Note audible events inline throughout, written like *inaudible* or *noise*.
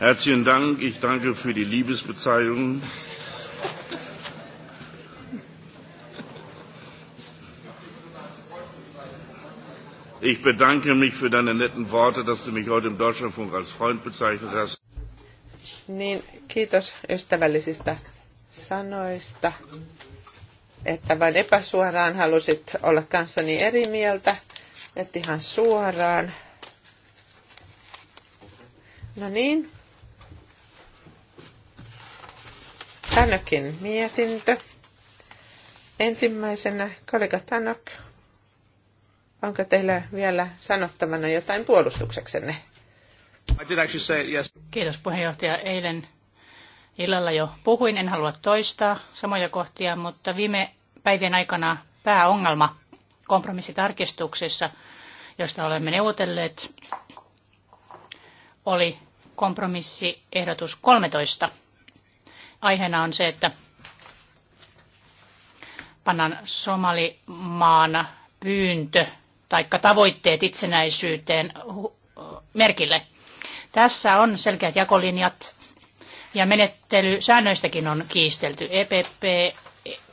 Herzlichen Dank. Ich danke für die Liebesbezeichnung. Ich bedanke mich für deine netten Worte, dass du mich heute im Deutschlandfunk als Freund bezeichnet hast. Niin, kiitos ystävällisistä sanoista, että vain epäsuoraan halusit olla kanssani eri mieltä, että ihan suoraan. No niin, Tannokin mietintö. Ensimmäisenä kollega Tanok, onko teillä vielä sanottavana jotain puolustukseksenne? Yes. Kiitos puheenjohtaja. Eilen illalla jo puhuin, en halua toistaa samoja kohtia, mutta viime päivien aikana pääongelma kompromissitarkistuksessa, josta olemme neuvotelleet, oli kompromissiehdotus 13 aiheena on se, että pannaan Somalimaan pyyntö tai tavoitteet itsenäisyyteen merkille. Tässä on selkeät jakolinjat ja menettelysäännöistäkin on kiistelty. EPP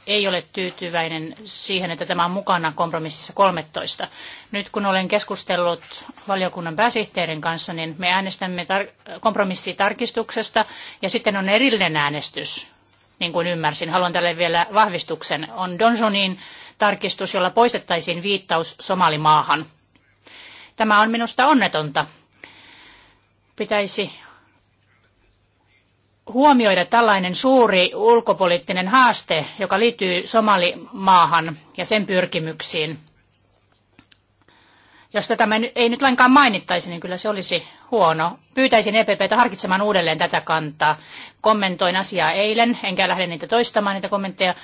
ei ole tyytyväinen siihen, että tämä on mukana kompromississa 13. Nyt kun olen keskustellut valiokunnan pääsihteerin kanssa, niin me äänestämme tar- kompromissitarkistuksesta ja sitten on erillinen äänestys, niin kuin ymmärsin. Haluan tälle vielä vahvistuksen. On Donjonin tarkistus, jolla poistettaisiin viittaus Somalimaahan. Tämä on minusta onnetonta. Pitäisi huomioida tällainen suuri ulkopoliittinen haaste, joka liittyy Somalimaahan ja sen pyrkimyksiin. Jos tätä ei nyt lainkaan mainittaisi, niin kyllä se olisi huono. Pyytäisin EPPtä harkitsemaan uudelleen tätä kantaa. Kommentoin asiaa eilen, enkä lähde niitä toistamaan, niitä kommentteja.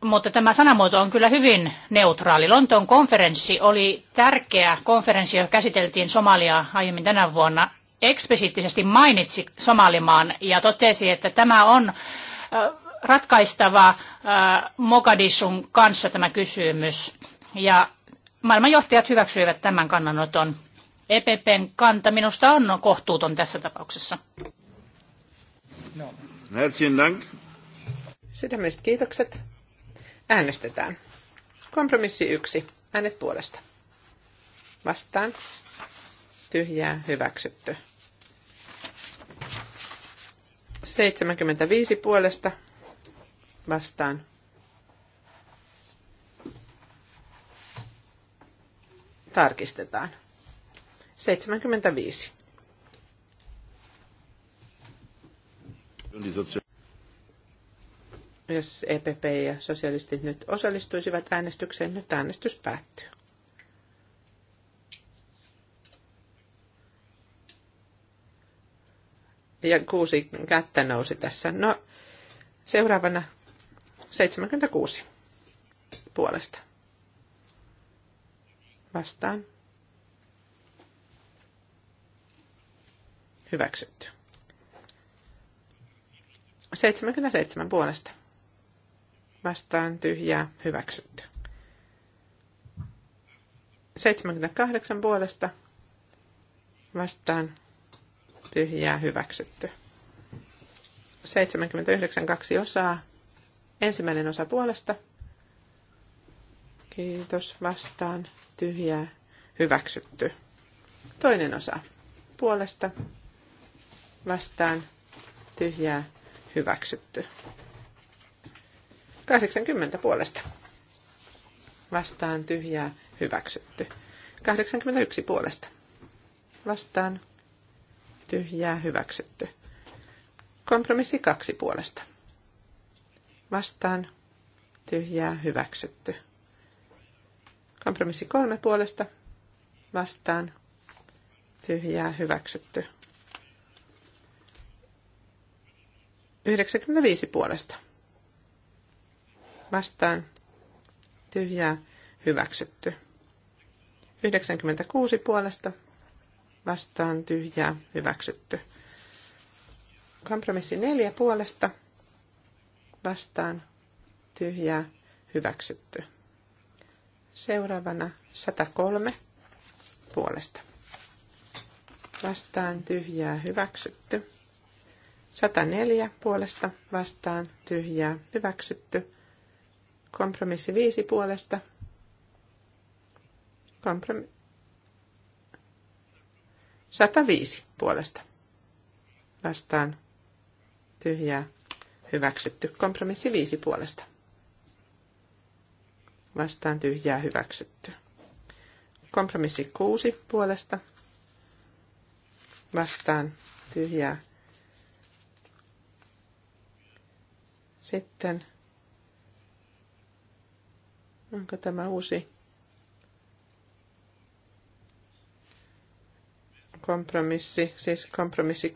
Mutta tämä sanamuoto on kyllä hyvin neutraali. Lontoon konferenssi oli tärkeä konferenssi, jossa käsiteltiin Somaliaa aiemmin tänä vuonna eksplisiittisesti mainitsi Somalimaan ja totesi, että tämä on ratkaistava Mogadishun kanssa tämä kysymys. Ja maailmanjohtajat hyväksyivät tämän kannanoton. EPPn kanta minusta on kohtuuton tässä tapauksessa. Herzlichen no. Dank. Sydämestä kiitokset. Äänestetään. Kompromissi yksi. Äänet puolesta. Vastaan. Tyhjää hyväksytty. 75 puolesta vastaan. Tarkistetaan. 75. Jos EPP ja sosialistit nyt osallistuisivat äänestykseen, nyt äänestys päättyy. ja kuusi kättä nousi tässä. No, seuraavana 76 puolesta. Vastaan. Hyväksytty. 77 puolesta. Vastaan tyhjää, hyväksytty. 78 puolesta. Vastaan tyhjää hyväksytty. 79 kaksi osaa. Ensimmäinen osa puolesta. Kiitos vastaan. Tyhjää hyväksytty. Toinen osa puolesta. Vastaan. Tyhjää hyväksytty. 80 puolesta. Vastaan tyhjää hyväksytty. 81 puolesta. Vastaan tyhjää hyväksytty. Kompromissi kaksi puolesta. Vastaan tyhjää hyväksytty. Kompromissi kolme puolesta. Vastaan tyhjää hyväksytty. 95 puolesta. Vastaan tyhjää hyväksytty. 96 puolesta vastaan tyhjää hyväksytty. Kompromissi neljä puolesta vastaan tyhjää hyväksytty. Seuraavana 103 puolesta. Vastaan tyhjää hyväksytty. 104 puolesta vastaan tyhjää hyväksytty. Kompromissi 5 puolesta. kompromi 105 puolesta. Vastaan tyhjää hyväksytty. Kompromissi 5 puolesta. Vastaan tyhjää hyväksytty. Kompromissi 6 puolesta. Vastaan tyhjää. Sitten Onko tämä uusi kompromissi, siis kompromissi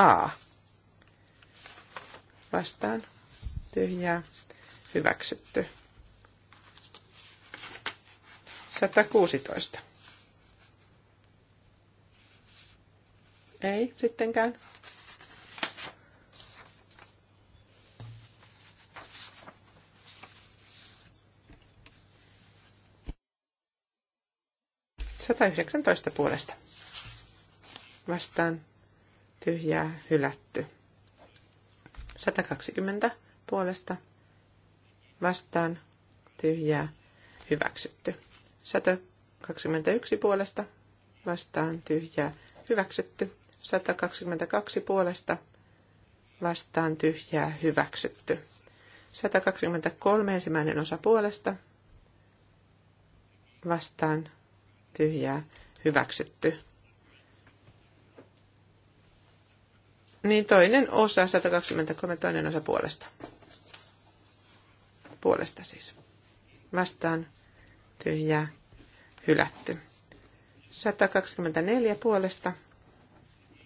6a. Vastaan tyhjää hyväksytty. 116. Ei sittenkään. Satayhdeksäntoista puolesta vastaan tyhjää hylätty. 120 puolesta vastaan tyhjää hyväksytty. 121 puolesta vastaan tyhjää hyväksytty. 122 puolesta vastaan tyhjää hyväksytty. 123 ensimmäinen osa puolesta vastaan tyhjää hyväksytty. Niin toinen osa, 123, toinen osa puolesta. Puolesta siis. Vastaan tyhjää hylätty. 124 puolesta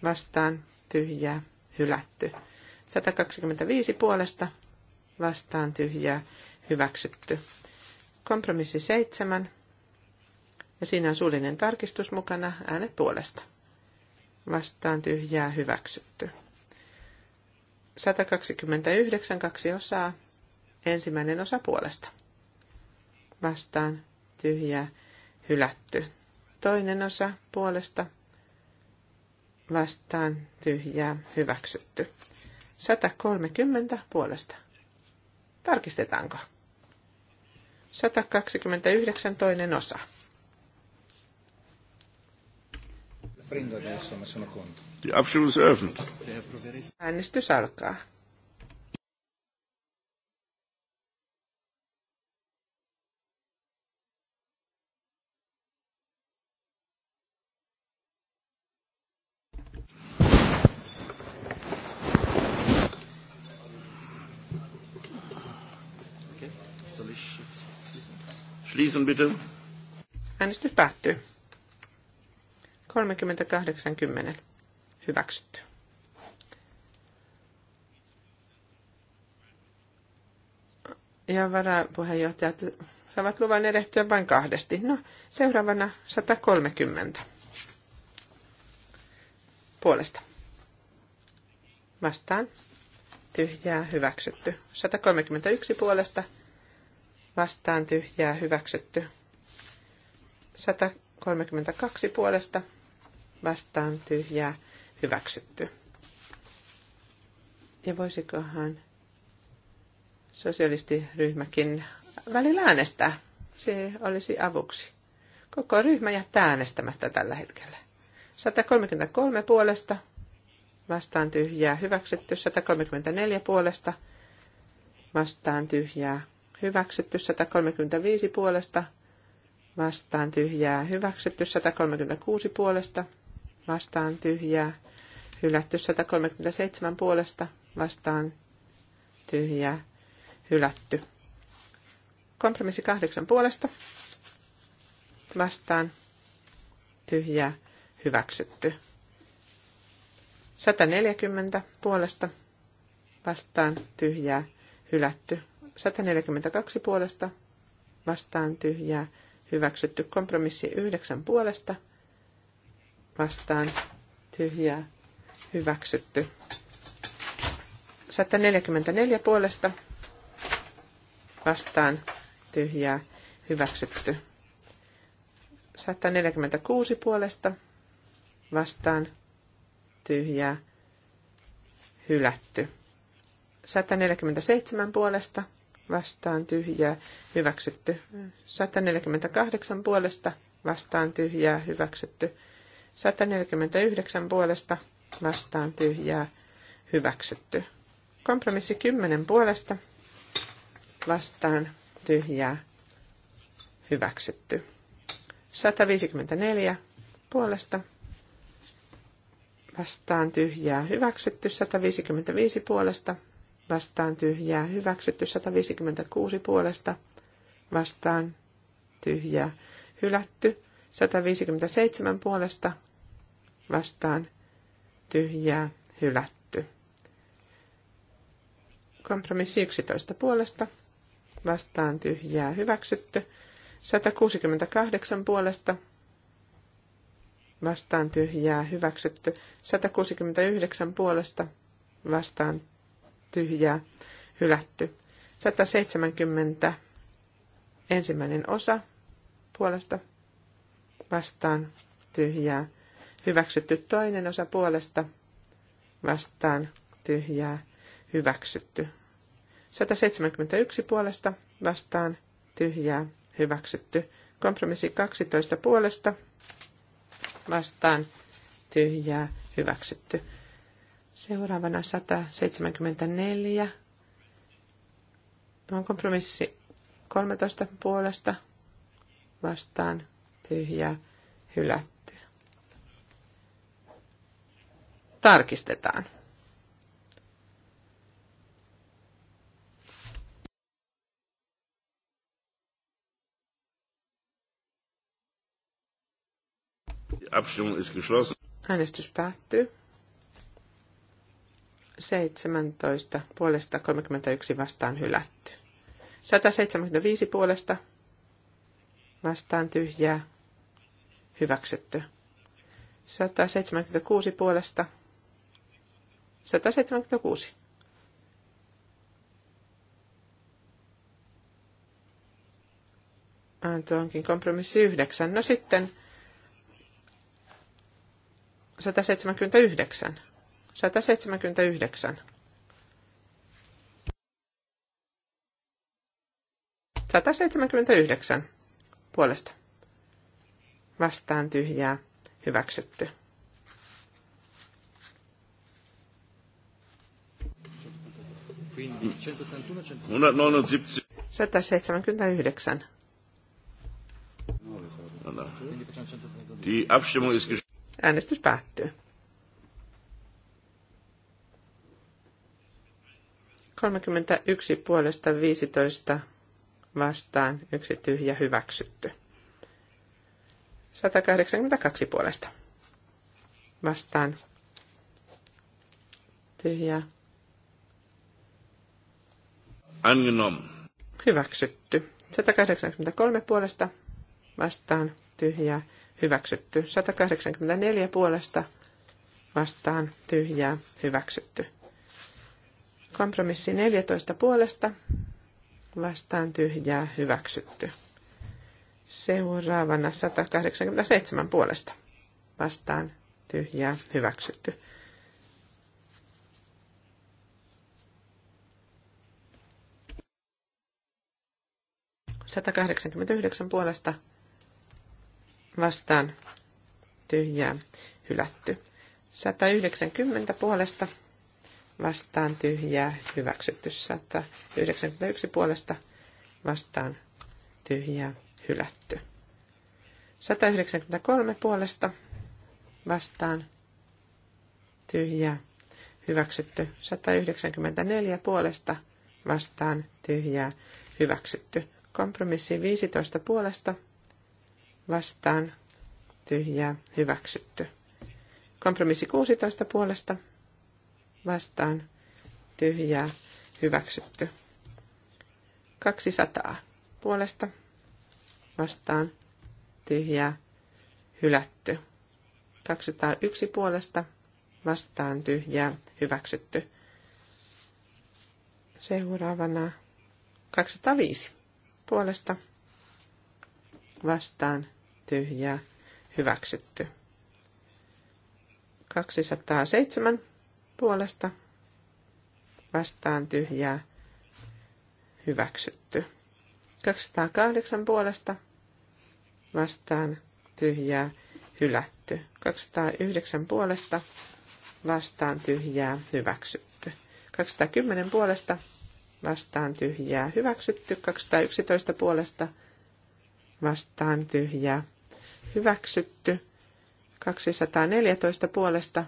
vastaan tyhjää hylätty. 125 puolesta vastaan tyhjää hyväksytty. Kompromissi 7. Ja siinä on suullinen tarkistus mukana äänet puolesta. Vastaan tyhjää hyväksytty. 129 kaksi osaa. Ensimmäinen osa puolesta. Vastaan tyhjää hylätty. Toinen osa puolesta. Vastaan tyhjää hyväksytty. 130 puolesta. Tarkistetaanko? 129 toinen osa. Prendo adesso, ma sono contro. Die Abstimmung ist eröffnet. Äänestys alkaa. Schließen bitte. Äänestys päättyy. 30.80. Hyväksytty. Ja varapuheenjohtajat saavat luvan erehtyä vain kahdesti. No, seuraavana 130. Puolesta. Vastaan. Tyhjää hyväksytty. 131 puolesta. Vastaan tyhjää hyväksytty. 132 puolesta vastaan tyhjää hyväksytty. Ja voisikohan sosialistiryhmäkin välillä äänestää? Se olisi avuksi. Koko ryhmä jättää äänestämättä tällä hetkellä. 133 puolesta vastaan tyhjää hyväksytty, 134 puolesta vastaan tyhjää hyväksytty, 135 puolesta vastaan tyhjää hyväksytty, 136 puolesta vastaan tyhjää, hylätty 137 puolesta vastaan tyhjää, hylätty. Kompromissi kahdeksan puolesta vastaan tyhjää, hyväksytty. 140 puolesta vastaan tyhjää, hylätty. 142 puolesta vastaan tyhjää, hyväksytty. Kompromissi 9 puolesta vastaan tyhjää hyväksytty. 144 puolesta vastaan tyhjää hyväksytty. 146 puolesta vastaan tyhjää hylätty. 147 puolesta vastaan tyhjää hyväksytty. 148 puolesta vastaan tyhjää hyväksytty. 149 puolesta vastaan tyhjää hyväksytty. Kompromissi 10 puolesta vastaan tyhjää hyväksytty. 154 puolesta vastaan tyhjää hyväksytty. 155 puolesta vastaan tyhjää hyväksytty. 156 puolesta vastaan tyhjää hylätty. 157 puolesta vastaan tyhjää hylätty. Kompromissi 11 puolesta vastaan tyhjää hyväksytty. 168 puolesta vastaan tyhjää hyväksytty. 169 puolesta vastaan tyhjää hylätty. 170 ensimmäinen osa puolesta vastaan tyhjää. Hyväksytty toinen osa puolesta vastaan tyhjää. Hyväksytty. 171 puolesta vastaan tyhjää. Hyväksytty. Kompromissi 12 puolesta vastaan tyhjää. Hyväksytty. Seuraavana 174. On kompromissi 13 puolesta vastaan tyhjä, hylätty. Tarkistetaan. Äänestys päättyy. 17 puolesta 31 vastaan hylätty. 175 puolesta vastaan tyhjää hyväksytty. 176 puolesta. 176. Ah, tuo onkin kompromissi 9. No sitten 179. 179. 179 puolesta vastaan tyhjää hyväksytty. Quindi 179. Äänestys päättyy. 31 puolesta 15 vastaan, yksi tyhjä hyväksytty. 182 puolesta. Vastaan. tyhjä. Angenommen. Hyväksytty. 183 puolesta. Vastaan. tyhjä. Hyväksytty. 184 puolesta. Vastaan. tyhjä. Hyväksytty. Kompromissi 14 puolesta. Vastaan. Tyhjää. Hyväksytty. Seuraavana 187 puolesta. Vastaan tyhjää hyväksytty. Satakahdeksankymmentäyhdeksän puolesta vastaan tyhjää hylätty. 190 puolesta vastaan tyhjää hyväksytty. 191 puolesta vastaan tyhjää hylätty. 193 puolesta vastaan tyhjää hyväksytty. 194 puolesta vastaan tyhjää hyväksytty. Kompromissi 15 puolesta vastaan tyhjää hyväksytty. Kompromissi 16 puolesta vastaan tyhjää hyväksytty. 200 puolesta vastaan tyhjää hylätty. 201 puolesta vastaan tyhjää hyväksytty. Seuraavana 205 puolesta vastaan tyhjää hyväksytty. 207 puolesta vastaan tyhjää hyväksytty. 208 puolesta vastaan tyhjää hylätty. 209 puolesta vastaan tyhjää hyväksytty. 210 puolesta vastaan tyhjää hyväksytty. 211 puolesta vastaan tyhjää hyväksytty. 214 puolesta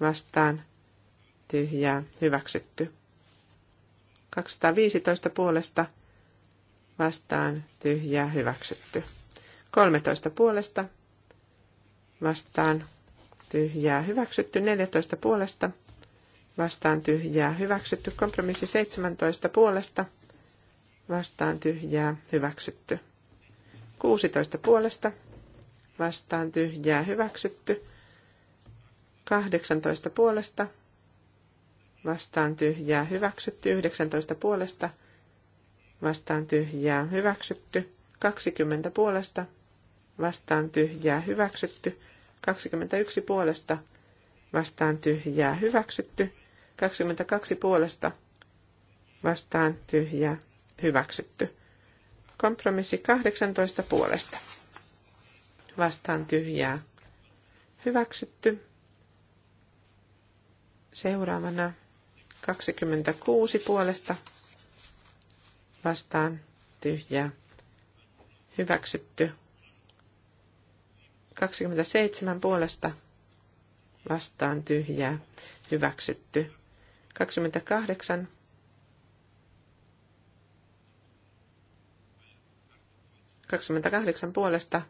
vastaan tyhjää hyväksytty. 215 puolesta vastaan tyhjää hyväksytty. 13 puolesta vastaan tyhjää hyväksytty. 14 puolesta vastaan tyhjää hyväksytty. Kompromissi 17 puolesta vastaan tyhjää hyväksytty. 16 puolesta vastaan tyhjää hyväksytty. 18 puolesta vastaan tyhjää hyväksytty. 19 puolesta vastaan vastaan tyhjää hyväksytty. 20 puolesta vastaan tyhjää hyväksytty. 21 puolesta vastaan tyhjää hyväksytty. 22 puolesta vastaan tyhjää hyväksytty. Kompromissi 18 puolesta vastaan tyhjää hyväksytty. Seuraavana 26 puolesta vastaan tyhjää hyväksytty. 27 puolesta vastaan tyhjää hyväksytty. 28 28 puolesta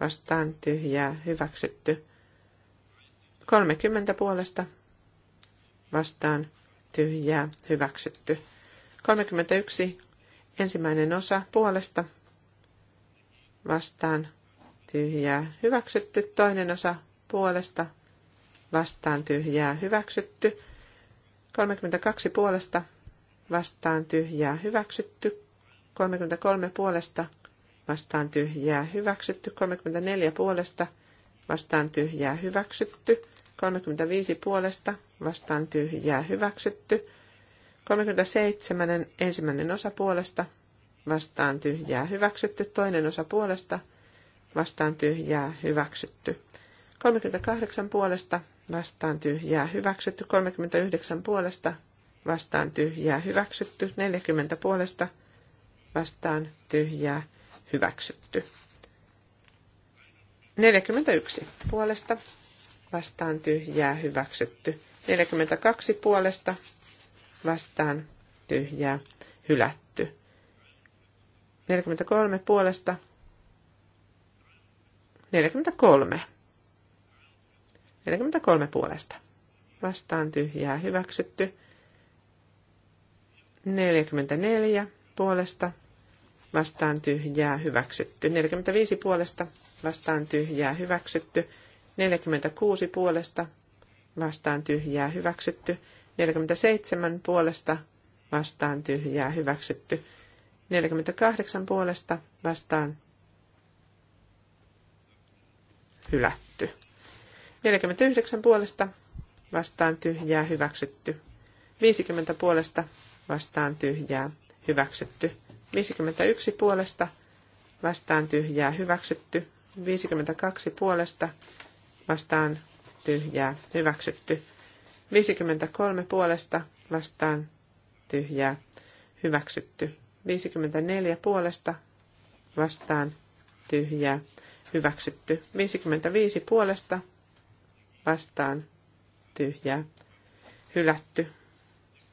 vastaan tyhjää hyväksytty. 30 puolesta vastaan tyhjää hyväksytty. 31 Ensimmäinen osa puolesta vastaan tyhjää hyväksytty. Toinen osa puolesta vastaan tyhjää hyväksytty. 32 puolesta vastaan tyhjää hyväksytty. 33 puolesta vastaan tyhjää hyväksytty. 34 puolesta vastaan tyhjää hyväksytty. 35 puolesta vastaan tyhjää hyväksytty. 37. ensimmäinen osa puolesta vastaan tyhjää hyväksytty, toinen osa puolesta vastaan tyhjää hyväksytty. 38 puolesta vastaan tyhjää hyväksytty, 39 puolesta vastaan tyhjää hyväksytty, 40 puolesta vastaan tyhjää hyväksytty. 41 puolesta vastaan tyhjää hyväksytty, 42 puolesta vastaan tyhjää hylätty. 43 puolesta 43. 43 puolesta. Vastaan tyhjää hyväksytty. 44 puolesta. Vastaan tyhjää hyväksytty. 45 puolesta. Vastaan tyhjää hyväksytty. 46 puolesta. Vastaan tyhjää hyväksytty. 47 puolesta vastaan tyhjää hyväksytty. 48 puolesta vastaan hylätty. 49 puolesta vastaan tyhjää hyväksytty. 50 puolesta vastaan tyhjää hyväksytty. 51 puolesta vastaan tyhjää hyväksytty. 52 puolesta vastaan tyhjää hyväksytty. 53 puolesta vastaan tyhjää hyväksytty. 54 puolesta vastaan tyhjää hyväksytty. 55 puolesta vastaan tyhjää hylätty.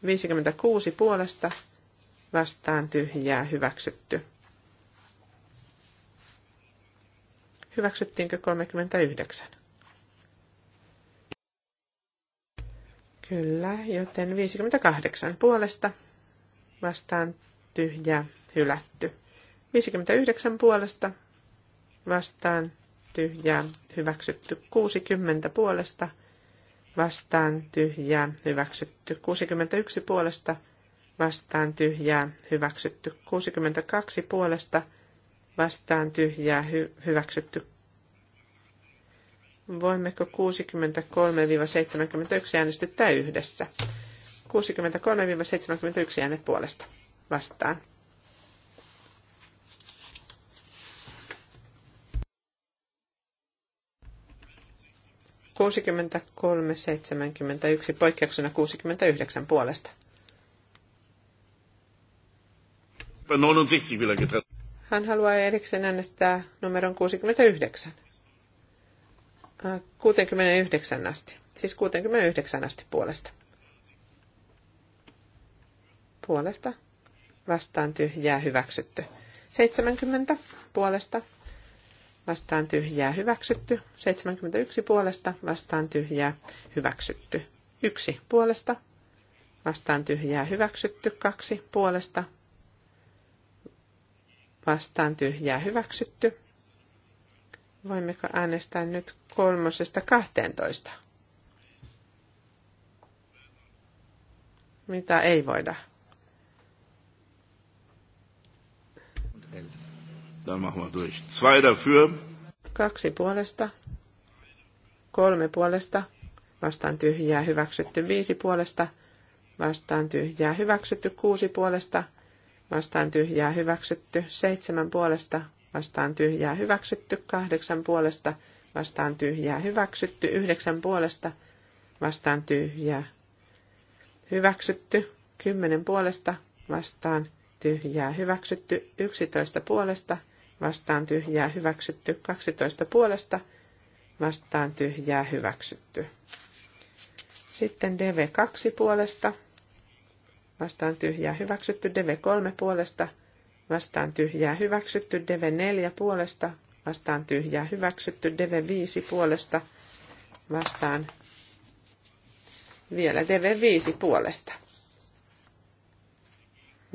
56 puolesta vastaan tyhjää hyväksytty. Hyväksyttiinkö 39? Kyllä, joten 58 puolesta vastaan tyhjä hylätty. 59 puolesta vastaan tyhjä hyväksytty. 60 puolesta vastaan tyhjä hyväksytty. 61 puolesta vastaan tyhjää hyväksytty. 62 puolesta vastaan tyhjää hy- hyväksytty. Voimmeko 63-71 äänestyttää yhdessä? 63-71 äänet puolesta vastaan. Kuusikymmentä kolme seitsemänkymmentä yksi poikkeuksena kuusikymmentä puolesta. Er Hän haluaa erikseen äänestää numeron 69. 69 asti. Siis 69 asti puolesta. Puolesta. Vastaan tyhjää hyväksytty. 70 puolesta. Vastaan tyhjää hyväksytty. 71 puolesta. Vastaan tyhjää hyväksytty. 1 puolesta. Vastaan tyhjää hyväksytty. 2 puolesta. Vastaan tyhjää hyväksytty. Voimmeko äänestää nyt kolmosesta 12? Mitä ei voida? Dann machen wir durch. Zwei dafür. Kaksi puolesta. Kolme puolesta. Vastaan tyhjää hyväksytty viisi puolesta. Vastaan tyhjää hyväksytty kuusi puolesta. Vastaan tyhjää hyväksytty seitsemän puolesta vastaan tyhjää hyväksytty, kahdeksan puolesta vastaan tyhjää hyväksytty, yhdeksän puolesta vastaan tyhjää hyväksytty, kymmenen puolesta vastaan tyhjää hyväksytty, yksitoista puolesta vastaan tyhjää hyväksytty, kaksitoista puolesta vastaan tyhjää hyväksytty. Sitten DV2 puolesta vastaan tyhjää hyväksytty, DV3 puolesta vastaan vastaan tyhjää hyväksytty, deve 4 puolesta vastaan tyhjää hyväksytty, deve 5 puolesta vastaan vielä deve 5 puolesta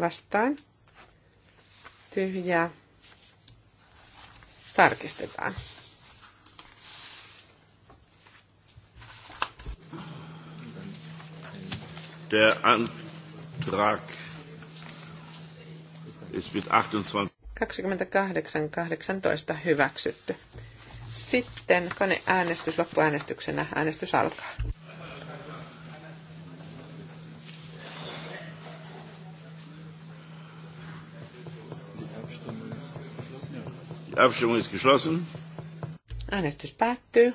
vastaan tyhjää tarkistetaan. Der Antrag 28.18 hyväksytty. Sitten kone äänestys loppuäänestyksenä. Äänestys alkaa. Äänestys päättyy.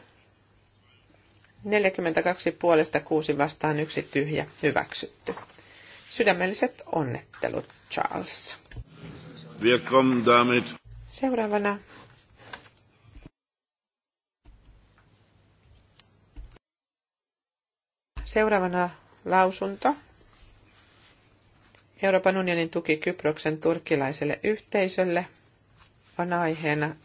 42 puolesta 6 vastaan yksi tyhjä hyväksytty. Sydämelliset onnettelut, Charles. Wir kommen damit. Seuraavana Seuraavana lausunto. Euroopan unionin tuki Kyproksen turkkilaiselle yhteisölle on aiheena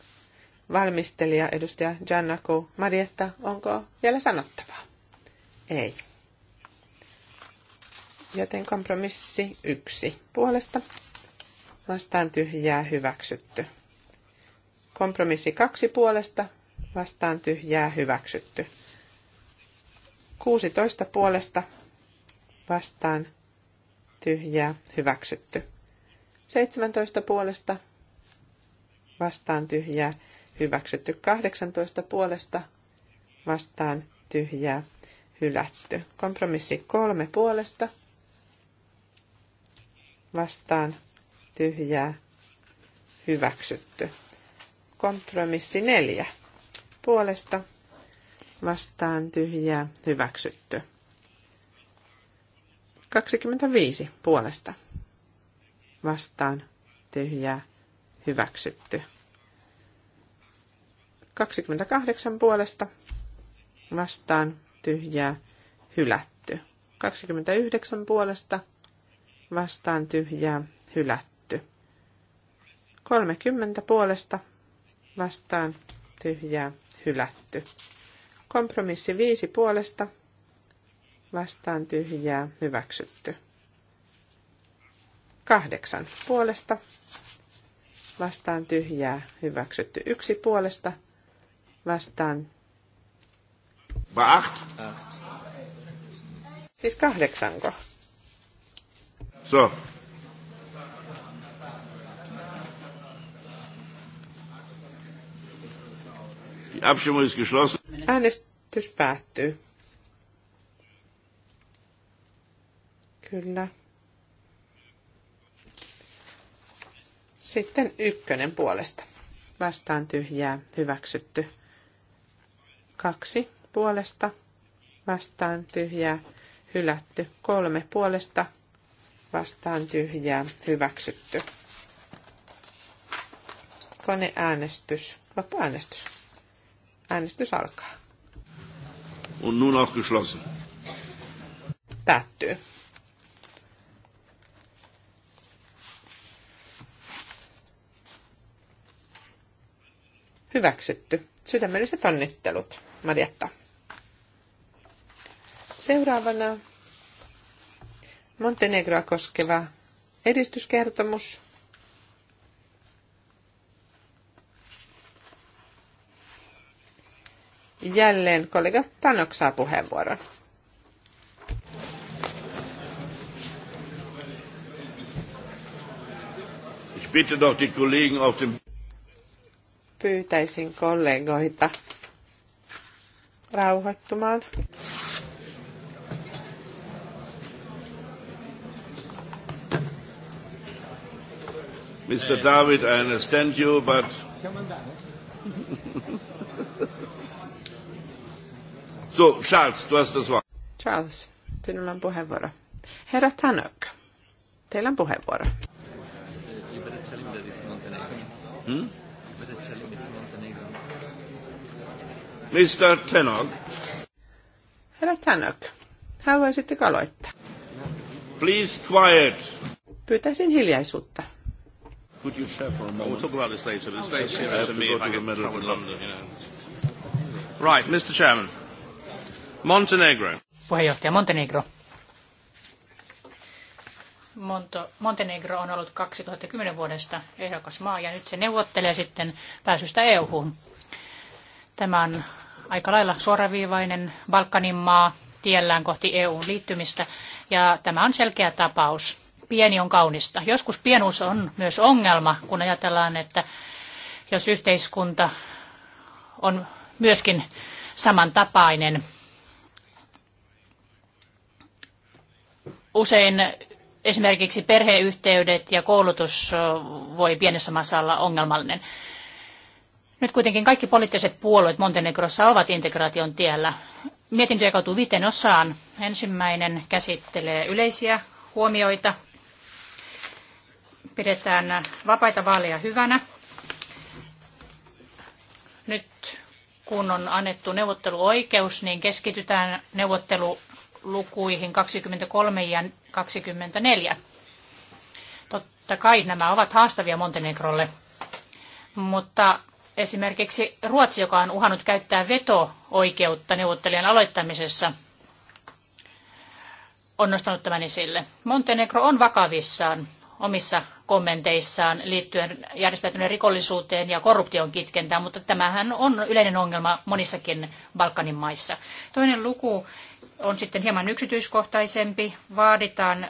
valmistelija edustaja Jannaku Marietta. Onko vielä sanottavaa? Ei. Joten kompromissi yksi puolesta vastaan tyhjää hyväksytty. Kompromissi kaksi puolesta vastaan tyhjää hyväksytty. 16 puolesta vastaan tyhjää hyväksytty. 17 puolesta vastaan tyhjää hyväksytty. 18 puolesta vastaan tyhjää hylätty. Kompromissi kolme puolesta vastaan tyhjää hyväksytty. Kompromissi neljä. Puolesta vastaan tyhjää hyväksytty. 25 puolesta vastaan tyhjää hyväksytty. 28 puolesta vastaan tyhjää hylätty. 29 puolesta vastaan tyhjää hylätty. 30 puolesta vastaan tyhjää hylätty. Kompromissi 5 puolesta vastaan tyhjää hyväksytty. 8 puolesta vastaan tyhjää hyväksytty. 1 puolesta vastaan. Vacht. Siis kahdeksanko? So, Äänestys päättyy. Kyllä. Sitten ykkönen puolesta. Vastaan tyhjää, hyväksytty. Kaksi puolesta. Vastaan tyhjää, hylätty. Kolme puolesta. Vastaan tyhjää, hyväksytty. Koneäänestys, loppuäänestys. Äänestys alkaa. On nun auch geschlossen. Päättyy. Hyväksytty. Sydämelliset onnittelut, Marietta. Seuraavana Montenegroa koskeva edistyskertomus. jälleen kollega Tanok saa puheenvuoron. Pyytäisin kollegoita rauhoittumaan. Mr. David, I understand you, but *laughs* So, Charles, du hast das Charles, sinulla on puheenvuoro. Herra Tanök, teillä on puheenvuoro. Hmm? Mr. Tanök. Herra Tanök, haluaisitteko aloittaa? Please quiet. Pyytäisin hiljaisuutta. Could you share for a moment? We'll talk about this later. It's very serious me if I get trouble in London, you know. Right, Mr. Chairman. Montenegro. Puheenjohtaja Montenegro. Monto, Montenegro on ollut 2010 vuodesta ehdokas maa ja nyt se neuvottelee sitten pääsystä EU-hun. Tämä on aika lailla suoraviivainen Balkanin maa tiellään kohti EUn liittymistä ja tämä on selkeä tapaus. Pieni on kaunista. Joskus pienuus on myös ongelma, kun ajatellaan, että jos yhteiskunta on myöskin samantapainen, Usein esimerkiksi perheyhteydet ja koulutus voi pienessä maassa olla ongelmallinen. Nyt kuitenkin kaikki poliittiset puolueet Montenegrossa ovat integraation tiellä. Mietintö jakautuu viiteen osaan. Ensimmäinen käsittelee yleisiä huomioita. Pidetään vapaita vaaleja hyvänä. Nyt kun on annettu neuvotteluoikeus, niin keskitytään neuvottelu lukuihin 23 ja 24. Totta kai nämä ovat haastavia Montenegrolle, mutta esimerkiksi Ruotsi, joka on uhannut käyttää veto-oikeutta neuvottelijan aloittamisessa, on nostanut tämän esille. Montenegro on vakavissaan omissa kommenteissaan liittyen järjestäytyneen rikollisuuteen ja korruption kitkentään, mutta tämähän on yleinen ongelma monissakin Balkanin maissa. Toinen luku, on sitten hieman yksityiskohtaisempi. Vaaditaan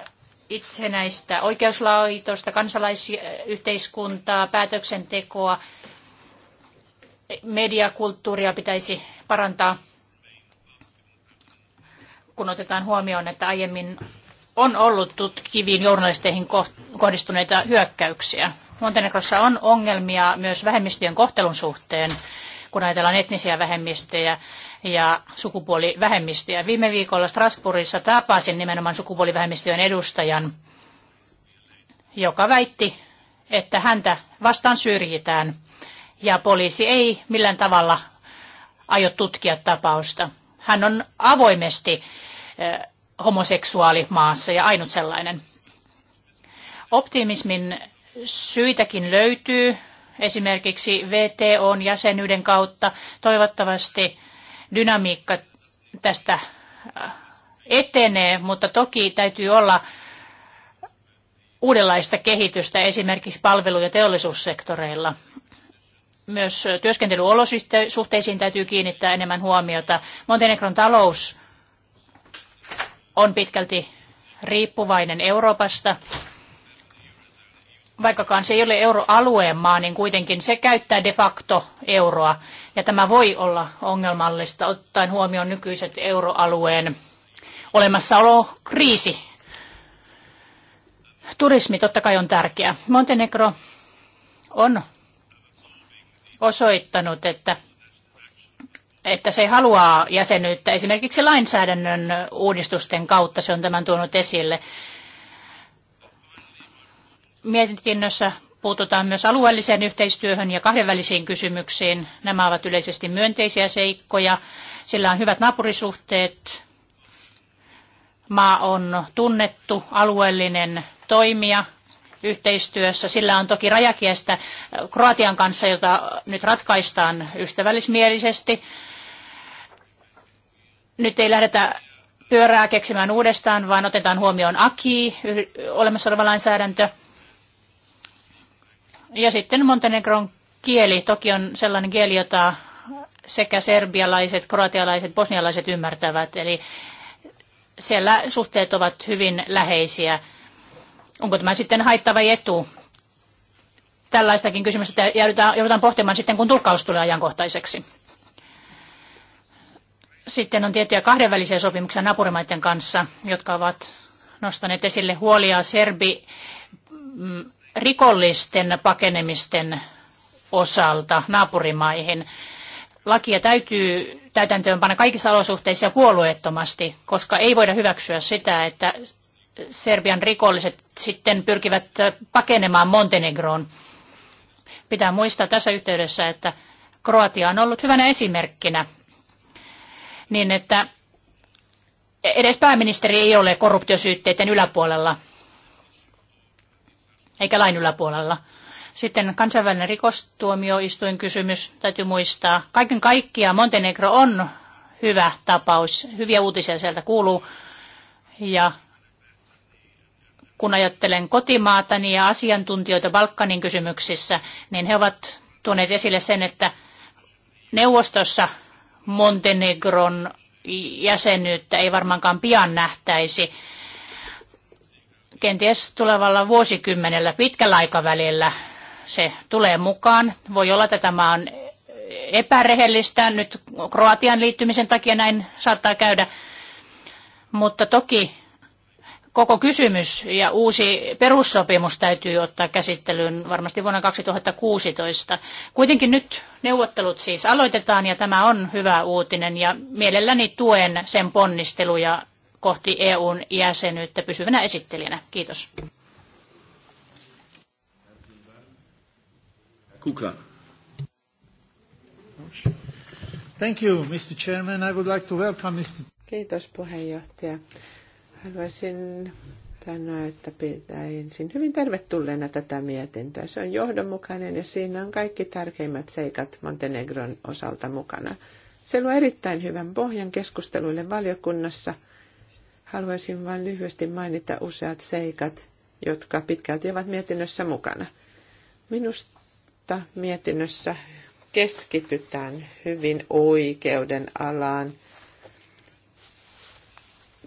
itsenäistä oikeuslaitosta, kansalaisyhteiskuntaa, päätöksentekoa, mediakulttuuria pitäisi parantaa, kun otetaan huomioon, että aiemmin on ollut tutkiviin journalisteihin kohdistuneita hyökkäyksiä. Montenegrossa on ongelmia myös vähemmistöjen kohtelun suhteen kun ajatellaan etnisiä vähemmistöjä ja sukupuolivähemmistöjä. Viime viikolla Strasbourgissa tapasin nimenomaan sukupuolivähemmistöjen edustajan, joka väitti, että häntä vastaan syrjitään ja poliisi ei millään tavalla aio tutkia tapausta. Hän on avoimesti homoseksuaali maassa ja ainut sellainen. Optimismin syitäkin löytyy esimerkiksi VTOn jäsenyyden kautta. Toivottavasti dynamiikka tästä äh, etenee, mutta toki täytyy olla uudenlaista kehitystä esimerkiksi palvelu- ja teollisuussektoreilla. Myös työskentelyolosuhteisiin täytyy kiinnittää enemmän huomiota. Montenegron talous on pitkälti riippuvainen Euroopasta vaikkakaan se ei ole euroalueen maa, niin kuitenkin se käyttää de facto euroa. Ja tämä voi olla ongelmallista ottaen huomioon nykyiset euroalueen olemassaolokriisi. Turismi totta kai on tärkeä. Montenegro on osoittanut, että, että se haluaa jäsenyyttä esimerkiksi lainsäädännön uudistusten kautta. Se on tämän tuonut esille. Mietinnössä puututaan myös alueelliseen yhteistyöhön ja kahdenvälisiin kysymyksiin. Nämä ovat yleisesti myönteisiä seikkoja. Sillä on hyvät naapurisuhteet. Maa on tunnettu alueellinen toimija yhteistyössä. Sillä on toki rajakiestä Kroatian kanssa, jota nyt ratkaistaan ystävällismielisesti. Nyt ei lähdetä pyörää keksimään uudestaan, vaan otetaan huomioon AKI, olemassa oleva lainsäädäntö – ja sitten Montenegron kieli toki on sellainen kieli, jota sekä serbialaiset, kroatialaiset, bosnialaiset ymmärtävät. Eli siellä suhteet ovat hyvin läheisiä. Onko tämä sitten haitta vai etu? Tällaistakin kysymystä joudutaan, joudutaan pohtimaan sitten, kun tulkkaus tulee ajankohtaiseksi. Sitten on tiettyjä kahdenvälisiä sopimuksia naapurimaiden kanssa, jotka ovat nostaneet esille huolia serbi rikollisten pakenemisten osalta naapurimaihin. Lakia täytyy täytäntöönpana kaikissa olosuhteissa ja puolueettomasti, koska ei voida hyväksyä sitä, että Serbian rikolliset sitten pyrkivät pakenemaan Montenegroon. Pitää muistaa tässä yhteydessä, että Kroatia on ollut hyvänä esimerkkinä, niin että edes pääministeri ei ole korruptiosyytteiden yläpuolella – eikä lain yläpuolella. Sitten kansainvälinen rikostuomioistuin kysymys täytyy muistaa. Kaiken kaikkiaan Montenegro on hyvä tapaus. Hyviä uutisia sieltä kuuluu. Ja kun ajattelen kotimaatani ja asiantuntijoita Balkanin kysymyksissä, niin he ovat tuoneet esille sen, että neuvostossa Montenegron jäsenyyttä ei varmaankaan pian nähtäisi kenties tulevalla vuosikymmenellä pitkällä aikavälillä se tulee mukaan. Voi olla, että tämä on epärehellistä nyt Kroatian liittymisen takia näin saattaa käydä, mutta toki koko kysymys ja uusi perussopimus täytyy ottaa käsittelyyn varmasti vuonna 2016. Kuitenkin nyt neuvottelut siis aloitetaan ja tämä on hyvä uutinen ja mielelläni tuen sen ponnisteluja kohti EUn jäsenyyttä pysyvänä esittelijänä. Kiitos. Kuka. Thank you, Mr. Chairman. I would like to welcome Mr. Kiitos puheenjohtaja. Haluaisin sanoa, että ensin hyvin tervetulleena tätä mietintöä. Se on johdonmukainen ja siinä on kaikki tärkeimmät seikat Montenegron osalta mukana. Se luo erittäin hyvän pohjan keskusteluille valiokunnassa – Haluaisin vain lyhyesti mainita useat seikat, jotka pitkälti ovat mietinnössä mukana. Minusta mietinnössä keskitytään hyvin oikeuden alaan.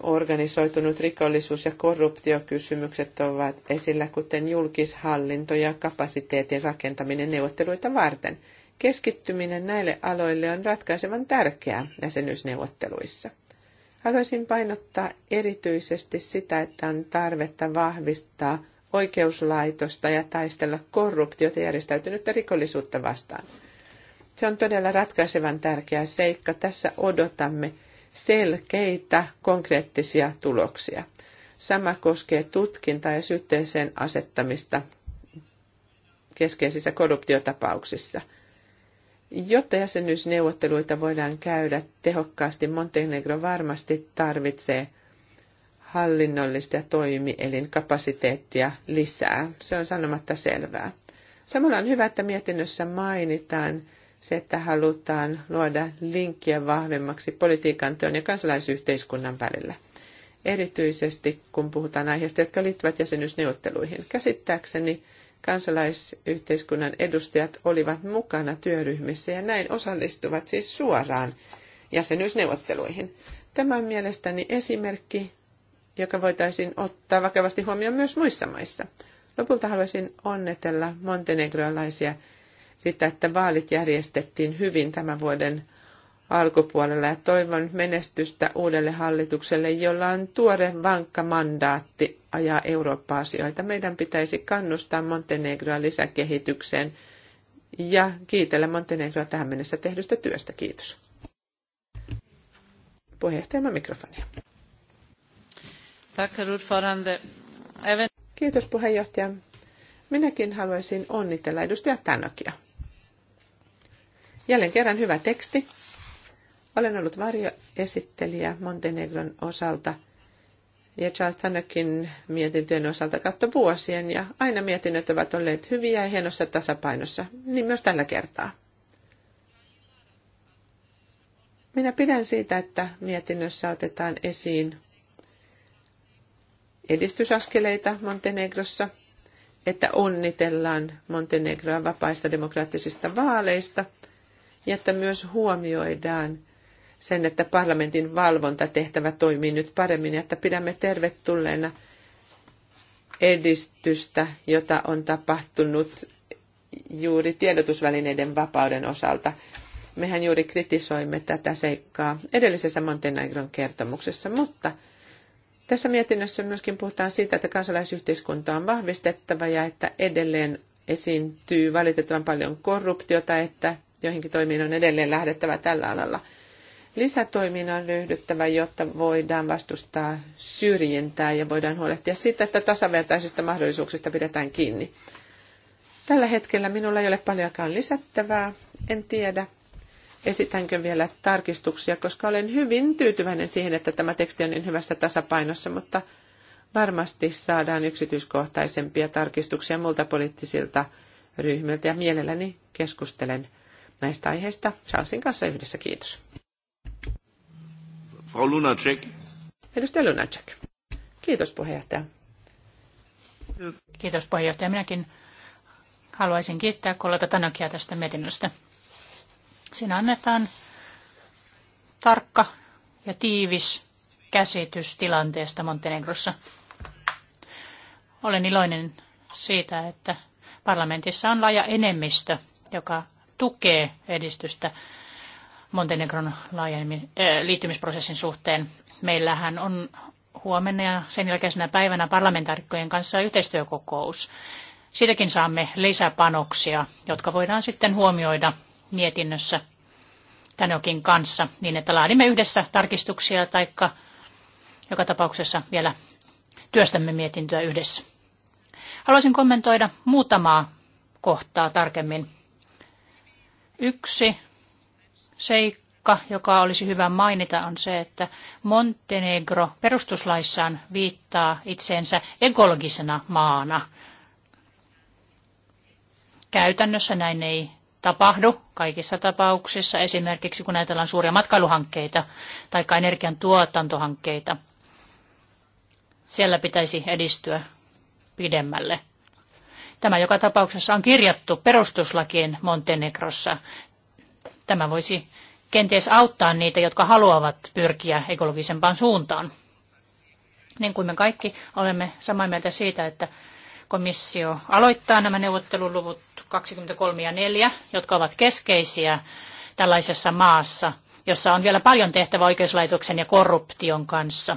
Organisoitunut rikollisuus ja korruptiokysymykset ovat esillä, kuten julkishallinto ja kapasiteetin rakentaminen neuvotteluita varten. Keskittyminen näille aloille on ratkaisevan tärkeää jäsenyysneuvotteluissa. Haluaisin painottaa erityisesti sitä, että on tarvetta vahvistaa oikeuslaitosta ja taistella korruptiota ja järjestäytynyttä rikollisuutta vastaan. Se on todella ratkaisevan tärkeä seikka. Tässä odotamme selkeitä, konkreettisia tuloksia. Sama koskee tutkintaa ja syytteeseen asettamista keskeisissä korruptiotapauksissa – Jotta jäsenyysneuvotteluita voidaan käydä tehokkaasti, Montenegro varmasti tarvitsee hallinnollista ja toimielinkapasiteettia lisää. Se on sanomatta selvää. Samalla on hyvä, että mietinnössä mainitaan se, että halutaan luoda linkkiä vahvemmaksi politiikan teon ja kansalaisyhteiskunnan välillä. Erityisesti kun puhutaan aiheista, jotka liittyvät jäsenyysneuvotteluihin. Käsittääkseni kansalaisyhteiskunnan edustajat olivat mukana työryhmissä ja näin osallistuvat siis suoraan jäsenyysneuvotteluihin. Tämä on mielestäni esimerkki, joka voitaisiin ottaa vakavasti huomioon myös muissa maissa. Lopulta haluaisin onnetella montenegrolaisia sitä, että vaalit järjestettiin hyvin tämän vuoden alkupuolella ja toivon menestystä uudelle hallitukselle, jolla on tuore vankka mandaatti ajaa Eurooppa-asioita. Meidän pitäisi kannustaa Montenegroa lisäkehitykseen ja kiitellä Montenegroa tähän mennessä tehdystä työstä. Kiitos. Puheenjohtajamme mikrofonia. Kiitos puheenjohtaja. Minäkin haluaisin onnitella edustaja Tanokia. Jälleen kerran hyvä teksti. Olen ollut varjoesittelijä Montenegron osalta – ja Charles Tannakin mietintöjen osalta katto vuosien ja aina mietinnöt ovat olleet hyviä ja hienossa tasapainossa, niin myös tällä kertaa. Minä pidän siitä, että mietinnössä otetaan esiin edistysaskeleita Montenegrossa, että onnitellaan Montenegroa vapaista demokraattisista vaaleista ja että myös huomioidaan – sen, että parlamentin valvontatehtävä toimii nyt paremmin ja että pidämme tervetulleena edistystä, jota on tapahtunut juuri tiedotusvälineiden vapauden osalta. Mehän juuri kritisoimme tätä seikkaa edellisessä Montenegron kertomuksessa, mutta tässä mietinnössä myöskin puhutaan siitä, että kansalaisyhteiskunta on vahvistettava ja että edelleen esiintyy valitettavan paljon korruptiota, että joihinkin toimiin on edelleen lähdettävä tällä alalla – lisätoimiin on ryhdyttävä, jotta voidaan vastustaa syrjintää ja voidaan huolehtia siitä, että tasavertaisista mahdollisuuksista pidetään kiinni. Tällä hetkellä minulla ei ole paljonkaan lisättävää. En tiedä, esitänkö vielä tarkistuksia, koska olen hyvin tyytyväinen siihen, että tämä teksti on niin hyvässä tasapainossa, mutta varmasti saadaan yksityiskohtaisempia tarkistuksia muilta poliittisilta ryhmiltä ja mielelläni keskustelen näistä aiheista Charlesin kanssa yhdessä. Kiitos. Frau Lunacek. Edustaja Lunacek. Kiitos puheenjohtaja. Kiitos puheenjohtaja. Minäkin haluaisin kiittää kollega Tanakia tästä mietinnöstä. Siinä annetaan tarkka ja tiivis käsitys tilanteesta Montenegrossa. Olen iloinen siitä, että parlamentissa on laaja enemmistö, joka tukee edistystä Montenegron laajemmin, eh, liittymisprosessin suhteen. Meillähän on huomenna ja sen jälkeisenä päivänä parlamentaarikkojen kanssa yhteistyökokous. Siitäkin saamme lisäpanoksia, jotka voidaan sitten huomioida mietinnössä Tanokin kanssa, niin että laadimme yhdessä tarkistuksia tai joka tapauksessa vielä työstämme mietintöä yhdessä. Haluaisin kommentoida muutamaa kohtaa tarkemmin. Yksi seikka, joka olisi hyvä mainita, on se, että Montenegro perustuslaissaan viittaa itseensä ekologisena maana. Käytännössä näin ei tapahdu kaikissa tapauksissa, esimerkiksi kun ajatellaan suuria matkailuhankkeita tai energiantuotantohankkeita. Siellä pitäisi edistyä pidemmälle. Tämä joka tapauksessa on kirjattu perustuslakiin Montenegrossa. Tämä voisi kenties auttaa niitä, jotka haluavat pyrkiä ekologisempaan suuntaan. Niin kuin me kaikki olemme samaa mieltä siitä, että komissio aloittaa nämä neuvotteluluvut 23 ja 4, jotka ovat keskeisiä tällaisessa maassa, jossa on vielä paljon tehtävä oikeuslaitoksen ja korruption kanssa.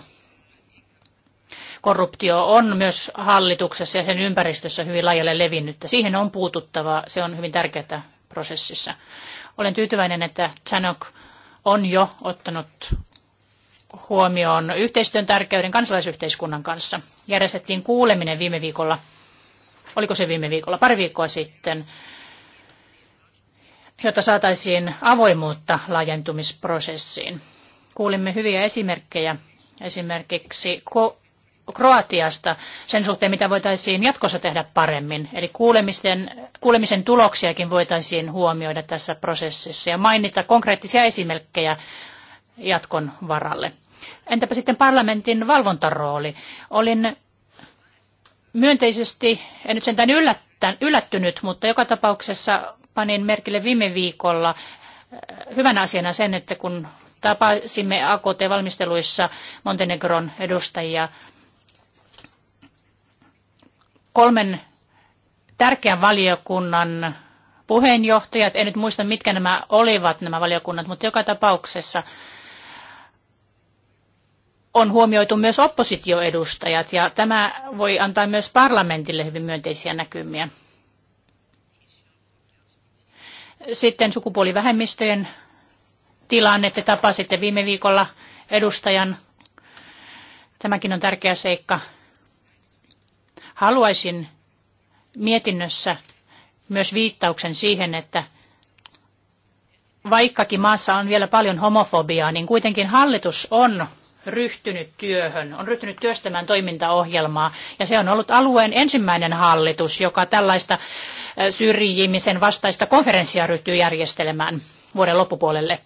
Korruptio on myös hallituksessa ja sen ympäristössä hyvin laajalle levinnyt. Siihen on puututtava, se on hyvin tärkeää prosessissa. Olen tyytyväinen, että Chanok on jo ottanut huomioon yhteistyön tärkeyden kansalaisyhteiskunnan kanssa. Järjestettiin kuuleminen viime viikolla, oliko se viime viikolla, pari viikkoa sitten, jotta saataisiin avoimuutta laajentumisprosessiin. Kuulimme hyviä esimerkkejä, esimerkiksi Kroatiasta sen suhteen, mitä voitaisiin jatkossa tehdä paremmin. Eli kuulemisten, kuulemisen tuloksiakin voitaisiin huomioida tässä prosessissa ja mainita konkreettisia esimerkkejä jatkon varalle. Entäpä sitten parlamentin valvontarooli? Olin myönteisesti, en nyt sentään yllättynyt, mutta joka tapauksessa panin merkille viime viikolla äh, hyvänä asiana sen, että kun tapasimme AKT-valmisteluissa Montenegron edustajia, kolmen tärkeän valiokunnan puheenjohtajat, en nyt muista mitkä nämä olivat nämä valiokunnat, mutta joka tapauksessa on huomioitu myös oppositioedustajat ja tämä voi antaa myös parlamentille hyvin myönteisiä näkymiä. Sitten sukupuolivähemmistöjen tilanne. Te tapasitte viime viikolla edustajan. Tämäkin on tärkeä seikka. Haluaisin mietinnössä myös viittauksen siihen, että vaikkakin maassa on vielä paljon homofobiaa, niin kuitenkin hallitus on ryhtynyt työhön, on ryhtynyt työstämään toimintaohjelmaa. Ja se on ollut alueen ensimmäinen hallitus, joka tällaista syrjimisen vastaista konferenssia ryhtyy järjestelemään vuoden loppupuolelle.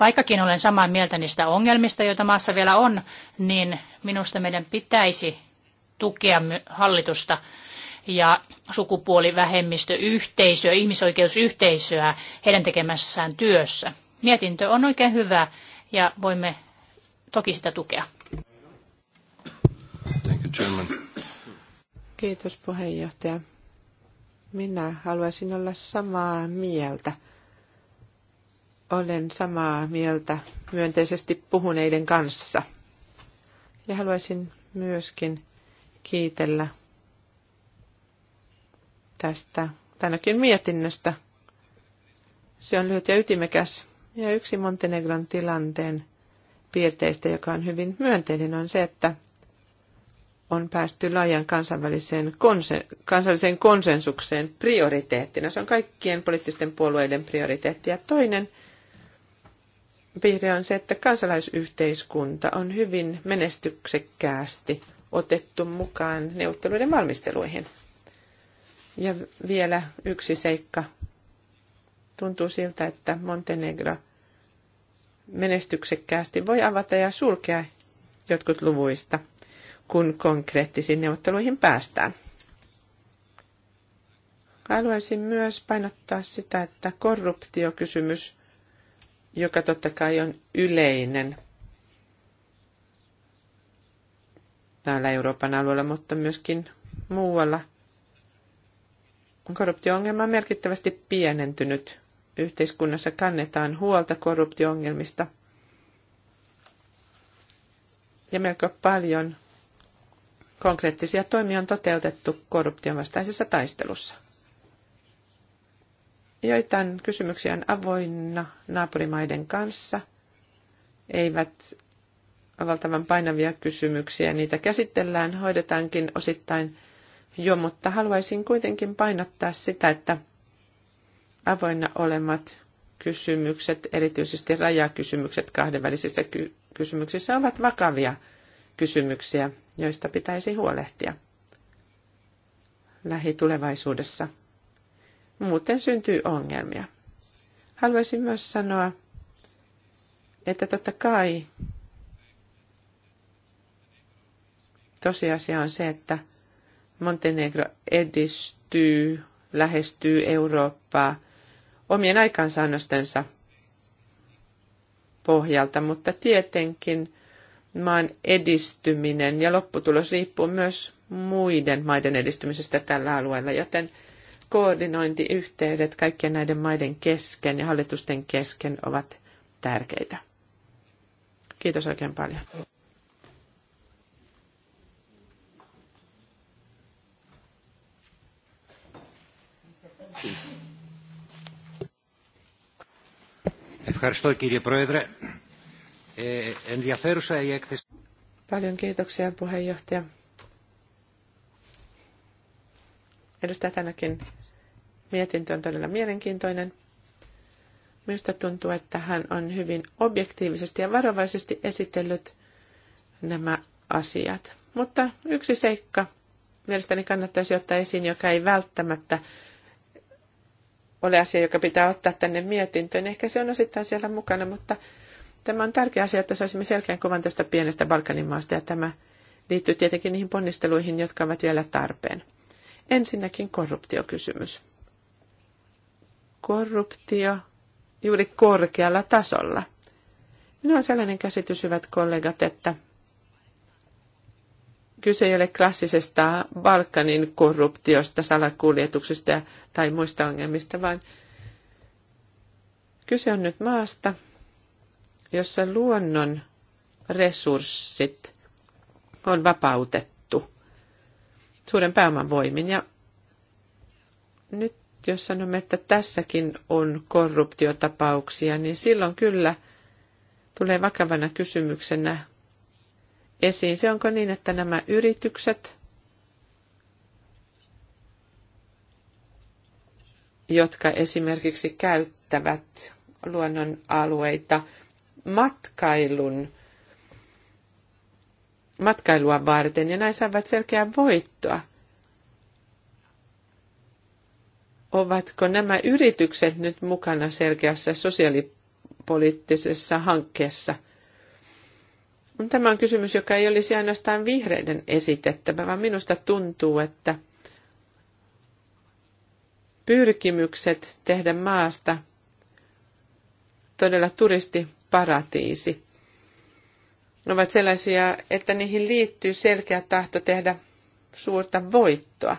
Vaikkakin olen samaa mieltä niistä ongelmista, joita maassa vielä on, niin minusta meidän pitäisi tukea hallitusta ja sukupuolivähemmistöyhteisöä, ihmisoikeusyhteisöä heidän tekemässään työssä. Mietintö on oikein hyvä ja voimme toki sitä tukea. Thank you, Kiitos puheenjohtaja. Minä haluaisin olla samaa mieltä. Olen samaa mieltä myönteisesti puhuneiden kanssa. Ja haluaisin myöskin kiitellä tästä tänäkin mietinnöstä. Se on lyhyt ja ytimekäs. Ja yksi Montenegron tilanteen piirteistä, joka on hyvin myönteinen, on se, että on päästy laajan kansainväliseen konsen, kansalliseen konsensukseen prioriteettina. Se on kaikkien poliittisten puolueiden prioriteetti. Ja toinen piirre on se, että kansalaisyhteiskunta on hyvin menestyksekkäästi otettu mukaan neuvotteluiden valmisteluihin. Ja vielä yksi seikka. Tuntuu siltä, että Montenegro menestyksekkäästi voi avata ja sulkea jotkut luvuista, kun konkreettisiin neuvotteluihin päästään. Haluaisin myös painottaa sitä, että korruptiokysymys, joka totta kai on yleinen täällä Euroopan alueella, mutta myöskin muualla. Korruptioongelma on merkittävästi pienentynyt. Yhteiskunnassa kannetaan huolta korruptioongelmista. Ja melko paljon konkreettisia toimia on toteutettu korruption vastaisessa taistelussa. Joitain kysymyksiä on avoinna naapurimaiden kanssa. Eivät valtavan painavia kysymyksiä. Niitä käsitellään, hoidetaankin osittain jo, mutta haluaisin kuitenkin painottaa sitä, että avoinna olemat kysymykset, erityisesti rajakysymykset kahdenvälisissä ky- kysymyksissä, ovat vakavia kysymyksiä, joista pitäisi huolehtia lähitulevaisuudessa. Muuten syntyy ongelmia. Haluaisin myös sanoa, että totta kai Tosiasia on se, että Montenegro edistyy, lähestyy Eurooppaa omien aikaansaannostensa pohjalta, mutta tietenkin maan edistyminen ja lopputulos riippuu myös muiden maiden edistymisestä tällä alueella, joten koordinointiyhteydet kaikkien näiden maiden kesken ja hallitusten kesken ovat tärkeitä. Kiitos oikein paljon. Ευχαριστώ κύριε Πρόεδρε. Ε, ενδιαφέρουσα η έκθεση. Paljon kiitoksia puheenjohtaja. Edustaja Tänäkin mietintö on todella mielenkiintoinen. Minusta tuntuu, että hän on hyvin objektiivisesti ja varovaisesti esitellyt nämä asiat. Mutta yksi seikka mielestäni kannattaisi ottaa esiin, joka ei välttämättä ole asia, joka pitää ottaa tänne mietintöön. Ehkä se on osittain siellä mukana, mutta tämä on tärkeä asia, että saisimme selkeän kuvan tästä pienestä Balkanin maasta ja tämä liittyy tietenkin niihin ponnisteluihin, jotka ovat vielä tarpeen. Ensinnäkin korruptiokysymys. Korruptio juuri korkealla tasolla. Minulla on sellainen käsitys, hyvät kollegat, että Kyse ei ole klassisesta Balkanin korruptiosta, salakuljetuksesta tai muista ongelmista, vaan kyse on nyt maasta, jossa luonnon resurssit on vapautettu suuren pääoman voimin. Ja nyt jos sanomme, että tässäkin on korruptiotapauksia, niin silloin kyllä tulee vakavana kysymyksenä esiin. Se onko niin, että nämä yritykset, jotka esimerkiksi käyttävät luonnonalueita matkailun, matkailua varten ja näin saavat selkeää voittoa. Ovatko nämä yritykset nyt mukana selkeässä sosiaalipoliittisessa hankkeessa – No, tämä on kysymys, joka ei olisi ainoastaan vihreiden esitettävä, vaan minusta tuntuu, että pyrkimykset tehdä maasta todella turistiparatiisi ovat sellaisia, että niihin liittyy selkeä tahto tehdä suurta voittoa.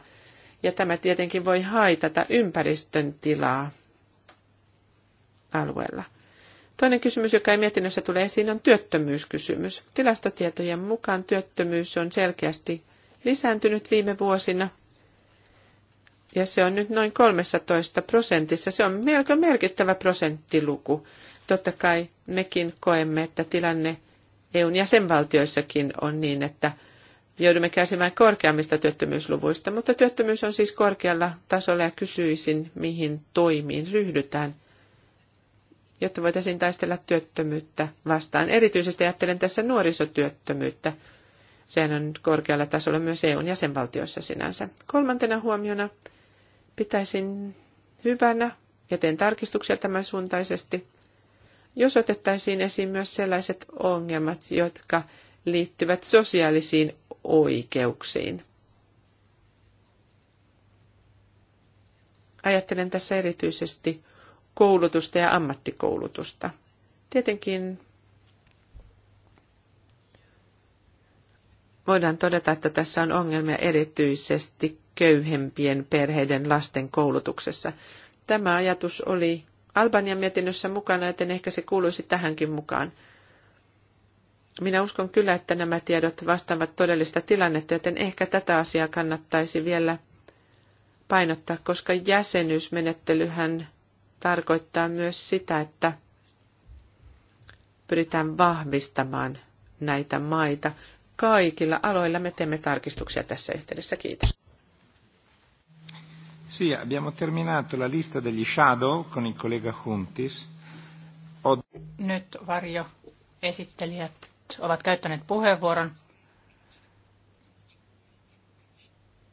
Ja tämä tietenkin voi haitata ympäristön tilaa alueella. Toinen kysymys, joka ei mietinnössä tule esiin, on työttömyyskysymys. Tilastotietojen mukaan työttömyys on selkeästi lisääntynyt viime vuosina ja se on nyt noin 13 prosentissa. Se on melko merkittävä prosenttiluku. Totta kai mekin koemme, että tilanne EUn jäsenvaltioissakin on niin, että joudumme kärsimään korkeammista työttömyysluvuista, mutta työttömyys on siis korkealla tasolla ja kysyisin, mihin toimiin ryhdytään – jotta voitaisiin taistella työttömyyttä vastaan. Erityisesti ajattelen tässä nuorisotyöttömyyttä. Sehän on korkealla tasolla myös EUn jäsenvaltioissa sinänsä. Kolmantena huomiona pitäisin hyvänä ja teen tarkistuksia tämän suuntaisesti, jos otettaisiin esiin myös sellaiset ongelmat, jotka liittyvät sosiaalisiin oikeuksiin. Ajattelen tässä erityisesti koulutusta ja ammattikoulutusta. Tietenkin voidaan todeta, että tässä on ongelmia erityisesti köyhempien perheiden lasten koulutuksessa. Tämä ajatus oli Albanian mietinnössä mukana, joten ehkä se kuuluisi tähänkin mukaan. Minä uskon kyllä, että nämä tiedot vastaavat todellista tilannetta, joten ehkä tätä asiaa kannattaisi vielä painottaa, koska jäsenyysmenettelyhän tarkoittaa myös sitä, että pyritään vahvistamaan näitä maita. Kaikilla aloilla me teemme tarkistuksia tässä yhteydessä. Kiitos. Sì, abbiamo terminato la lista degli shadow con il collega Huntis. Od... Nyt varjo esittelijät ovat käyttäneet puheenvuoron.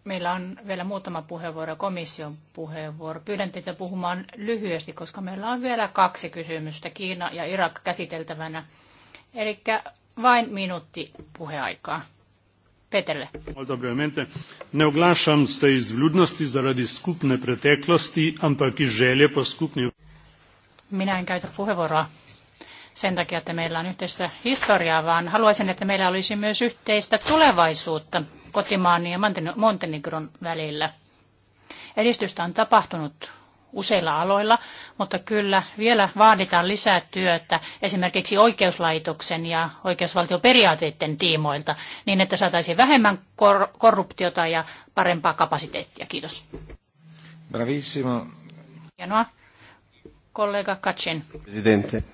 Meillä on vielä muutama puheenvuoro, komission puheenvuoro. Pyydän teitä puhumaan lyhyesti, koska meillä on vielä kaksi kysymystä, Kiina ja Irak käsiteltävänä. Eli vain minuutti puheaikaa. Petelle. Obviamente ne oglašam se iz vljudnosti zaradi skupne preteklosti, ampak iz želje po skupni... Minä en käytä puheenvuoroa sen takia, että meillä on yhteistä historiaa, vaan haluaisin, että meillä olisi myös yhteistä tulevaisuutta kotimaan ja Montenegron välillä. Edistystä on tapahtunut useilla aloilla, mutta kyllä vielä vaaditaan lisää työtä esimerkiksi oikeuslaitoksen ja oikeusvaltioperiaatteiden tiimoilta, niin että saataisiin vähemmän kor- korruptiota ja parempaa kapasiteettia. Kiitos. Bravissimo. Hienoa. Kollega Kacin. Presidente.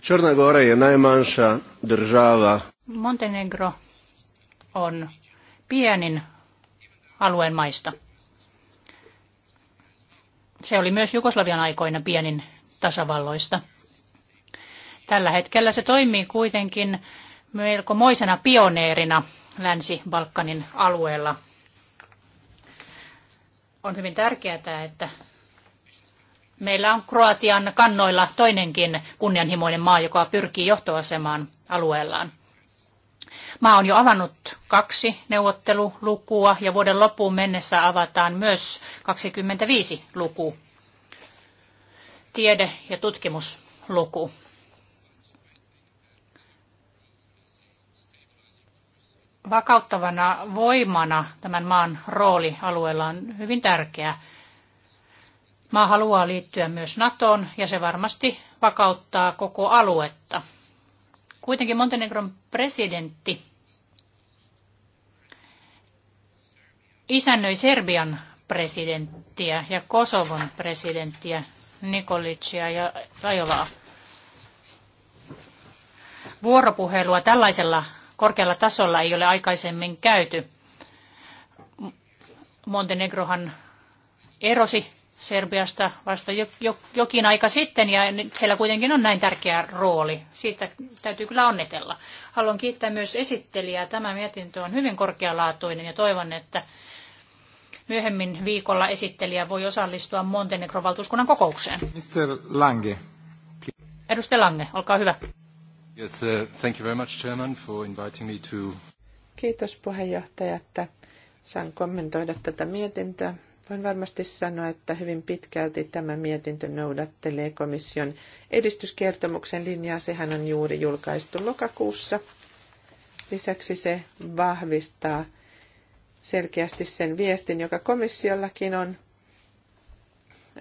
Črna ja je država. Montenegro on pienin alueen maista. Se oli myös Jugoslavian aikoina pienin tasavalloista. Tällä hetkellä se toimii kuitenkin melko moisena pioneerina Länsi-Balkanin alueella. On hyvin tärkeää, että meillä on Kroatian kannoilla toinenkin kunnianhimoinen maa, joka pyrkii johtoasemaan alueellaan. Maa on jo avannut kaksi neuvottelulukua ja vuoden loppuun mennessä avataan myös 25 luku, tiede- ja tutkimusluku. vakauttavana voimana tämän maan rooli alueella on hyvin tärkeä. Maa haluaa liittyä myös NATOon ja se varmasti vakauttaa koko aluetta. Kuitenkin Montenegron presidentti isännöi Serbian presidenttiä ja Kosovon presidenttiä Nikolicia ja Rajolaa. Vuoropuhelua tällaisella korkealla tasolla ei ole aikaisemmin käyty. Montenegrohan erosi Serbiasta vasta jokin aika sitten ja heillä kuitenkin on näin tärkeä rooli. Siitä täytyy kyllä onnetella. Haluan kiittää myös esittelijää. Tämä mietintö on hyvin korkealaatuinen ja toivon, että myöhemmin viikolla esittelijä voi osallistua montenegro valtuuskunnan kokoukseen. Mr. Lange. Edustaja Lange, olkaa hyvä. Yes, uh, thank you very much, Chairman, for inviting me to... Kiitos puheenjohtaja, että saan kommentoida tätä mietintöä Voin varmasti sanoa, että hyvin pitkälti tämä mietintö noudattelee komission edistyskertomuksen linjaa. Sehän on juuri julkaistu lokakuussa. Lisäksi se vahvistaa selkeästi sen viestin, joka komissiollakin on,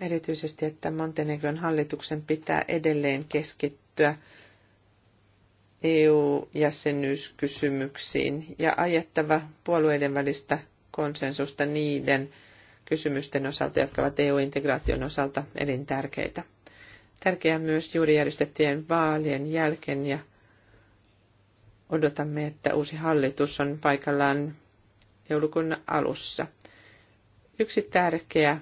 erityisesti, että Montenegron hallituksen pitää edelleen keskittyä EU-jäsenyyskysymyksiin ja ajettava puolueiden välistä konsensusta niiden kysymysten osalta, jotka ovat EU-integraation osalta elintärkeitä. Tärkeää myös juuri järjestettyjen vaalien jälkeen ja odotamme, että uusi hallitus on paikallaan joulukuun alussa. Yksi tärkeä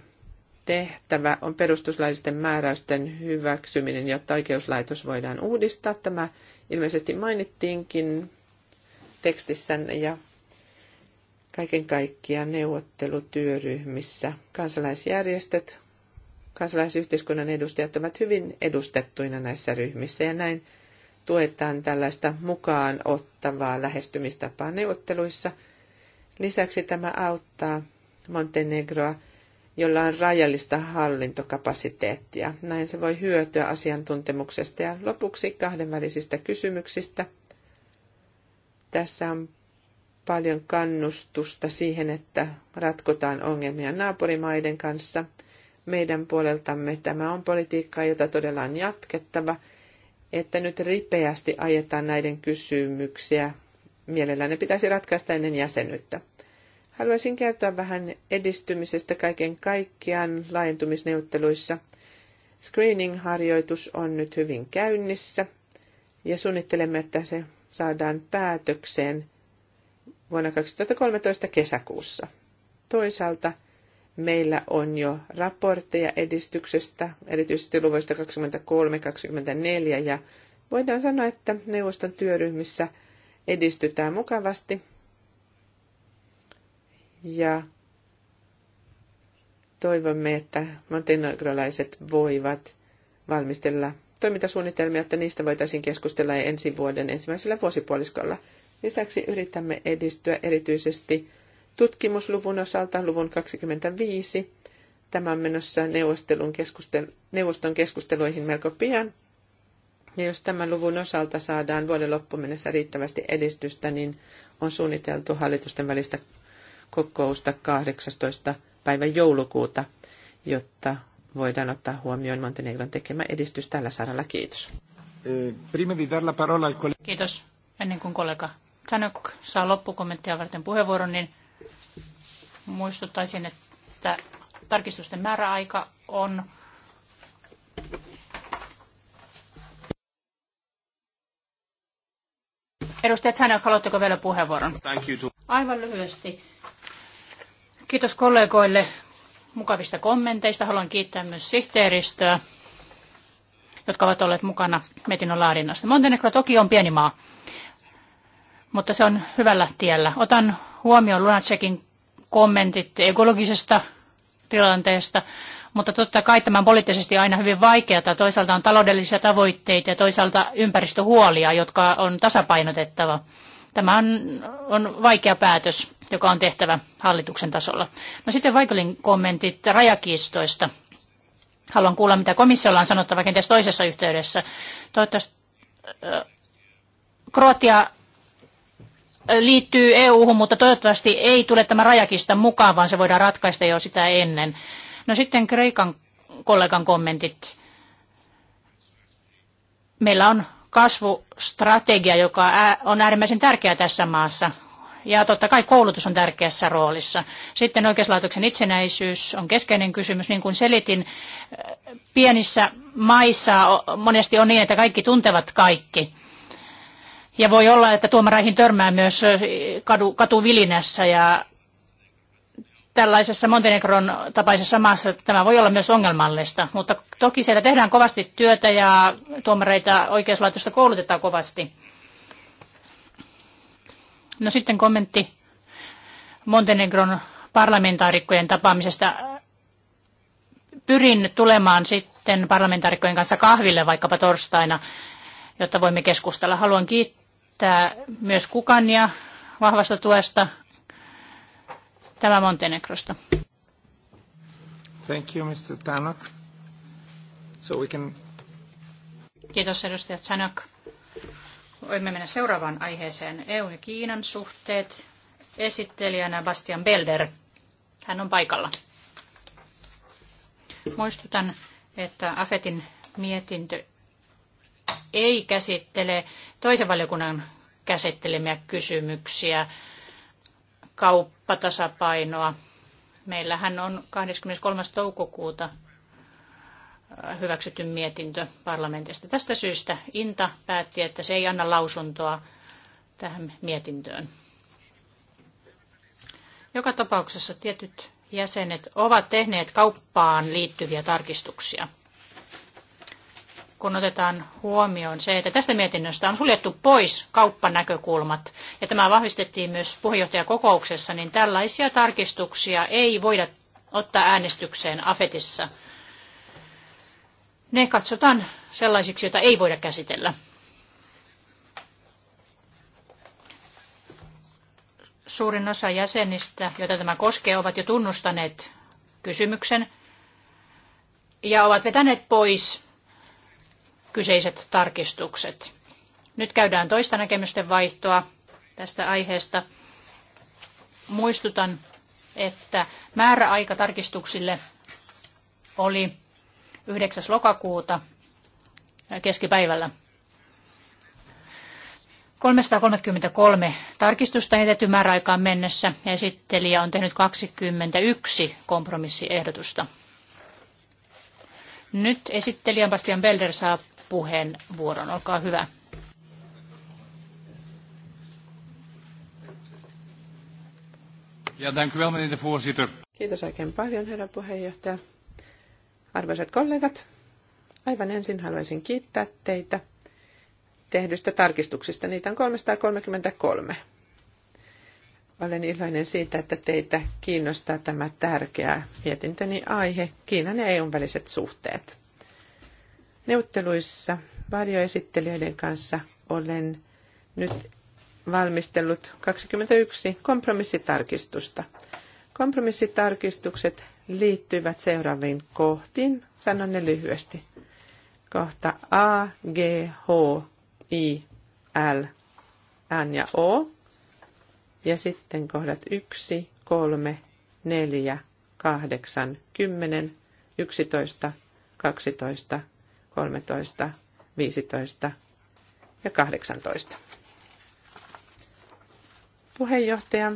tehtävä on perustuslaillisten määräysten hyväksyminen, jotta oikeuslaitos voidaan uudistaa. Tämä ilmeisesti mainittiinkin tekstissänne ja kaiken kaikkiaan neuvottelutyöryhmissä kansalaisjärjestöt, kansalaisyhteiskunnan edustajat ovat hyvin edustettuina näissä ryhmissä ja näin tuetaan tällaista mukaan ottavaa lähestymistapaa neuvotteluissa. Lisäksi tämä auttaa Montenegroa, jolla on rajallista hallintokapasiteettia. Näin se voi hyötyä asiantuntemuksesta ja lopuksi kahdenvälisistä kysymyksistä. Tässä on paljon kannustusta siihen, että ratkotaan ongelmia naapurimaiden kanssa. Meidän puoleltamme tämä on politiikkaa, jota todella on jatkettava, että nyt ripeästi ajetaan näiden kysymyksiä. Mielellään ne pitäisi ratkaista ennen jäsenyyttä. Haluaisin kertoa vähän edistymisestä kaiken kaikkiaan laajentumisneuvotteluissa. Screening-harjoitus on nyt hyvin käynnissä ja suunnittelemme, että se saadaan päätökseen vuonna 2013 kesäkuussa. Toisaalta meillä on jo raportteja edistyksestä, erityisesti luvuista 23-24, ja voidaan sanoa, että neuvoston työryhmissä edistytään mukavasti. Ja toivomme, että montenegrolaiset voivat valmistella toimintasuunnitelmia, että niistä voitaisiin keskustella ensi vuoden ensimmäisellä vuosipuoliskolla – Lisäksi yritämme edistyä erityisesti tutkimusluvun osalta luvun 25. Tämä on menossa neuvostelun keskustel- neuvoston keskusteluihin melko pian. Ja jos tämän luvun osalta saadaan vuoden loppuun mennessä riittävästi edistystä, niin on suunniteltu hallitusten välistä kokousta 18. päivä joulukuuta, jotta voidaan ottaa huomioon Montenegron tekemä edistys tällä saralla. Kiitos. Eh, Kiitos. Ennen kuin kollega Tanok saa loppukommenttia varten puheenvuoron, niin muistuttaisin, että tarkistusten määräaika on Edustaja Tsanok, haluatteko vielä puheenvuoron? Aivan lyhyesti. Kiitos kollegoille mukavista kommenteista. Haluan kiittää myös sihteeristöä, jotka ovat olleet mukana Metinon laadinnassa. Montenegro toki on pieni maa, mutta se on hyvällä tiellä. Otan huomioon Lunacekin kommentit ekologisesta tilanteesta, mutta totta kai tämä on poliittisesti aina hyvin vaikeaa. Toisaalta on taloudellisia tavoitteita ja toisaalta ympäristöhuolia, jotka on tasapainotettava. Tämä on, on vaikea päätös, joka on tehtävä hallituksen tasolla. No sitten Vaikelin kommentit rajakiistoista. Haluan kuulla, mitä komissiolla on sanottava kenties toisessa yhteydessä. Toivottavasti Kroatia liittyy EU-hun, mutta toivottavasti ei tule tämä rajakista mukaan, vaan se voidaan ratkaista jo sitä ennen. No sitten Kreikan kollegan kommentit. Meillä on kasvustrategia, joka on äärimmäisen tärkeä tässä maassa. Ja totta kai koulutus on tärkeässä roolissa. Sitten oikeuslaitoksen itsenäisyys on keskeinen kysymys. Niin kuin selitin, pienissä maissa monesti on niin, että kaikki tuntevat kaikki. Ja voi olla, että tuomareihin törmää myös kadu, katuvilinässä ja tällaisessa Montenegron tapaisessa maassa tämä voi olla myös ongelmallista, mutta toki siellä tehdään kovasti työtä ja tuomareita oikeuslaitosta koulutetaan kovasti. No sitten kommentti Montenegron parlamentaarikkojen tapaamisesta. Pyrin tulemaan sitten parlamentaarikkojen kanssa kahville vaikkapa torstaina, jotta voimme keskustella. Haluan kiittää kiittää myös Kukania vahvasta tuesta. Tämä Montenegrosta. Thank you, Mr. Tanak. So we can... Kiitos edustaja Tanak. Voimme mennä seuraavaan aiheeseen. EU ja Kiinan suhteet. Esittelijänä Bastian Belder. Hän on paikalla. Muistutan, että AFETin mietintö ei käsittele toisen valiokunnan käsittelemiä kysymyksiä, kauppatasapainoa. Meillähän on 23. toukokuuta hyväksytty mietintö parlamentista. Tästä syystä Inta päätti, että se ei anna lausuntoa tähän mietintöön. Joka tapauksessa tietyt jäsenet ovat tehneet kauppaan liittyviä tarkistuksia – kun otetaan huomioon se, että tästä mietinnöstä on suljettu pois kauppanäkökulmat, ja tämä vahvistettiin myös puheenjohtajakokouksessa, niin tällaisia tarkistuksia ei voida ottaa äänestykseen AFETissa. Ne katsotaan sellaisiksi, joita ei voida käsitellä. Suurin osa jäsenistä, joita tämä koskee, ovat jo tunnustaneet kysymyksen ja ovat vetäneet pois kyseiset tarkistukset. Nyt käydään toista näkemysten vaihtoa tästä aiheesta. Muistutan, että määräaika tarkistuksille oli 9. lokakuuta keskipäivällä. 333 tarkistusta jätetty määräaikaan mennessä ja esittelijä on tehnyt 21 kompromissiehdotusta. Nyt esittelijä Bastian Belder saa puheenvuoron. Olkaa hyvä. Ja Kiitos oikein paljon, herra puheenjohtaja. Arvoisat kollegat, aivan ensin haluaisin kiittää teitä tehdystä tarkistuksista. Niitä on 333. Olen iloinen siitä, että teitä kiinnostaa tämä tärkeä mietintöni aihe, Kiinan ja EUn väliset suhteet. Neuvotteluissa varjoesittelijöiden kanssa olen nyt valmistellut 21 kompromissitarkistusta. Kompromissitarkistukset liittyvät seuraaviin kohtiin. Sanon ne lyhyesti. Kohta A, G, H, I, L, N ja O. Ja sitten kohdat 1, 3, 4, 8, 10, 11, 12, 13, 15 ja 18. Puheenjohtaja,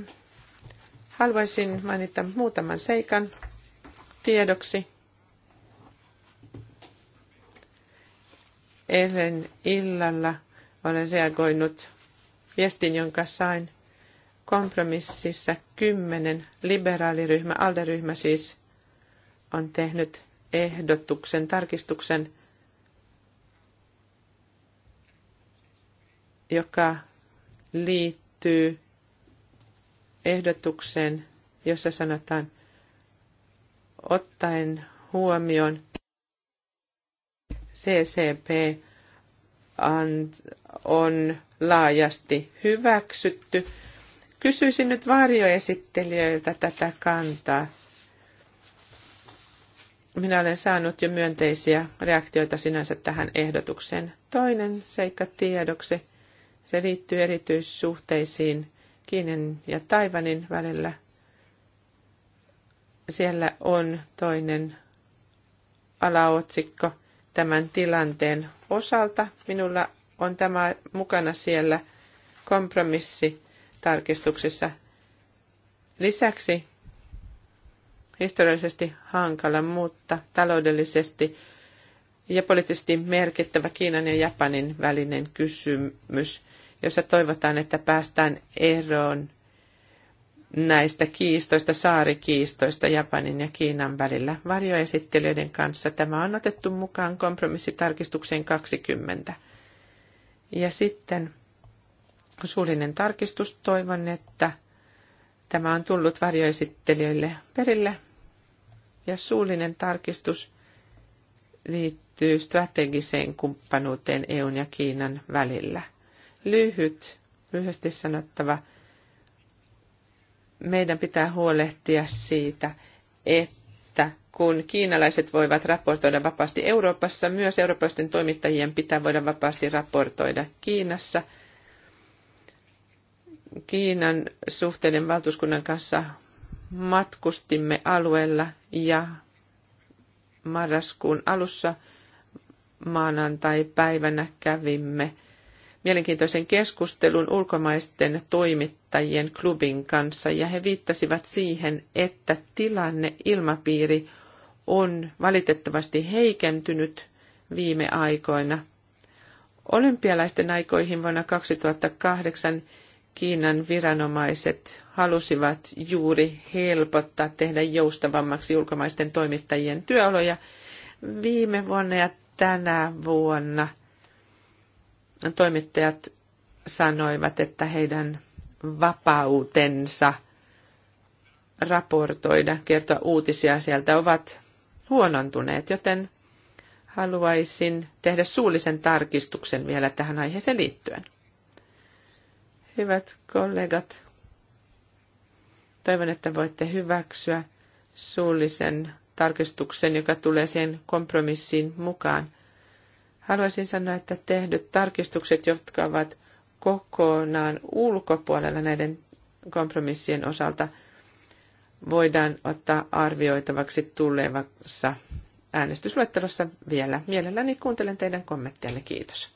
haluaisin mainita muutaman seikan tiedoksi. Eilen illalla olen reagoinut viestin, jonka sain kompromississa kymmenen liberaaliryhmä, alderyhmä siis, on tehnyt ehdotuksen, tarkistuksen joka liittyy ehdotukseen, jossa sanotaan ottaen huomioon CCP on laajasti hyväksytty. Kysyisin nyt varjoesittelijöiltä tätä kantaa. Minä olen saanut jo myönteisiä reaktioita sinänsä tähän ehdotukseen. Toinen seikka tiedoksi se liittyy erityissuhteisiin Kiinan ja Taivanin välillä. Siellä on toinen alaotsikko tämän tilanteen osalta. Minulla on tämä mukana siellä kompromissitarkistuksessa. Lisäksi historiallisesti hankala, mutta taloudellisesti ja poliittisesti merkittävä Kiinan ja Japanin välinen kysymys – jossa toivotaan, että päästään eroon näistä kiistoista, saarikiistoista Japanin ja Kiinan välillä. Varjoesittelijöiden kanssa tämä on otettu mukaan kompromissitarkistukseen 20. Ja sitten suullinen tarkistus. Toivon, että tämä on tullut varjoesittelijöille perille. Ja suullinen tarkistus liittyy strategiseen kumppanuuteen EUn ja Kiinan välillä – lyhyt, lyhyesti sanottava. Meidän pitää huolehtia siitä, että kun kiinalaiset voivat raportoida vapaasti Euroopassa, myös eurooppalaisten toimittajien pitää voida vapaasti raportoida Kiinassa. Kiinan suhteiden valtuuskunnan kanssa matkustimme alueella ja marraskuun alussa maanantai-päivänä kävimme – mielenkiintoisen keskustelun ulkomaisten toimittajien klubin kanssa ja he viittasivat siihen, että tilanne ilmapiiri on valitettavasti heikentynyt viime aikoina. Olympialaisten aikoihin vuonna 2008 Kiinan viranomaiset halusivat juuri helpottaa tehdä joustavammaksi ulkomaisten toimittajien työoloja. Viime vuonna ja tänä vuonna – toimittajat sanoivat, että heidän vapautensa raportoida, kertoa uutisia sieltä ovat huonontuneet, joten haluaisin tehdä suullisen tarkistuksen vielä tähän aiheeseen liittyen. Hyvät kollegat, toivon, että voitte hyväksyä suullisen tarkistuksen, joka tulee siihen kompromissiin mukaan, Haluaisin sanoa, että tehdyt tarkistukset, jotka ovat kokonaan ulkopuolella näiden kompromissien osalta, voidaan ottaa arvioitavaksi tulevassa äänestysluettelossa vielä. Mielelläni kuuntelen teidän kommenttianne. Kiitos.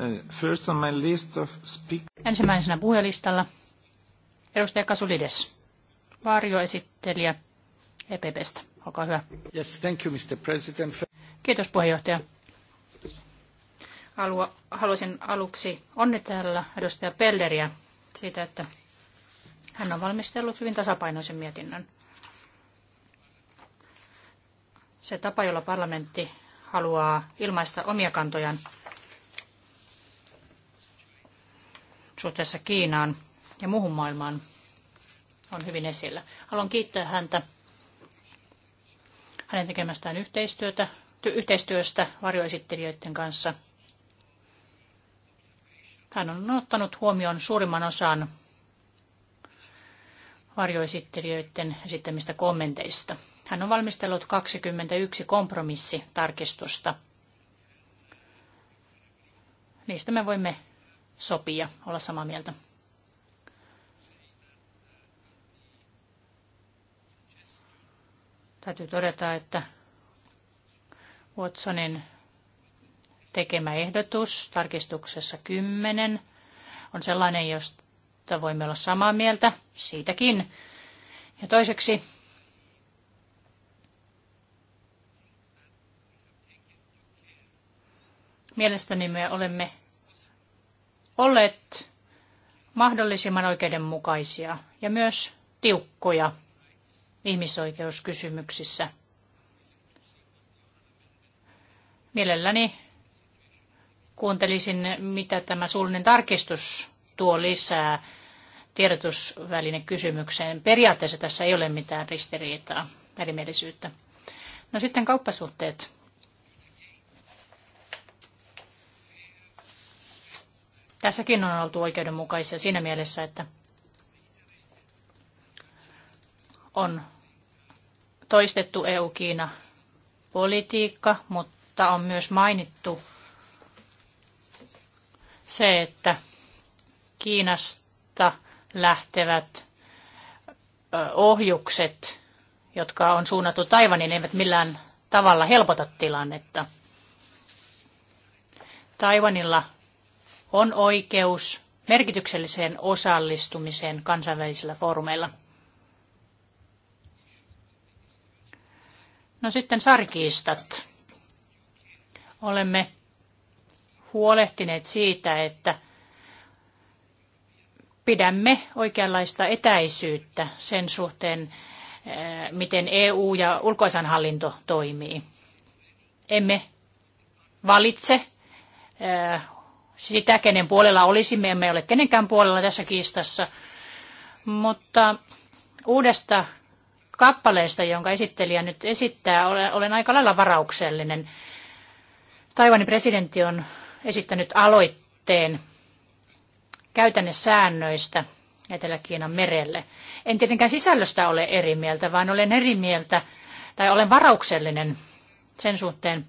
Uh, first on my list of speak- Ensimmäisenä puhelistalla edustaja Kasulides, varjoesittelijä EPPstä. Olkaa hyvä. Yes, thank you, Mr. President. Kiitos puheenjohtaja. haluaisin aluksi onnitella edustaja Pelleriä siitä, että hän on valmistellut hyvin tasapainoisen mietinnön. Se tapa, jolla parlamentti haluaa ilmaista omia kantojaan suhteessa Kiinaan ja muuhun maailmaan, on hyvin esillä. Haluan kiittää häntä hänen tekemästään yhteistyötä, yhteistyöstä varjoesittelijöiden kanssa. Hän on ottanut huomioon suurimman osan varjoesittelijöiden esittämistä kommenteista. Hän on valmistellut 21 kompromissitarkistusta. Niistä me voimme sopia, olla samaa mieltä. Täytyy todeta, että Watsonin tekemä ehdotus tarkistuksessa 10 on sellainen, josta voimme olla samaa mieltä siitäkin. Ja toiseksi mielestäni me olemme olleet mahdollisimman oikeudenmukaisia ja myös tiukkoja ihmisoikeuskysymyksissä. Mielelläni kuuntelisin, mitä tämä suullinen tarkistus tuo lisää kysymykseen. Periaatteessa tässä ei ole mitään ristiriitaa, erimielisyyttä. No sitten kauppasuhteet. Tässäkin on oltu oikeudenmukaisia siinä mielessä, että on toistettu EU-Kiina-politiikka, mutta on myös mainittu se, että Kiinasta lähtevät ohjukset, jotka on suunnattu Taivaniin, eivät millään tavalla helpota tilannetta. Taivanilla on oikeus merkitykselliseen osallistumiseen kansainvälisillä foorumeilla – No sitten sarkiistat. Olemme huolehtineet siitä, että pidämme oikeanlaista etäisyyttä sen suhteen, eh, miten EU ja ulkoisanhallinto toimii. Emme valitse eh, sitä, kenen puolella olisimme, emme ole kenenkään puolella tässä kiistassa, mutta uudesta kappaleesta, jonka esittelijä nyt esittää, olen aika lailla varauksellinen. Taiwanin presidentti on esittänyt aloitteen käytännössäännöistä Etelä-Kiinan merelle. En tietenkään sisällöstä ole eri mieltä, vaan olen eri mieltä tai olen varauksellinen sen suhteen,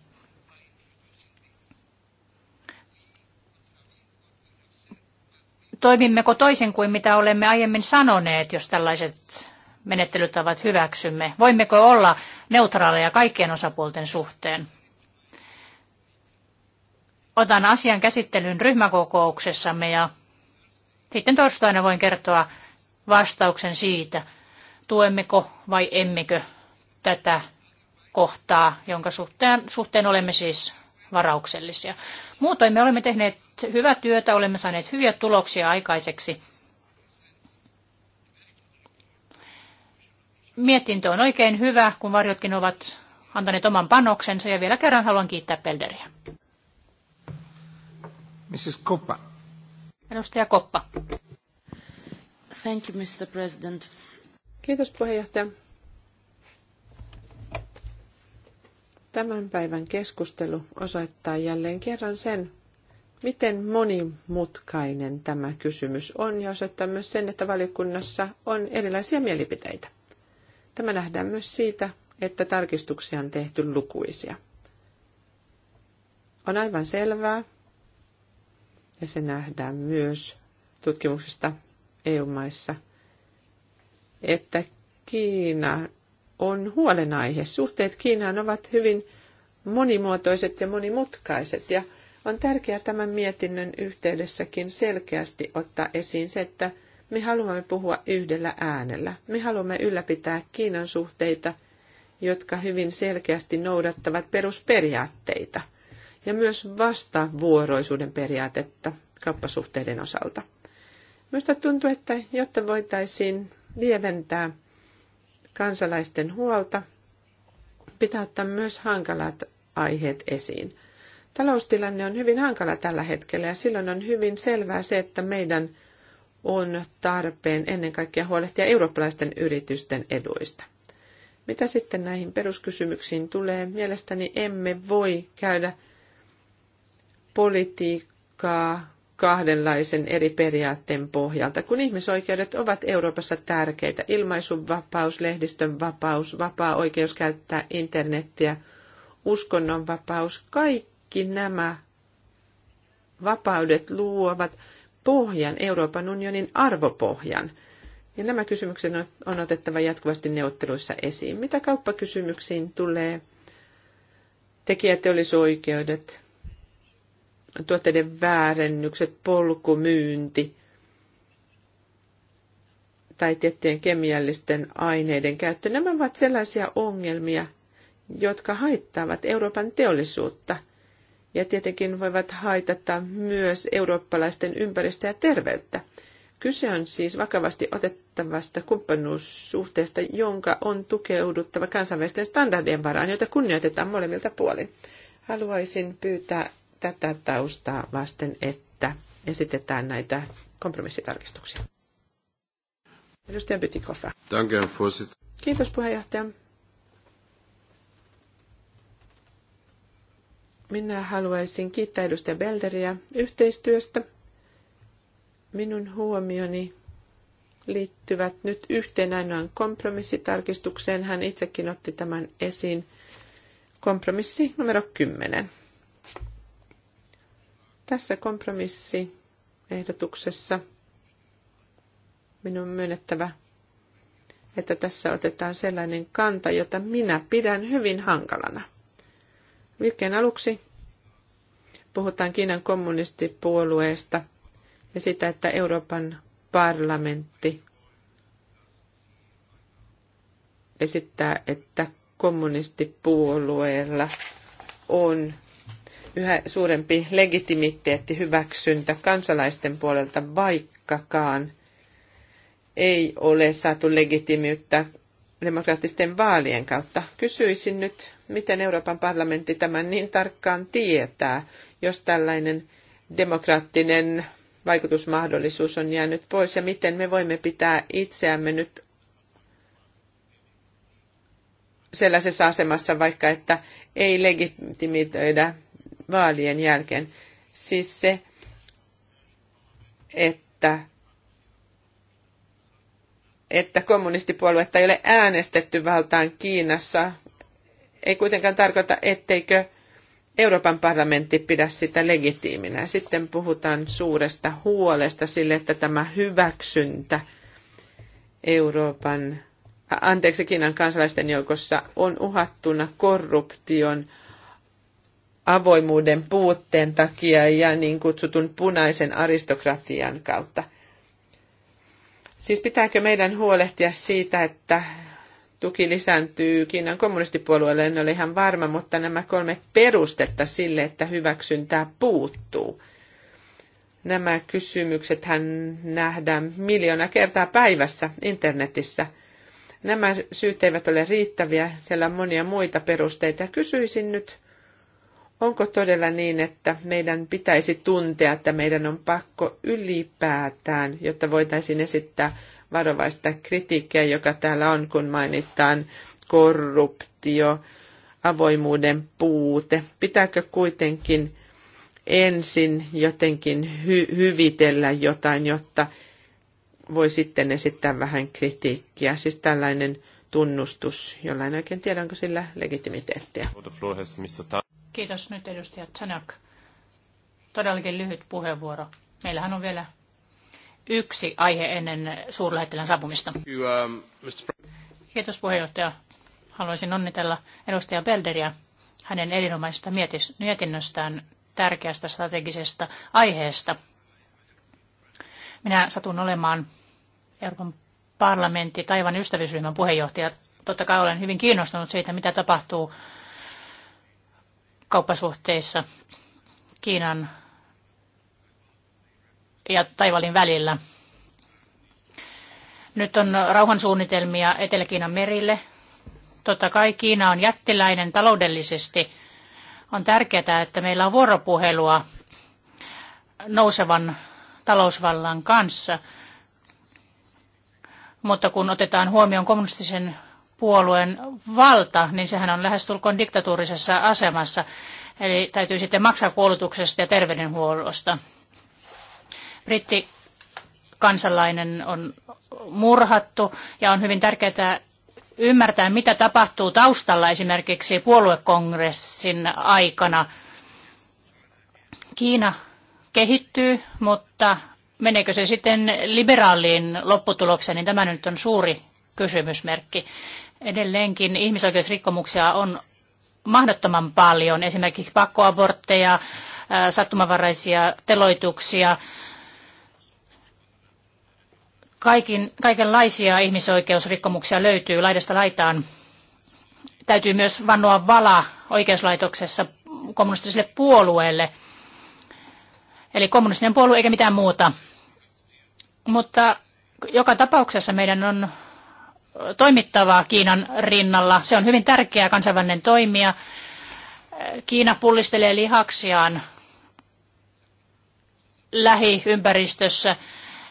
toimimmeko toisin kuin mitä olemme aiemmin sanoneet, jos tällaiset menettelytavat hyväksymme? Voimmeko olla neutraaleja kaikkien osapuolten suhteen? Otan asian käsittelyn ryhmäkokouksessamme ja sitten torstaina voin kertoa vastauksen siitä, tuemmeko vai emmekö tätä kohtaa, jonka suhteen, suhteen olemme siis varauksellisia. Muutoin me olemme tehneet hyvää työtä, olemme saaneet hyviä tuloksia aikaiseksi – Mietintö on oikein hyvä, kun varjotkin ovat antaneet oman panoksensa ja vielä kerran haluan kiittää Pelderiä. Mrs. Koppa. Edustaja Koppa. Thank you, Mr. President. Kiitos puheenjohtaja. Tämän päivän keskustelu osoittaa jälleen kerran sen, miten monimutkainen tämä kysymys on ja osoittaa myös sen, että valiokunnassa on erilaisia mielipiteitä. Tämä nähdään myös siitä, että tarkistuksia on tehty lukuisia. On aivan selvää, ja se nähdään myös tutkimuksista EU-maissa, että Kiina on huolenaihe. Suhteet Kiinaan ovat hyvin monimuotoiset ja monimutkaiset, ja on tärkeää tämän mietinnön yhteydessäkin selkeästi ottaa esiin se, että – me haluamme puhua yhdellä äänellä. Me haluamme ylläpitää Kiinan suhteita, jotka hyvin selkeästi noudattavat perusperiaatteita ja myös vastavuoroisuuden periaatetta kauppasuhteiden osalta. Minusta tuntuu, että jotta voitaisiin lieventää kansalaisten huolta, pitää ottaa myös hankalat aiheet esiin. Taloustilanne on hyvin hankala tällä hetkellä ja silloin on hyvin selvää se, että meidän on tarpeen ennen kaikkea huolehtia eurooppalaisten yritysten eduista. Mitä sitten näihin peruskysymyksiin tulee? Mielestäni emme voi käydä politiikkaa kahdenlaisen eri periaatteen pohjalta, kun ihmisoikeudet ovat Euroopassa tärkeitä. Ilmaisunvapaus, vapaus, vapaa oikeus käyttää internettiä, uskonnonvapaus, kaikki nämä vapaudet luovat – pohjan, Euroopan unionin arvopohjan. Ja nämä kysymykset on otettava jatkuvasti neuvotteluissa esiin. Mitä kauppakysymyksiin tulee? Tekijäteollisoikeudet, tuotteiden väärennykset, polkumyynti tai tiettyjen kemiallisten aineiden käyttö. Nämä ovat sellaisia ongelmia, jotka haittaavat Euroopan teollisuutta ja tietenkin voivat haitata myös eurooppalaisten ympäristöä ja terveyttä. Kyse on siis vakavasti otettavasta kumppanuussuhteesta, jonka on tukeuduttava kansainvälisten standardien varaan, joita kunnioitetaan molemmilta puolin. Haluaisin pyytää tätä taustaa vasten, että esitetään näitä kompromissitarkistuksia. Edustaja Bytikoffa. Kiitos puheenjohtaja. Minä haluaisin kiittää edustaja Belderiä yhteistyöstä. Minun huomioni liittyvät nyt yhteen ainoan kompromissitarkistukseen. Hän itsekin otti tämän esiin. Kompromissi numero 10. Tässä kompromissiehdotuksessa minun on myönnettävä, että tässä otetaan sellainen kanta, jota minä pidän hyvin hankalana – Liikkeen aluksi puhutaan Kiinan kommunistipuolueesta ja sitä, että Euroopan parlamentti esittää, että kommunistipuolueella on yhä suurempi legitimiteetti hyväksyntä kansalaisten puolelta, vaikkakaan ei ole saatu legitimiyttä demokraattisten vaalien kautta. Kysyisin nyt Miten Euroopan parlamentti tämän niin tarkkaan tietää, jos tällainen demokraattinen vaikutusmahdollisuus on jäänyt pois ja miten me voimme pitää itseämme nyt sellaisessa asemassa vaikka, että ei legitimitoida vaalien jälkeen. Siis se, että, että kommunistipuoluetta ei ole äänestetty valtaan Kiinassa ei kuitenkaan tarkoita, etteikö Euroopan parlamentti pidä sitä legitiiminä. Sitten puhutaan suuresta huolesta sille, että tämä hyväksyntä Euroopan, anteeksi Kiinan kansalaisten joukossa on uhattuna korruption avoimuuden puutteen takia ja niin kutsutun punaisen aristokratian kautta. Siis pitääkö meidän huolehtia siitä, että tuki lisääntyy Kiinan kommunistipuolueelle, en ole ihan varma, mutta nämä kolme perustetta sille, että hyväksyntää puuttuu. Nämä kysymykset hän nähdään miljoona kertaa päivässä internetissä. Nämä syyt eivät ole riittäviä, siellä on monia muita perusteita. Kysyisin nyt, onko todella niin, että meidän pitäisi tuntea, että meidän on pakko ylipäätään, jotta voitaisiin esittää varovaista kritiikkiä, joka täällä on, kun mainitaan korruptio, avoimuuden puute. Pitääkö kuitenkin ensin jotenkin hy- hyvitellä jotain, jotta voi sitten esittää vähän kritiikkiä. Siis tällainen tunnustus, jolla en oikein tiedä, onko sillä legitimiteettiä. Kiitos nyt edustaja Chanak. Todellakin lyhyt puheenvuoro. Meillähän on vielä yksi aihe ennen suurlähettilän saapumista. Um, Kiitos puheenjohtaja. Haluaisin onnitella edustaja Belderia hänen erinomaisesta mietinnöstään tärkeästä strategisesta aiheesta. Minä satun olemaan Euroopan parlamentti Taivan ystävyysryhmän puheenjohtaja. Totta kai olen hyvin kiinnostunut siitä, mitä tapahtuu kauppasuhteissa Kiinan ja Taivalin välillä. Nyt on rauhansuunnitelmia Etelä-Kiinan merille. Totta kai Kiina on jättiläinen taloudellisesti. On tärkeää, että meillä on vuoropuhelua nousevan talousvallan kanssa. Mutta kun otetaan huomioon kommunistisen puolueen valta, niin sehän on lähestulkoon diktatuurisessa asemassa. Eli täytyy sitten maksaa koulutuksesta ja terveydenhuollosta britti kansalainen on murhattu ja on hyvin tärkeää ymmärtää, mitä tapahtuu taustalla esimerkiksi puoluekongressin aikana. Kiina kehittyy, mutta meneekö se sitten liberaaliin lopputulokseen, niin tämä nyt on suuri kysymysmerkki. Edelleenkin ihmisoikeusrikkomuksia on mahdottoman paljon, esimerkiksi pakkoabortteja, äh, sattumavaraisia teloituksia, Kaikin, kaikenlaisia ihmisoikeusrikkomuksia löytyy laidasta laitaan. Täytyy myös vannoa vala oikeuslaitoksessa kommunistiselle puolueelle. Eli kommunistinen puolue eikä mitään muuta. Mutta joka tapauksessa meidän on toimittavaa Kiinan rinnalla. Se on hyvin tärkeä kansainvälinen toimija. Kiina pullistelee lihaksiaan lähiympäristössä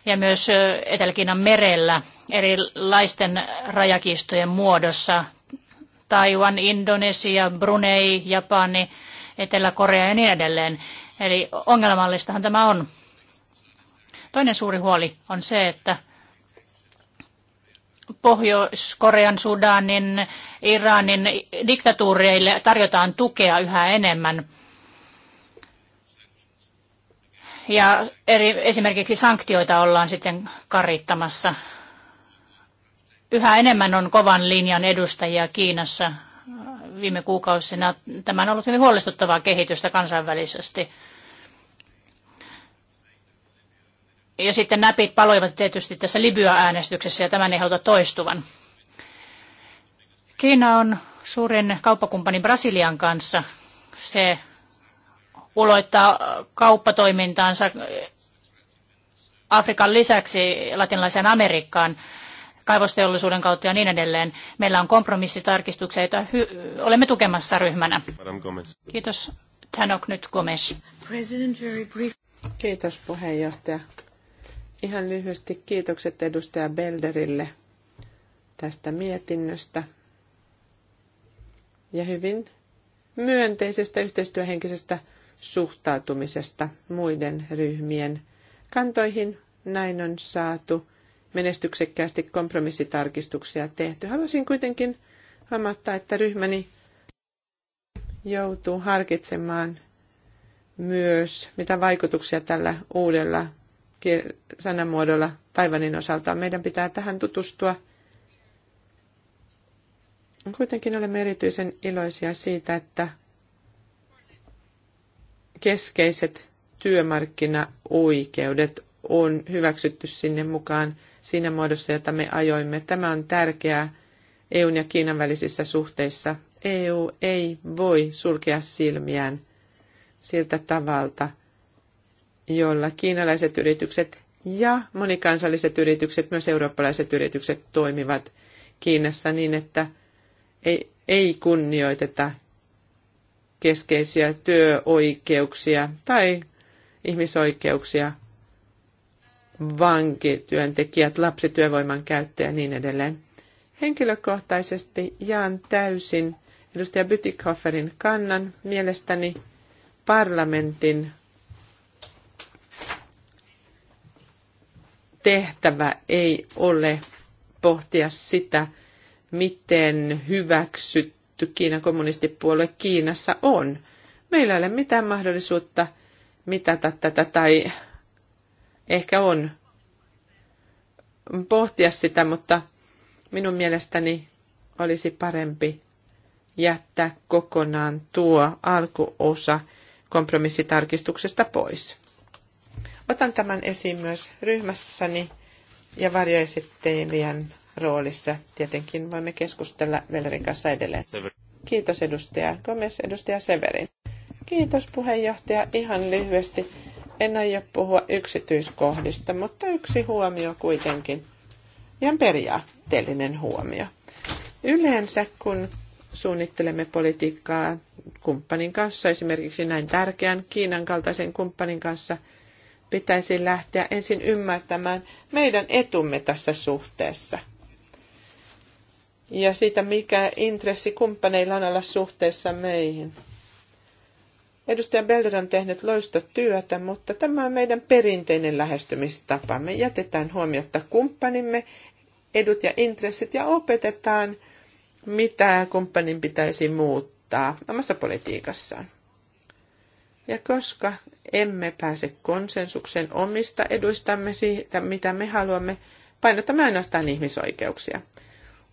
ja myös Etelä-Kiinan merellä erilaisten rajakistojen muodossa. Taiwan, Indonesia, Brunei, Japani, Etelä-Korea ja niin edelleen. Eli ongelmallistahan tämä on. Toinen suuri huoli on se, että Pohjois-Korean, Sudanin, Iranin diktatuureille tarjotaan tukea yhä enemmän – ja eri, esimerkiksi sanktioita ollaan sitten karittamassa. Yhä enemmän on kovan linjan edustajia Kiinassa viime kuukausina. Tämä on ollut hyvin huolestuttavaa kehitystä kansainvälisesti. Ja sitten näpit paloivat tietysti tässä Libya-äänestyksessä ja tämän ei haluta toistuvan. Kiina on suurin kauppakumppani Brasilian kanssa. Se uloittaa kauppatoimintaansa Afrikan lisäksi latinalaiseen Amerikkaan kaivosteollisuuden kautta ja niin edelleen. Meillä on kompromissitarkistuksia, joita olemme tukemassa ryhmänä. Kiitos. Tanok nyt Gomes. Kiitos puheenjohtaja. Ihan lyhyesti kiitokset edustaja Belderille tästä mietinnöstä ja hyvin myönteisestä yhteistyöhenkisestä suhtautumisesta muiden ryhmien kantoihin. Näin on saatu menestyksekkäästi kompromissitarkistuksia tehty. Haluaisin kuitenkin huomauttaa, että ryhmäni joutuu harkitsemaan myös, mitä vaikutuksia tällä uudella sanamuodolla Taivanin osalta on. Meidän pitää tähän tutustua. Kuitenkin olemme erityisen iloisia siitä, että keskeiset työmarkkinaoikeudet on hyväksytty sinne mukaan siinä muodossa, jota me ajoimme. Tämä on tärkeää EUn ja Kiinan välisissä suhteissa. EU ei voi sulkea silmiään siltä tavalta, jolla kiinalaiset yritykset ja monikansalliset yritykset, myös eurooppalaiset yritykset toimivat Kiinassa niin, että ei, ei kunnioiteta keskeisiä työoikeuksia tai ihmisoikeuksia, vankityöntekijät, lapsityövoiman käyttö ja niin edelleen. Henkilökohtaisesti jaan täysin edustaja Bytikhofferin kannan. Mielestäni parlamentin tehtävä ei ole pohtia sitä, miten hyväksyt hyväksytty Kiinan kommunistipuolue Kiinassa on. Meillä ei ole mitään mahdollisuutta mitata tätä tai ehkä on pohtia sitä, mutta minun mielestäni olisi parempi jättää kokonaan tuo alkuosa kompromissitarkistuksesta pois. Otan tämän esiin myös ryhmässäni ja varjoesittelijän roolissa. Tietenkin voimme keskustella Velerin kanssa edelleen. Kiitos edustaja Gomez, edustaja Severin. Kiitos puheenjohtaja. Ihan lyhyesti. En aio puhua yksityiskohdista, mutta yksi huomio kuitenkin. Ihan periaatteellinen huomio. Yleensä kun suunnittelemme politiikkaa kumppanin kanssa, esimerkiksi näin tärkeän Kiinan kaltaisen kumppanin kanssa, pitäisi lähteä ensin ymmärtämään meidän etumme tässä suhteessa – ja siitä, mikä intressi kumppaneilla on olla suhteessa meihin. Edustaja Belder on tehnyt työtä, mutta tämä on meidän perinteinen lähestymistapa. Me jätetään huomiota kumppanimme edut ja intressit ja opetetaan, mitä kumppanin pitäisi muuttaa omassa politiikassaan. Ja koska emme pääse konsensuksen omista eduistamme siitä, mitä me haluamme, painotamme ainoastaan ihmisoikeuksia.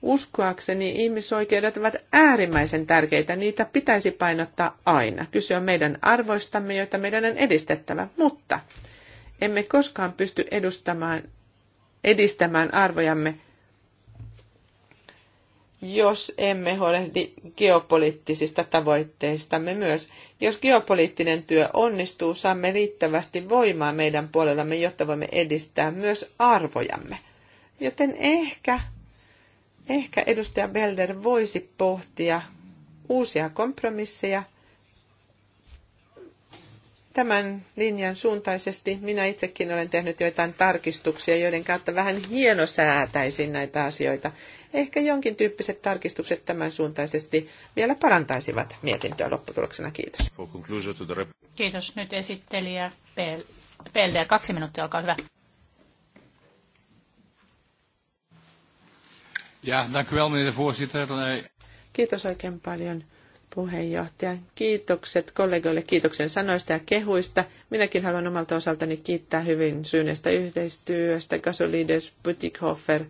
Uskoakseni ihmisoikeudet ovat äärimmäisen tärkeitä, niitä pitäisi painottaa aina. Kyse on meidän arvoistamme, joita meidän on edistettävä, mutta emme koskaan pysty edustamaan, edistämään arvojamme, jos emme huolehdi geopoliittisista tavoitteistamme myös. Jos geopoliittinen työ onnistuu, saamme riittävästi voimaa meidän puolellamme, jotta voimme edistää myös arvojamme. Joten ehkä Ehkä edustaja Belder voisi pohtia uusia kompromisseja tämän linjan suuntaisesti. Minä itsekin olen tehnyt joitain tarkistuksia, joiden kautta vähän hienosäätäisin näitä asioita. Ehkä jonkin tyyppiset tarkistukset tämän suuntaisesti vielä parantaisivat mietintöä lopputuloksena. Kiitos. Kiitos. Nyt esittelijä Pelder. Kaksi minuuttia, olkaa hyvä. Ja, dank u wel, meneer voorzitter. Eh, Kiitos oikein paljon puheenjohtaja. Kiitokset kollegoille kiitoksen sanoista ja kehuista. Minäkin haluan omalta osaltani kiittää hyvin syyneestä yhteistyöstä. Gasolides Butikhofer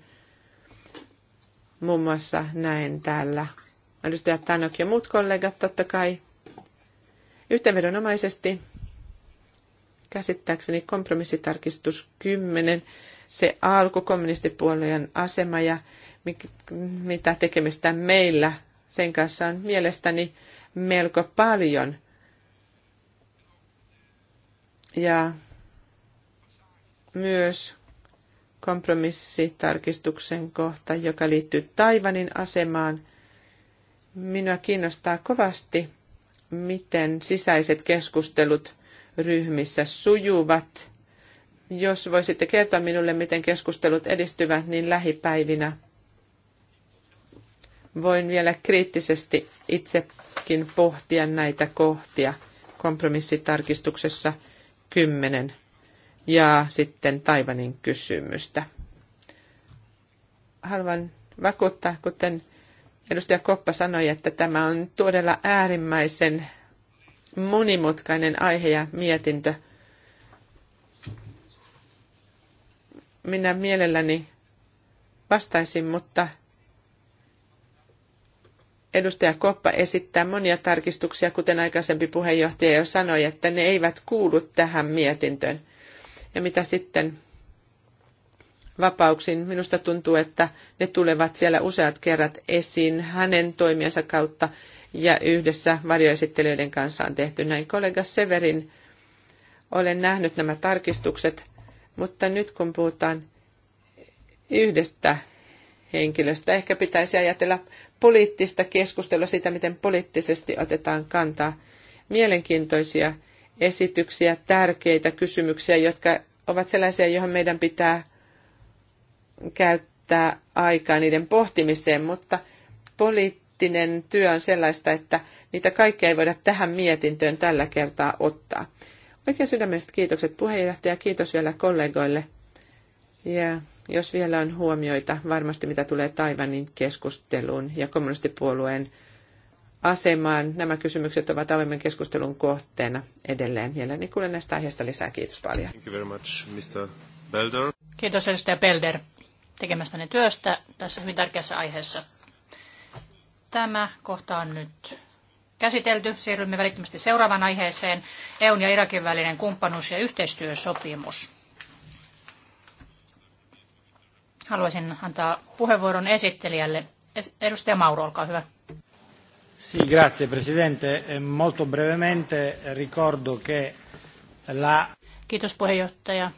muun muassa näen täällä. Edustaja Tanok ja muut kollegat totta kai. Yhteenvedonomaisesti käsittääkseni kompromissitarkistus 10, se alku kommunistipuolueen asema ja mitä tekemistä meillä sen kanssa on mielestäni melko paljon. Ja myös kompromissitarkistuksen kohta, joka liittyy Taivanin asemaan. Minua kiinnostaa kovasti, miten sisäiset keskustelut ryhmissä sujuvat. Jos voisitte kertoa minulle, miten keskustelut edistyvät, niin lähipäivinä voin vielä kriittisesti itsekin pohtia näitä kohtia kompromissitarkistuksessa 10 ja sitten Taivanin kysymystä. Haluan vakuuttaa, kuten edustaja Koppa sanoi, että tämä on todella äärimmäisen monimutkainen aihe ja mietintö. Minä mielelläni vastaisin, mutta edustaja Koppa esittää monia tarkistuksia, kuten aikaisempi puheenjohtaja jo sanoi, että ne eivät kuulu tähän mietintöön. Ja mitä sitten vapauksiin? Minusta tuntuu, että ne tulevat siellä useat kerrat esiin hänen toimiensa kautta ja yhdessä varjoesittelijöiden kanssa on tehty näin. Kollega Severin, olen nähnyt nämä tarkistukset, mutta nyt kun puhutaan yhdestä henkilöstä, ehkä pitäisi ajatella poliittista keskustelua siitä, miten poliittisesti otetaan kantaa. Mielenkiintoisia esityksiä, tärkeitä kysymyksiä, jotka ovat sellaisia, joihin meidän pitää käyttää aikaa niiden pohtimiseen, mutta poliittinen työ on sellaista, että niitä kaikkea ei voida tähän mietintöön tällä kertaa ottaa. Oikein sydämelliset kiitokset puheenjohtaja, kiitos vielä kollegoille. Ja jos vielä on huomioita varmasti mitä tulee Taivanin keskusteluun ja kommunistipuolueen asemaan, nämä kysymykset ovat avoimen keskustelun kohteena edelleen. niin kuulen näistä aiheista lisää. Kiitos paljon. Thank you very much, Mr. Belder. Kiitos edustaja Belder tekemästäni työstä tässä hyvin tärkeässä aiheessa. Tämä kohta on nyt käsitelty. Siirrymme välittömästi seuraavaan aiheeseen, EUn ja Irakin välinen kumppanuus- ja yhteistyösopimus. haluaisin antaa puheenvuoron esittelijälle. Edustaja Mauro, olkaa hyvä. Sì, grazie Presidente. E molto brevemente ricordo che la... Kiitos puheenjohtaja.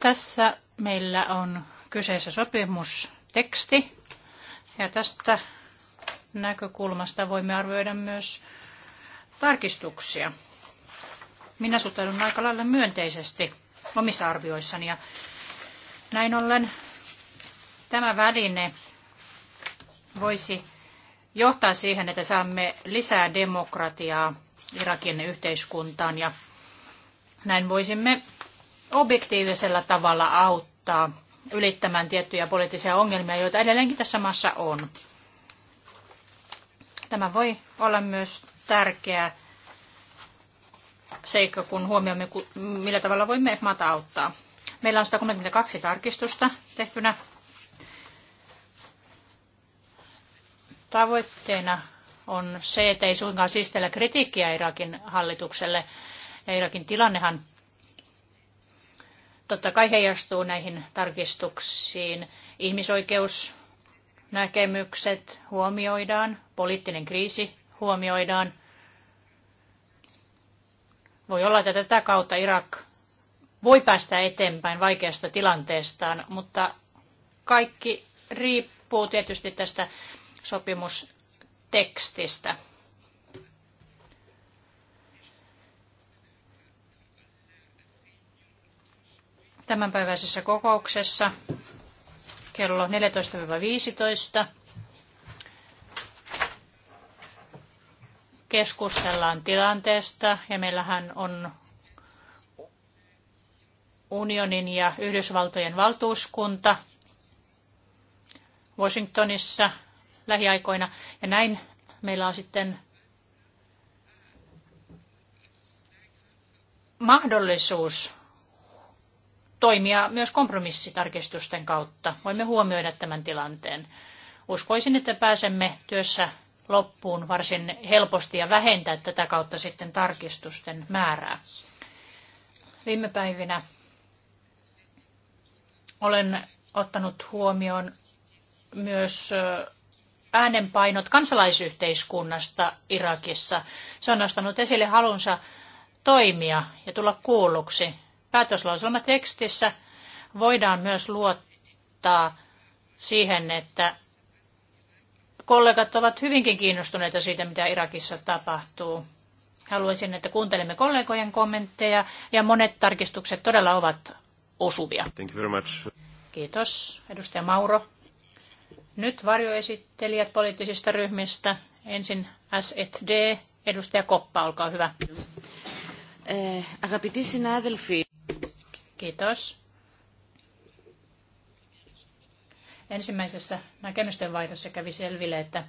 Tässä meillä on kyseessä sopimusteksti ja tästä näkökulmasta voimme arvioida myös tarkistuksia. Minä suhtaudun aika lailla myönteisesti omissa arvioissani ja näin ollen tämä väline voisi johtaa siihen, että saamme lisää demokratiaa Irakin yhteiskuntaan ja näin voisimme objektiivisella tavalla auttaa ylittämään tiettyjä poliittisia ongelmia, joita edelleenkin tässä maassa on. Tämä voi olla myös tärkeä seikka, kun huomioimme, millä tavalla voimme maata auttaa. Meillä on 132 tarkistusta tehtynä. Tavoitteena on se, että ei suinkaan siistellä kritiikkiä Irakin hallitukselle. Ja Irakin tilannehan totta kai heijastuu näihin tarkistuksiin. Ihmisoikeusnäkemykset huomioidaan, poliittinen kriisi huomioidaan. Voi olla, että tätä kautta Irak voi päästä eteenpäin vaikeasta tilanteestaan, mutta kaikki riippuu tietysti tästä sopimustekstistä. Tämänpäiväisessä kokouksessa kello 14-15 keskustellaan tilanteesta ja meillähän on unionin ja Yhdysvaltojen valtuuskunta Washingtonissa lähiaikoina. Ja näin meillä on sitten mahdollisuus toimia myös kompromissitarkistusten kautta. Voimme huomioida tämän tilanteen. Uskoisin, että pääsemme työssä loppuun varsin helposti ja vähentää tätä kautta sitten tarkistusten määrää. Viime päivinä olen ottanut huomioon myös äänenpainot kansalaisyhteiskunnasta Irakissa. Se on nostanut esille halunsa toimia ja tulla kuulluksi. Päätöslauselmatekstissä voidaan myös luottaa siihen, että kollegat ovat hyvinkin kiinnostuneita siitä, mitä Irakissa tapahtuu. Haluaisin, että kuuntelemme kollegojen kommentteja ja monet tarkistukset todella ovat osuvia. Thank you very much. Kiitos, edustaja Mauro. Nyt varjoesittelijät poliittisista ryhmistä. Ensin SED, edustaja Koppa, olkaa hyvä. Eh, αγαπητοί Kiitos. Ensimmäisessä näkemysten vaihdossa kävi selville, että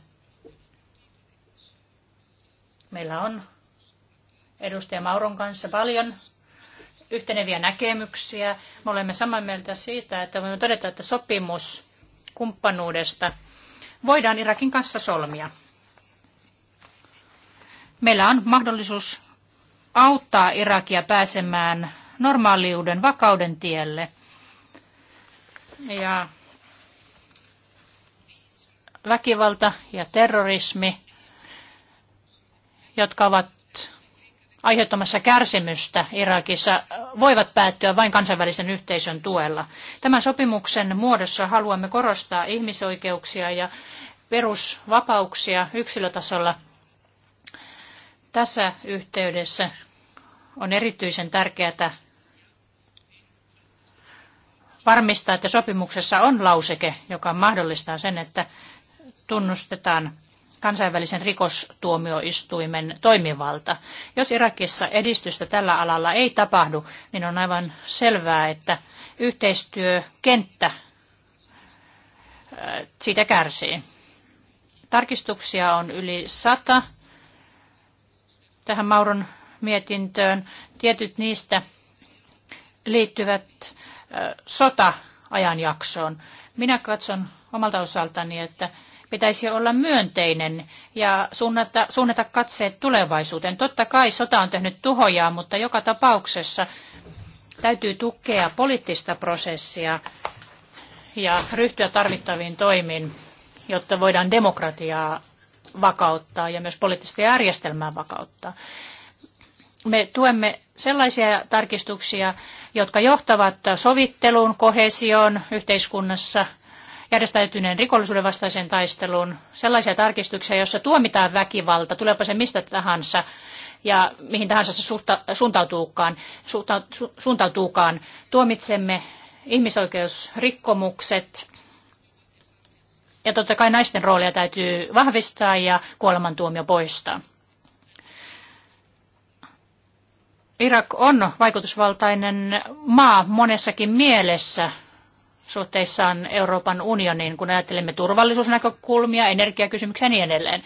meillä on edustaja Mauron kanssa paljon yhteneviä näkemyksiä. Me olemme samaa mieltä siitä, että voimme todeta, että sopimus kumppanuudesta voidaan Irakin kanssa solmia. Meillä on mahdollisuus auttaa Irakia pääsemään normaaliuden, vakauden tielle. Ja väkivalta ja terrorismi, jotka ovat aiheuttamassa kärsimystä Irakissa, voivat päättyä vain kansainvälisen yhteisön tuella. Tämän sopimuksen muodossa haluamme korostaa ihmisoikeuksia ja perusvapauksia yksilötasolla. Tässä yhteydessä on erityisen tärkeää varmistaa, että sopimuksessa on lauseke, joka mahdollistaa sen, että tunnustetaan kansainvälisen rikostuomioistuimen toimivalta. Jos Irakissa edistystä tällä alalla ei tapahdu, niin on aivan selvää, että yhteistyökenttä äh, siitä kärsii. Tarkistuksia on yli sata tähän Mauron mietintöön. Tietyt niistä liittyvät äh, sota-ajanjaksoon. Minä katson omalta osaltani, että pitäisi olla myönteinen ja suunnata, suunnata katseet tulevaisuuteen. Totta kai sota on tehnyt tuhoja, mutta joka tapauksessa täytyy tukea poliittista prosessia ja ryhtyä tarvittaviin toimiin, jotta voidaan demokratiaa vakauttaa ja myös poliittista järjestelmää vakauttaa. Me tuemme sellaisia tarkistuksia, jotka johtavat sovitteluun, kohesioon yhteiskunnassa järjestäytyneen rikollisuuden vastaiseen taisteluun, sellaisia tarkistuksia, joissa tuomitaan väkivalta, tuleepa se mistä tahansa ja mihin tahansa se suhta, suuntautuukaan, suhta, su, suuntautuukaan. Tuomitsemme ihmisoikeusrikkomukset ja totta kai naisten roolia täytyy vahvistaa ja kuolemantuomio poistaa. Irak on vaikutusvaltainen maa monessakin mielessä suhteissaan Euroopan unioniin, kun ajattelemme turvallisuusnäkökulmia, energiakysymyksiä ja niin edelleen.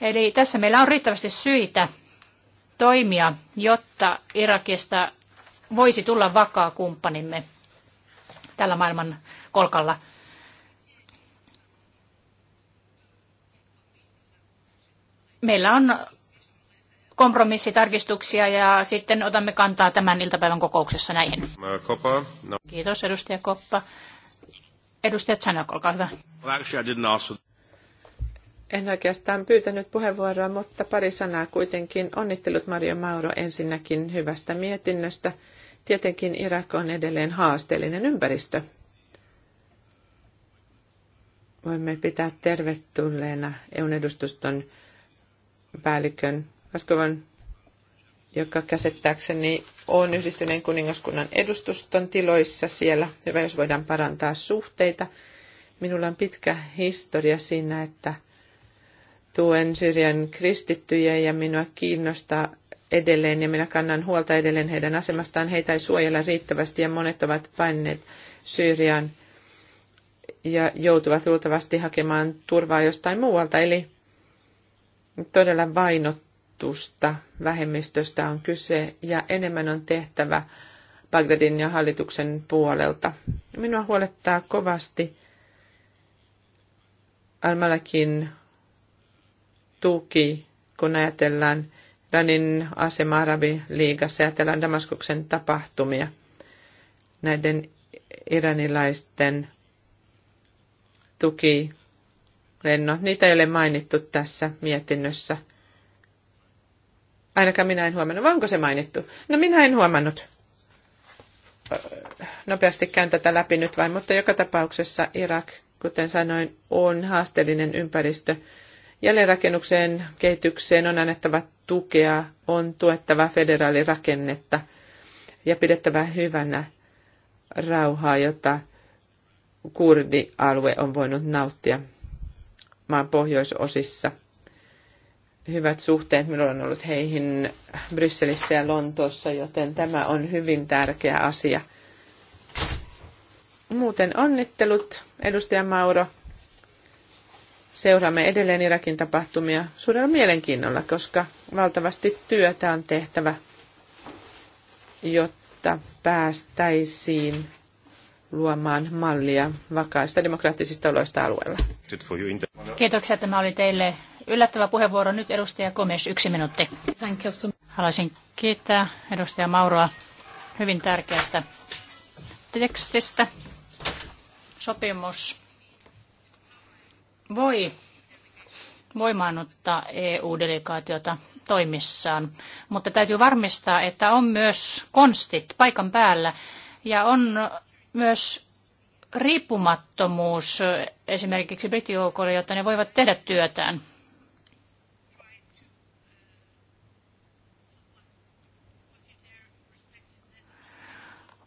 Eli tässä meillä on riittävästi syitä toimia, jotta Irakista voisi tulla vakaa kumppanimme tällä maailman kolkalla. Meillä on kompromissitarkistuksia ja sitten otamme kantaa tämän iltapäivän kokouksessa näihin. Koppa. No. Kiitos edustaja Koppa. Edustaja Tsanok, olkaa hyvä. En oikeastaan pyytänyt puheenvuoroa, mutta pari sanaa kuitenkin. Onnittelut Mario Mauro ensinnäkin hyvästä mietinnöstä. Tietenkin Irak on edelleen haasteellinen ympäristö. Voimme pitää tervetulleena eu edustuston päällikön Moskovan, joka käsittääkseni on yhdistyneen kuningaskunnan edustuston tiloissa siellä. Hyvä, jos voidaan parantaa suhteita. Minulla on pitkä historia siinä, että tuen Syyrian kristittyjä ja minua kiinnostaa edelleen ja minä kannan huolta edelleen heidän asemastaan. Heitä ei suojella riittävästi ja monet ovat paineet Syyrian ja joutuvat luultavasti hakemaan turvaa jostain muualta. Eli todella vainot edustusta vähemmistöstä on kyse ja enemmän on tehtävä Bagdadin ja hallituksen puolelta. Minua huolettaa kovasti Almalakin tuki, kun ajatellaan Ranin asema Arabiliigassa, ajatellaan Damaskuksen tapahtumia näiden iranilaisten Lennot. Niitä ei ole mainittu tässä mietinnössä – Ainakaan minä en huomannut. Vai onko se mainittu? No minä en huomannut. Nopeasti käyn tätä läpi nyt vain, mutta joka tapauksessa Irak, kuten sanoin, on haasteellinen ympäristö. Jälleenrakennukseen kehitykseen on annettava tukea, on tuettava federaalirakennetta ja pidettävä hyvänä rauhaa, jota kurdialue on voinut nauttia maan pohjoisosissa – hyvät suhteet minulla on ollut heihin Brysselissä ja Lontoossa, joten tämä on hyvin tärkeä asia. Muuten onnittelut, edustaja Mauro. Seuraamme edelleen Irakin tapahtumia suurella mielenkiinnolla, koska valtavasti työtä on tehtävä, jotta päästäisiin luomaan mallia vakaista demokraattisista oloista alueella. Kiitoksia, tämä oli teille yllättävä puheenvuoro nyt edustaja Komes, yksi minuutti. Haluaisin kiittää edustaja Mauroa hyvin tärkeästä tekstistä. Sopimus voi voimaannuttaa EU-delegaatiota toimissaan, mutta täytyy varmistaa, että on myös konstit paikan päällä ja on myös riippumattomuus esimerkiksi brittijoukoille, jotta ne voivat tehdä työtään.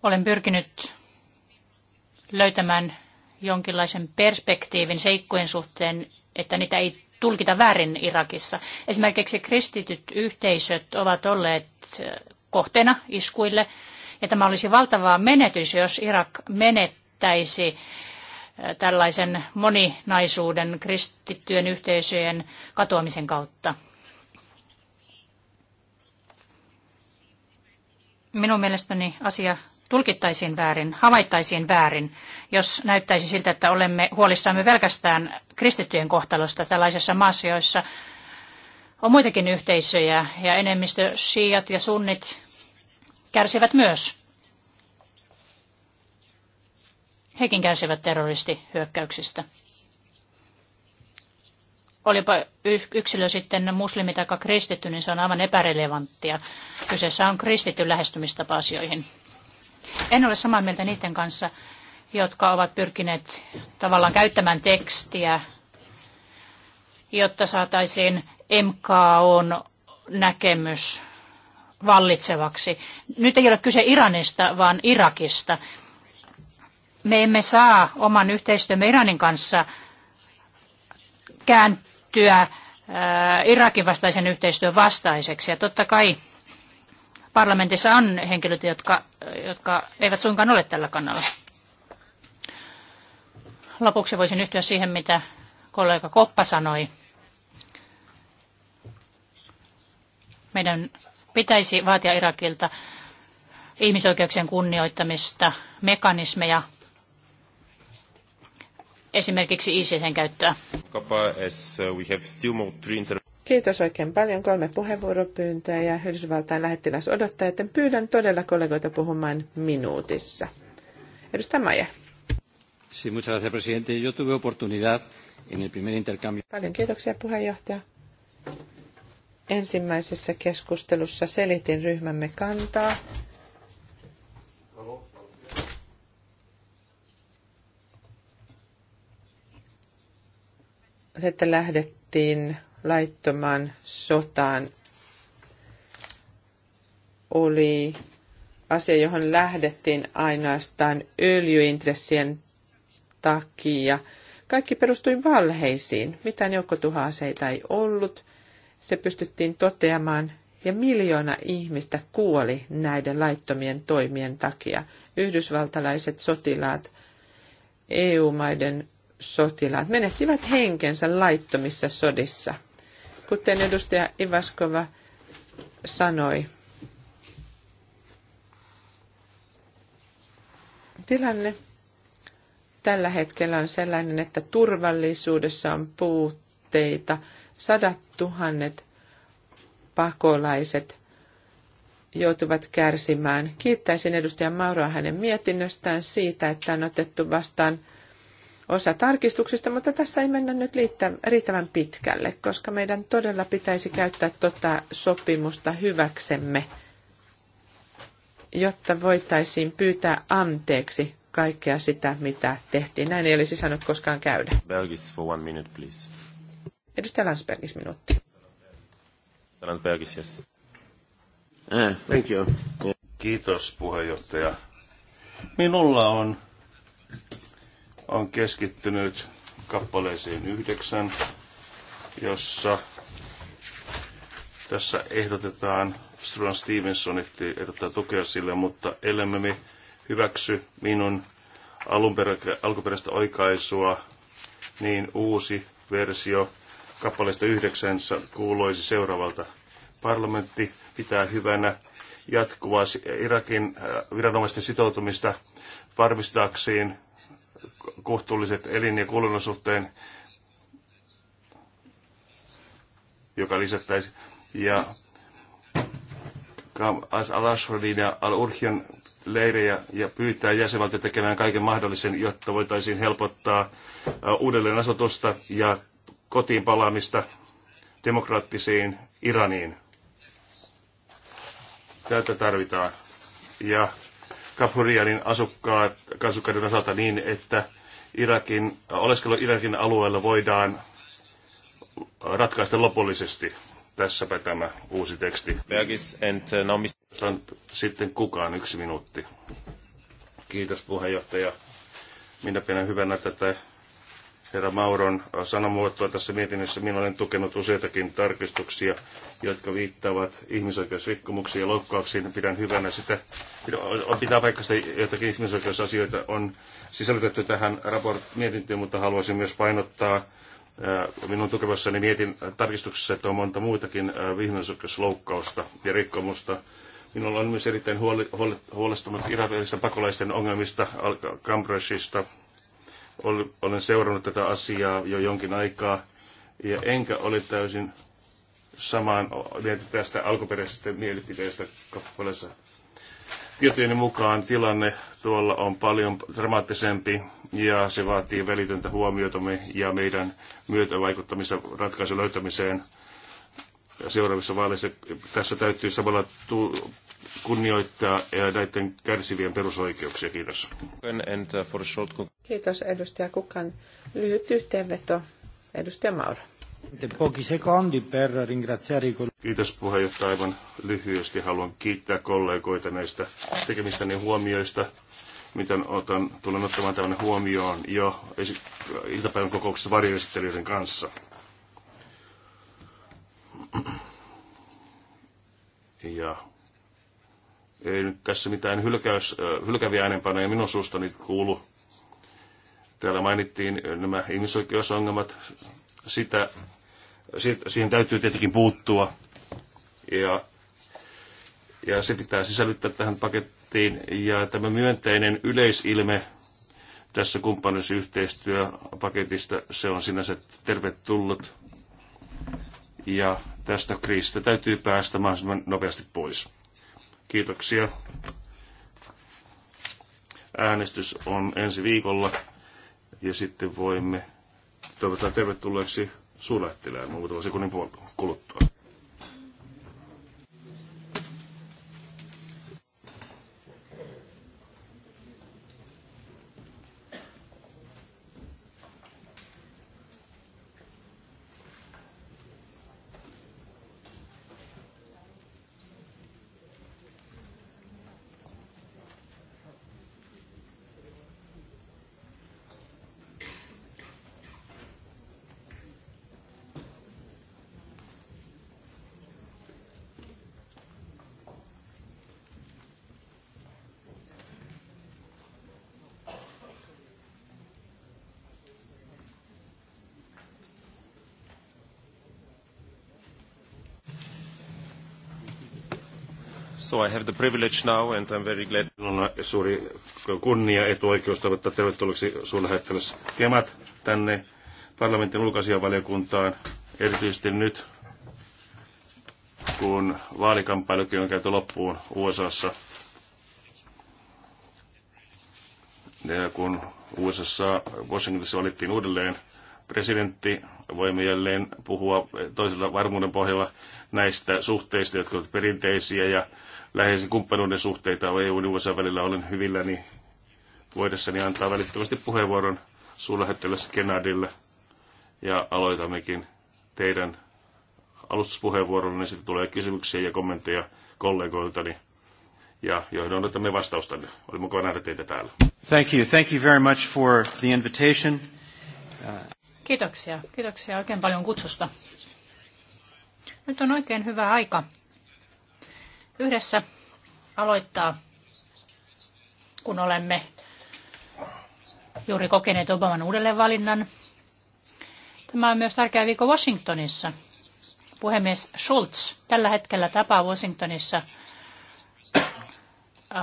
Olen pyrkinyt löytämään jonkinlaisen perspektiivin seikkojen suhteen, että niitä ei tulkita väärin Irakissa. Esimerkiksi kristityt yhteisöt ovat olleet kohteena iskuille, ja tämä olisi valtavaa menetys, jos Irak menettäisi eh, tällaisen moninaisuuden kristittyjen yhteisöjen katoamisen kautta. Minun mielestäni asia tulkittaisiin väärin, havaittaisiin väärin, jos näyttäisi siltä, että olemme huolissamme pelkästään kristittyjen kohtalosta tällaisessa maassa, joissa on muitakin yhteisöjä ja enemmistö shiat ja sunnit kärsivät myös. Hekin kärsivät terroristihyökkäyksistä. Olipa yksilö sitten muslimi tai kristitty, niin se on aivan epärelevanttia. Kyseessä on kristitty lähestymistapa asioihin. En ole samaa mieltä niiden kanssa, jotka ovat pyrkineet tavallaan käyttämään tekstiä, jotta saataisiin MKOn näkemys vallitsevaksi. Nyt ei ole kyse Iranista, vaan Irakista. Me emme saa oman yhteistyömme Iranin kanssa kääntyä Irakin vastaisen yhteistyön vastaiseksi. Ja totta kai parlamentissa on henkilöitä, jotka, jotka eivät suinkaan ole tällä kannalla. Lopuksi voisin yhtyä siihen, mitä kollega Koppa sanoi. Meidän pitäisi vaatia Irakilta ihmisoikeuksien kunnioittamista, mekanismeja, esimerkiksi isisen käyttöä. Koppa, as uh, we have still more three Kiitos oikein paljon. Kolme puheenvuoropyyntöä ja Yhdysvaltain lähettiläs odottaa, että pyydän todella kollegoita puhumaan minuutissa. Edustaja Maja. Sí, muchas gracias, presidente. Yo tuve oportunidad en el primer intercambio. Paljon kiitoksia, puheenjohtaja. Ensimmäisessä keskustelussa selitin ryhmämme kantaa. Sitten lähdettiin Laittoman sotaan oli asia, johon lähdettiin ainoastaan öljyintressien takia. Kaikki perustui valheisiin. Mitään joukkotuhaaseita ei ollut. Se pystyttiin toteamaan ja miljoona ihmistä kuoli näiden laittomien toimien takia. Yhdysvaltalaiset sotilaat, EU-maiden sotilaat menettivät henkensä laittomissa sodissa. Kuten edustaja Ivaskova sanoi, tilanne tällä hetkellä on sellainen, että turvallisuudessa on puutteita. Sadat tuhannet pakolaiset joutuvat kärsimään. Kiittäisin edustaja Mauroa hänen mietinnöstään siitä, että on otettu vastaan osa tarkistuksista, mutta tässä ei mennä nyt riittävän pitkälle, koska meidän todella pitäisi käyttää tuota sopimusta hyväksemme, jotta voitaisiin pyytää anteeksi kaikkea sitä, mitä tehtiin. Näin ei olisi saanut koskaan käydä. Bergis for one minute, please. Edustaja Landsbergis minuutti. Landsbergis, yes. Ah, thank you. Kiitos puheenjohtaja. Minulla on on keskittynyt kappaleeseen yhdeksän, jossa tässä ehdotetaan, Struan Stevenson ehti ehdottaa tukea sille, mutta ellemme me hyväksy minun alkuperäistä oikaisua, niin uusi versio kappaleesta yhdeksänsä kuuloisi seuraavalta. Parlamentti pitää hyvänä jatkuvaa Irakin äh, viranomaisten sitoutumista varmistaakseen kohtuulliset elin- ja kuulunnosuhteen, joka lisättäisi Ja al-Ashradin ja al-Urhian leirejä ja pyytää jäsenvaltio tekemään kaiken mahdollisen, jotta voitaisiin helpottaa uudelleen asutusta ja kotiin palaamista demokraattisiin Iraniin. Tätä tarvitaan. Ja Kafurianin asukkaat, kansukkaiden osalta niin, että Irakin, oleskelu Irakin alueella voidaan ratkaista lopullisesti. Tässäpä tämä uusi teksti. Uh, sitten kukaan yksi minuutti. Kiitos puheenjohtaja. Minä pidän hyvänä tätä herra Mauron sanamuotoa tässä mietinnössä. Minä olen tukenut useitakin tarkistuksia, jotka viittaavat ihmisoikeusrikkomuksiin ja loukkauksiin. Pidän hyvänä sitä, pitää vaikka sitä joitakin ihmisoikeusasioita on sisällytetty tähän raport mietintöön, mutta haluaisin myös painottaa äh, minun tukemassani mietin tarkistuksessa, että on monta muitakin äh, ihmisoikeusloukkausta ja rikkomusta. Minulla on myös erittäin huoli, huolestunut irakilaisten pakolaisten ongelmista Cambridgeista, olen seurannut tätä asiaa jo jonkin aikaa ja enkä ole täysin samaan mieltä tästä alkuperäisestä mielipiteestä kappaleessa. Tietojeni mukaan tilanne tuolla on paljon dramaattisempi ja se vaatii välitöntä huomiotamme ja meidän myötävaikuttamista ratkaisun löytämiseen seuraavissa vaaleissa. Tässä täytyy samalla kunnioittaa näiden kärsivien perusoikeuksia. Kiitos. Uh, Kiitos edustaja Kukan. Lyhyt yhteenveto. Edustaja Maura. Kiitos puheenjohtaja. Aivan lyhyesti haluan kiittää kollegoita näistä tekemistäni huomioista mitä otan, tulen ottamaan tämän huomioon jo iltapäivän kokouksessa varjoesittelijöiden kanssa. Ja ei nyt tässä mitään hylkäys, hylkäviä äänenpanoja minun suustani kuulu. Täällä mainittiin nämä ihmisoikeusongelmat. Sitä, siihen täytyy tietenkin puuttua. Ja, ja se pitää sisällyttää tähän pakettiin. Ja tämä myönteinen yleisilme tässä kumppanuusyhteistyöpaketista, se on sinänsä tervetullut. Ja tästä kriisistä täytyy päästä mahdollisimman nopeasti pois. Kiitoksia. Äänestys on ensi viikolla ja sitten voimme toivottaa tervetulleeksi suurlähettilään muutama sekunnin kuluttua. So I have the privilege now and I'm very glad. Minulla on suuri kunnia etuoikeus toivottaa tervetulleeksi suurlähettiläs Kemat tänne parlamentin ulkoasianvaliokuntaan, erityisesti nyt kun vaalikamppailukin on käyty loppuun USAssa. Ja kun USA Washingtonissa valittiin uudelleen presidentti voimme jälleen puhua toisella varmuuden pohjalla näistä suhteista, jotka ovat perinteisiä ja läheisen kumppanuuden suhteita EUn ja USA välillä olen hyvilläni niin voidessani antaa välittömästi puheenvuoron suurlähettiläs Kenadille ja aloitammekin teidän alustuspuheenvuoron, niin sitten tulee kysymyksiä ja kommentteja kollegoiltani ja joihin odotamme vastaustanne. Oli mukava nähdä teitä täällä. Thank you. Thank you very much for the invitation. Uh... Kiitoksia. Kiitoksia oikein paljon kutsusta. Nyt on oikein hyvä aika yhdessä aloittaa, kun olemme juuri kokeneet Obaman uudelleenvalinnan. Tämä on myös tärkeä viikko Washingtonissa. Puhemies Schultz tällä hetkellä tapaa Washingtonissa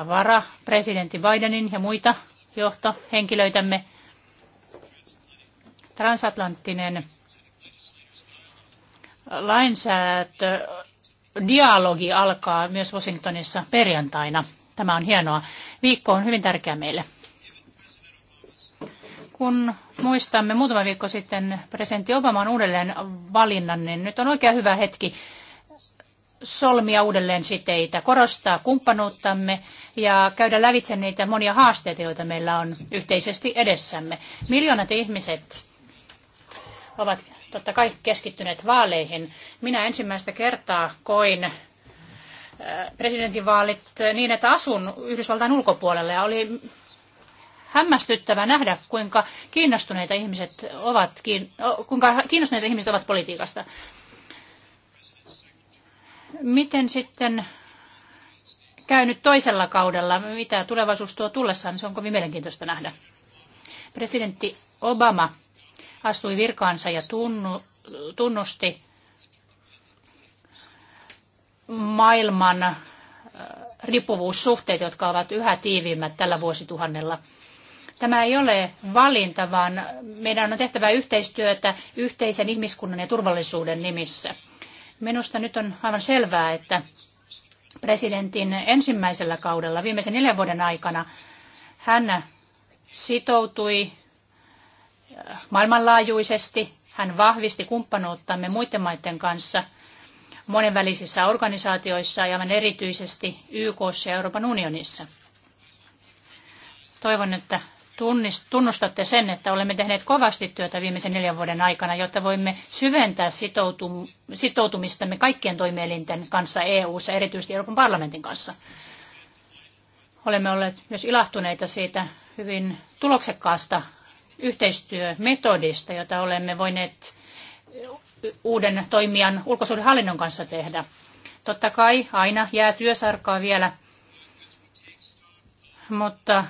vara presidentti Bidenin ja muita johtohenkilöitämme – transatlanttinen lainsäätö, dialogi alkaa myös Washingtonissa perjantaina. Tämä on hienoa. Viikko on hyvin tärkeä meille. Kun muistamme muutama viikko sitten presidentti Obaman uudelleen valinnan, niin nyt on oikein hyvä hetki solmia uudelleen siteitä, korostaa kumppanuuttamme ja käydä lävitse niitä monia haasteita, joita meillä on yhteisesti edessämme. Miljoonat ihmiset ovat totta kai keskittyneet vaaleihin. Minä ensimmäistä kertaa koin äh, presidentinvaalit niin, että asun Yhdysvaltain ulkopuolella ja oli hämmästyttävä nähdä, kuinka kiinnostuneita ihmiset ovat, kuinka kiinnostuneita ihmiset ovat politiikasta. Miten sitten käynyt toisella kaudella, mitä tulevaisuus tuo tullessaan, se on kovin mielenkiintoista nähdä. Presidentti Obama astui virkaansa ja tunnu, tunnusti maailman äh, riippuvuussuhteet, jotka ovat yhä tiiviimmät tällä vuosituhannella. Tämä ei ole valinta, vaan meidän on tehtävä yhteistyötä yhteisen ihmiskunnan ja turvallisuuden nimissä. Minusta nyt on aivan selvää, että presidentin ensimmäisellä kaudella viimeisen neljän vuoden aikana hän sitoutui maailmanlaajuisesti. Hän vahvisti kumppanuuttamme muiden maiden kanssa monenvälisissä organisaatioissa ja aivan erityisesti YK ja Euroopan unionissa. Toivon, että tunnustatte sen, että olemme tehneet kovasti työtä viimeisen neljän vuoden aikana, jotta voimme syventää sitoutumistamme kaikkien toimielinten kanssa eu ja erityisesti Euroopan parlamentin kanssa. Olemme olleet myös ilahtuneita siitä hyvin tuloksekkaasta yhteistyömetodista, jota olemme voineet uuden toimijan ulkosuudenhallinnon kanssa tehdä. Totta kai aina jää työsarkaa vielä, mutta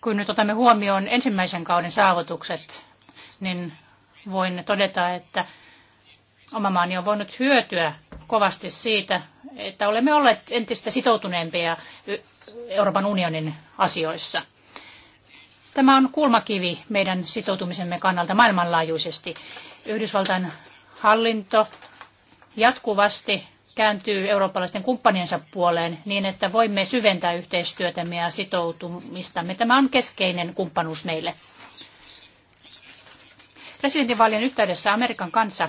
kun nyt otamme huomioon ensimmäisen kauden saavutukset, niin voin todeta, että oma maani on voinut hyötyä kovasti siitä, että olemme olleet entistä sitoutuneempia Euroopan unionin asioissa. Tämä on kulmakivi meidän sitoutumisemme kannalta maailmanlaajuisesti. Yhdysvaltain hallinto jatkuvasti kääntyy eurooppalaisten kumppaniensa puoleen niin, että voimme syventää yhteistyötämme ja sitoutumistamme. Tämä on keskeinen kumppanuus meille. Presidentinvaalien yhteydessä Amerikan kanssa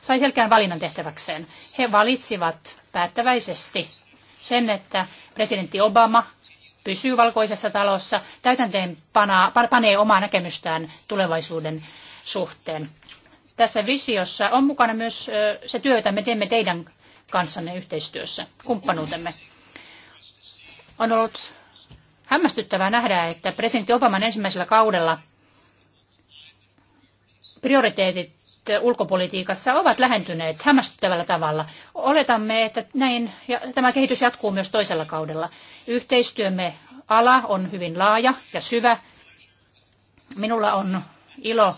sai selkeän valinnan tehtäväkseen. He valitsivat päättäväisesti sen, että presidentti Obama pysyy valkoisessa talossa, täytänteen panee omaa näkemystään tulevaisuuden suhteen. Tässä visiossa on mukana myös se työ, jota me teemme teidän kanssanne yhteistyössä, kumppanuutemme. On ollut hämmästyttävää nähdä, että presidentti Obaman ensimmäisellä kaudella prioriteetit ulkopolitiikassa ovat lähentyneet hämmästyttävällä tavalla. Oletamme, että näin, ja tämä kehitys jatkuu myös toisella kaudella. Yhteistyömme ala on hyvin laaja ja syvä. Minulla on ilo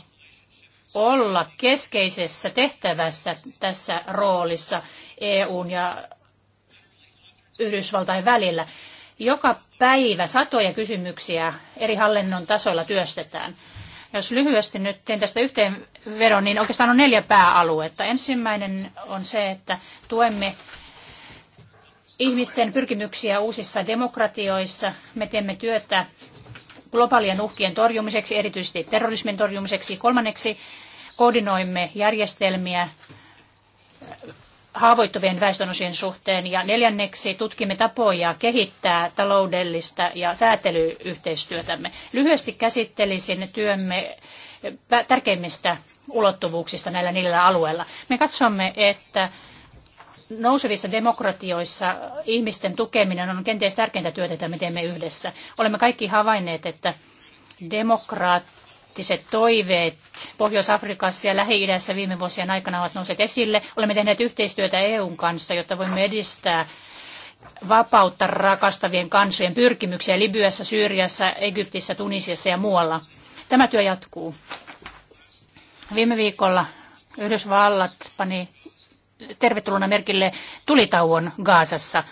olla keskeisessä tehtävässä tässä roolissa EUn ja Yhdysvaltain välillä. Joka päivä satoja kysymyksiä eri hallinnon tasoilla työstetään. Jos lyhyesti nyt teen tästä yhteenvedon, niin oikeastaan on neljä pääaluetta. Ensimmäinen on se, että tuemme ihmisten pyrkimyksiä uusissa demokratioissa. Me teemme työtä globaalien uhkien torjumiseksi, erityisesti terrorismin torjumiseksi. Kolmanneksi koordinoimme järjestelmiä haavoittuvien väestönosien suhteen ja neljänneksi tutkimme tapoja kehittää taloudellista ja säätelyyhteistyötämme. Lyhyesti käsittelisin työmme tärkeimmistä ulottuvuuksista näillä niillä alueilla. Me katsomme, että nousevissa demokratioissa ihmisten tukeminen on kenties tärkeintä työtä, jota me teemme yhdessä. Olemme kaikki havainneet, että demokraattiset toiveet Pohjois-Afrikassa ja Lähi-idässä viime vuosien aikana ovat nousseet esille. Olemme tehneet yhteistyötä EUn kanssa, jotta voimme edistää vapautta rakastavien kansojen pyrkimyksiä Libyassa, Syyriassa, Egyptissä, Tunisiassa ja muualla. Tämä työ jatkuu. Viime viikolla Yhdysvallat pani tervetulona merkille tulitauon Gaasassa.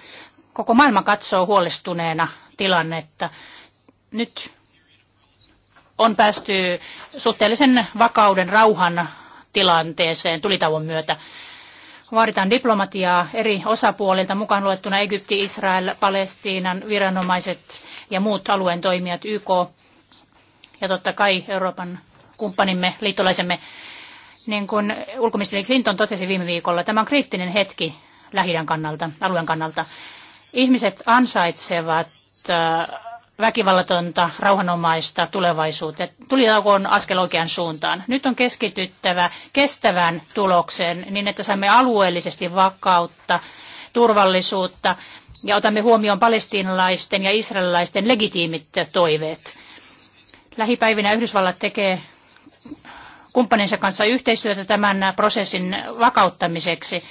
Koko maailma katsoo huolestuneena tilannetta. Nyt on päästy suhteellisen vakauden, rauhan tilanteeseen tulitauon myötä. Vaaditaan diplomatiaa eri osapuolilta, mukaan luettuna Egypti, Israel, Palestiinan viranomaiset ja muut alueen toimijat, YK ja totta kai Euroopan kumppanimme, liittolaisemme. Niin kuin ulkoministeri Clinton totesi viime viikolla, tämä on kriittinen hetki lähi kannalta, alueen kannalta. Ihmiset ansaitsevat äh, väkivallatonta, rauhanomaista tulevaisuutta. Tuli on askel oikean suuntaan. Nyt on keskityttävä kestävään tulokseen niin, että saamme alueellisesti vakautta, turvallisuutta ja otamme huomioon palestiinalaisten ja israelilaisten legitiimit toiveet. Lähipäivinä Yhdysvallat tekee kumppaninsa kanssa yhteistyötä tämän prosessin vakauttamiseksi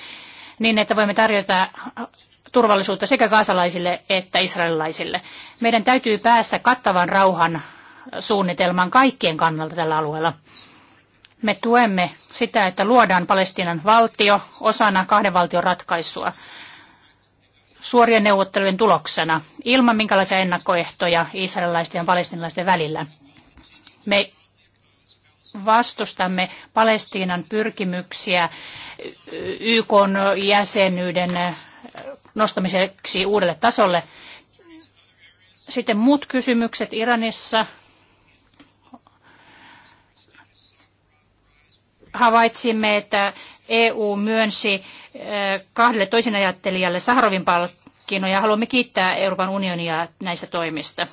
niin, että voimme tarjota turvallisuutta sekä kaasalaisille että israelilaisille. Meidän täytyy päästä kattavan rauhan suunnitelman kaikkien kannalta tällä alueella. Me tuemme sitä, että luodaan Palestiinan valtio osana kahden valtion ratkaisua suorien neuvottelujen tuloksena ilman minkälaisia ennakkoehtoja israelilaisten ja palestinalaisten välillä. Me vastustamme Palestiinan pyrkimyksiä YK jäsenyyden nostamiseksi uudelle tasolle. Sitten muut kysymykset Iranissa. Havaitsimme, että EU myönsi eh, kahdelle toisen ajattelijalle Saharovin palkinnon ja haluamme kiittää Euroopan unionia näistä toimista.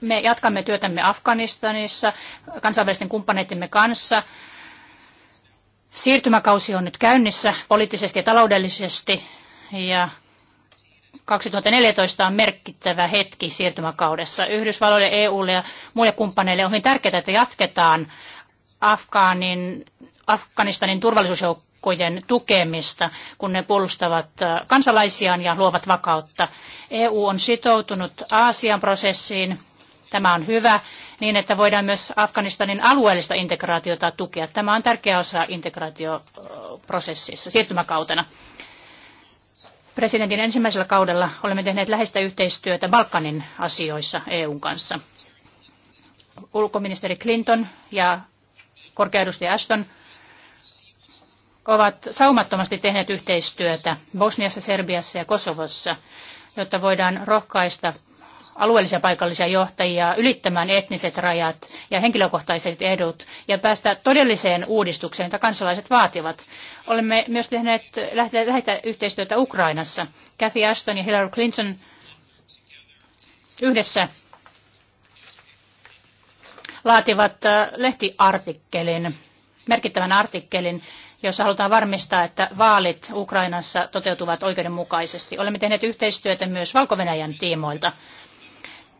Me jatkamme työtämme Afganistanissa kansainvälisten kumppaneittemme kanssa. Siirtymäkausi on nyt käynnissä poliittisesti ja taloudellisesti ja 2014 on merkittävä hetki siirtymäkaudessa. Yhdysvalloille, EUlle ja muille kumppaneille on hyvin tärkeää, että jatketaan Afgaanin, Afganistanin turvallisuusjoukkojen tukemista, kun ne puolustavat kansalaisiaan ja luovat vakautta. EU on sitoutunut Aasian prosessiin Tämä on hyvä niin, että voidaan myös Afganistanin alueellista integraatiota tukea. Tämä on tärkeä osa integraatioprosessissa äh, siirtymäkautena. Presidentin ensimmäisellä kaudella olemme tehneet läheistä yhteistyötä Balkanin asioissa EUn kanssa. Ulkoministeri Clinton ja korkeaedustaja Ashton ovat saumattomasti tehneet yhteistyötä Bosniassa, Serbiassa ja Kosovossa, jotta voidaan rohkaista alueellisia ja paikallisia johtajia ylittämään etniset rajat ja henkilökohtaiset edut ja päästä todelliseen uudistukseen, jota kansalaiset vaativat. Olemme myös tehneet lähetä yhteistyötä Ukrainassa. Cathy Ashton ja Hillary Clinton yhdessä laativat äh, lehtiartikkelin, merkittävän artikkelin, jossa halutaan varmistaa, että vaalit Ukrainassa toteutuvat oikeudenmukaisesti. Olemme tehneet yhteistyötä myös valko tiimoilta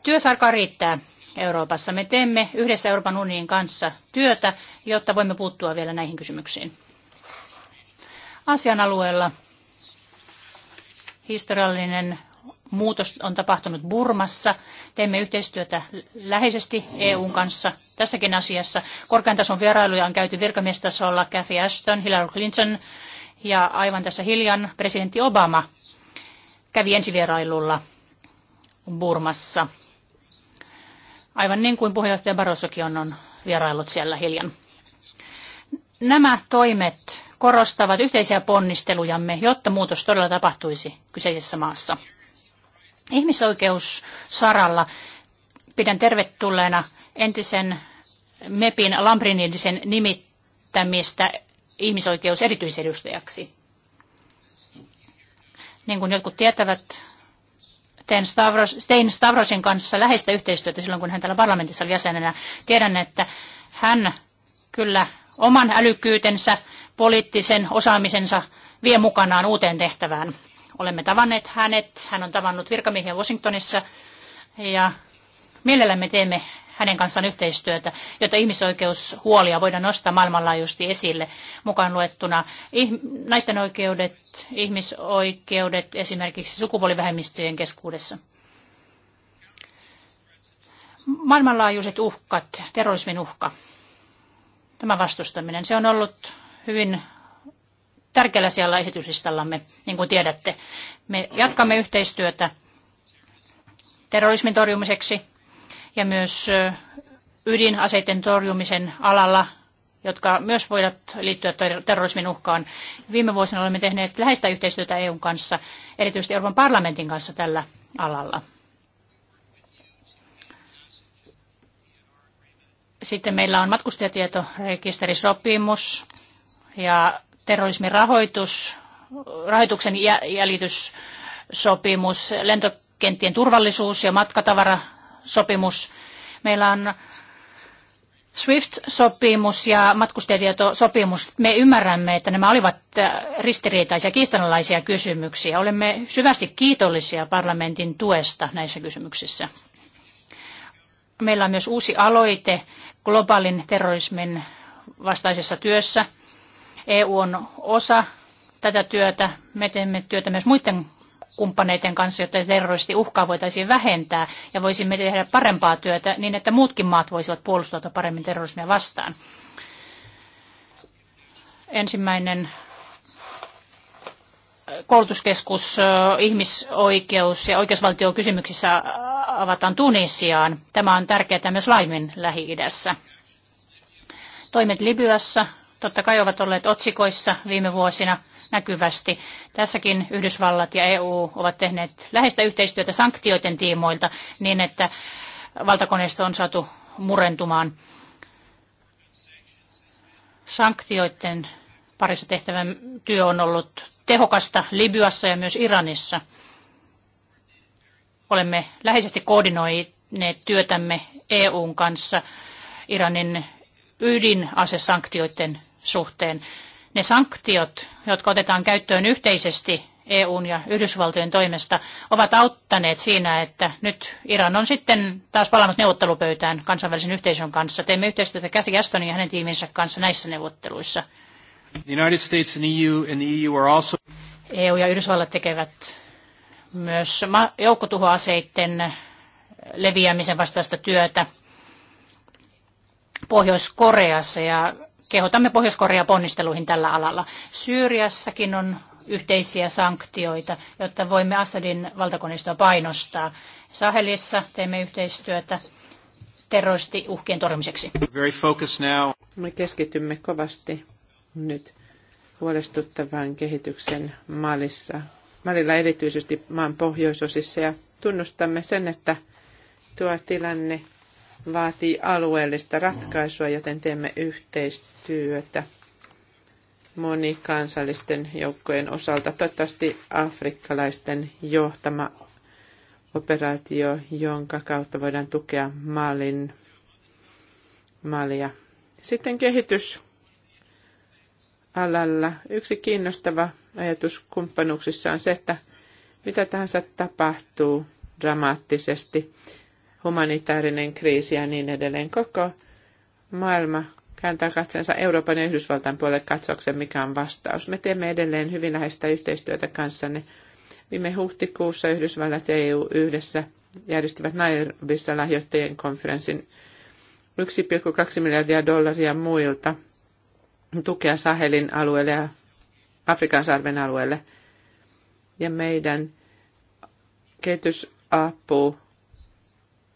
työsarka riittää Euroopassa. Me teemme yhdessä Euroopan unionin kanssa työtä, jotta voimme puuttua vielä näihin kysymyksiin. Asian alueella historiallinen muutos on tapahtunut Burmassa. Teemme yhteistyötä läheisesti EUn kanssa tässäkin asiassa. Korkean tason vierailuja on käyty virkamiestasolla Cathy Ashton, Hillary Clinton ja aivan tässä hiljan presidentti Obama kävi ensivierailulla Burmassa aivan niin kuin puheenjohtaja Barossokin on, vieraillut siellä hiljan. Nämä toimet korostavat yhteisiä ponnistelujamme, jotta muutos todella tapahtuisi kyseisessä maassa. Ihmisoikeussaralla pidän tervetulleena entisen MEPin Lambrinidisen nimittämistä ihmisoikeus erityisedustajaksi. Niin kuin jotkut tietävät, Stein, Stavros, Stein Stavrosin kanssa läheistä yhteistyötä silloin, kun hän täällä parlamentissa oli jäsenenä. Tiedän, että hän kyllä oman älykkyytensä, poliittisen osaamisensa vie mukanaan uuteen tehtävään. Olemme tavanneet hänet, hän on tavannut virkamiehiä Washingtonissa ja mielellämme teemme hänen kanssaan yhteistyötä, jotta ihmisoikeushuolia voidaan nostaa maailmanlaajuisesti esille mukaan luettuna naisten oikeudet, ihmisoikeudet esimerkiksi sukupuolivähemmistöjen keskuudessa. Maailmanlaajuiset uhkat, terrorismin uhka, tämä vastustaminen, se on ollut hyvin tärkeällä siellä esityslistallamme, niin kuin tiedätte. Me jatkamme yhteistyötä terrorismin torjumiseksi ja myös ydinaseiden torjumisen alalla, jotka myös voivat liittyä terrorismin uhkaan. Viime vuosina olemme tehneet läheistä yhteistyötä EUn kanssa, erityisesti Euroopan parlamentin kanssa tällä alalla. Sitten meillä on matkustajatietorekisterisopimus ja terrorismin rahoitus, rahoituksen jäljityssopimus, lentokenttien turvallisuus ja matkatavara sopimus. Meillä on SWIFT-sopimus ja matkustajatietosopimus, me ymmärrämme, että nämä olivat äh, ristiriitaisia, kiistanalaisia kysymyksiä. Olemme syvästi kiitollisia parlamentin tuesta näissä kysymyksissä. Meillä on myös uusi aloite globaalin terrorismin vastaisessa työssä. EU on osa tätä työtä. Me teemme työtä myös muiden kumppaneiden kanssa, jotta terroristi uhkaa voitaisiin vähentää ja voisimme tehdä parempaa työtä niin, että muutkin maat voisivat puolustautua paremmin terrorismia vastaan. Ensimmäinen äh, koulutuskeskus äh, ihmisoikeus- ja oikeusvaltiokysymyksissä avataan Tunisiaan. Tämä on tärkeää myös laimin Lähi-idässä. Toimet Libyassa totta kai ovat olleet otsikoissa viime vuosina näkyvästi. Tässäkin Yhdysvallat ja EU ovat tehneet läheistä yhteistyötä sanktioiden tiimoilta niin, että valtakoneisto on saatu murentumaan. Sanktioiden parissa tehtävän työ on ollut tehokasta Libyassa ja myös Iranissa. Olemme läheisesti koordinoineet työtämme EUn kanssa Iranin ydinasesanktioiden suhteen. Ne sanktiot, jotka otetaan käyttöön yhteisesti EUn ja Yhdysvaltojen toimesta, ovat auttaneet siinä, että nyt Iran on sitten taas palannut neuvottelupöytään kansainvälisen yhteisön kanssa. Teemme yhteistyötä Cathy Astonin ja hänen tiiminsä kanssa näissä neuvotteluissa. EU, e e e ja Yhdysvallat tekevät myös joukkotuhoaseiden leviämisen vastaista työtä Pohjois-Koreassa ja kehotamme pohjois ponnisteluihin tällä alalla. Syyriassakin on yhteisiä sanktioita, jotta voimme Assadin valtakoneistoa painostaa. Sahelissa teemme yhteistyötä terroristiuhkien torjumiseksi. Me keskitymme kovasti nyt huolestuttavaan kehityksen Malissa. Malilla erityisesti maan pohjoisosissa ja tunnustamme sen, että tuo tilanne vaatii alueellista ratkaisua, joten teemme yhteistyötä monikansallisten joukkojen osalta. Toivottavasti afrikkalaisten johtama operaatio, jonka kautta voidaan tukea Malin, Malia. Sitten kehitys alalla. Yksi kiinnostava ajatus kumppanuuksissa on se, että mitä tahansa tapahtuu dramaattisesti, humanitaarinen kriisi ja niin edelleen. Koko maailma kääntää katsensa Euroopan ja Yhdysvaltain puolelle katsoksen, mikä on vastaus. Me teemme edelleen hyvin läheistä yhteistyötä kanssanne. Viime huhtikuussa Yhdysvallat ja EU yhdessä järjestivät Nairobissa lahjoittajien konferenssin 1,2 miljardia dollaria muilta tukea Sahelin alueelle ja Afrikan sarven alueelle. Ja meidän kehitysapu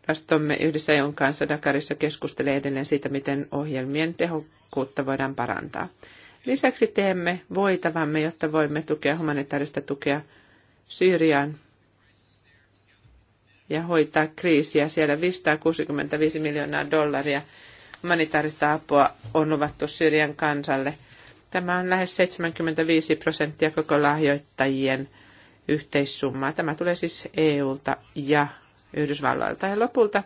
Rastomme yhdessä EUn kanssa Dakarissa keskustelee edelleen siitä, miten ohjelmien tehokkuutta voidaan parantaa. Lisäksi teemme voitavamme, jotta voimme tukea humanitaarista tukea Syyriaan ja hoitaa kriisiä. Siellä 565 miljoonaa dollaria humanitaarista apua on luvattu Syyrian kansalle. Tämä on lähes 75 prosenttia koko lahjoittajien yhteissummaa. Tämä tulee siis EUlta ja Yhdysvalloilta. Ja lopulta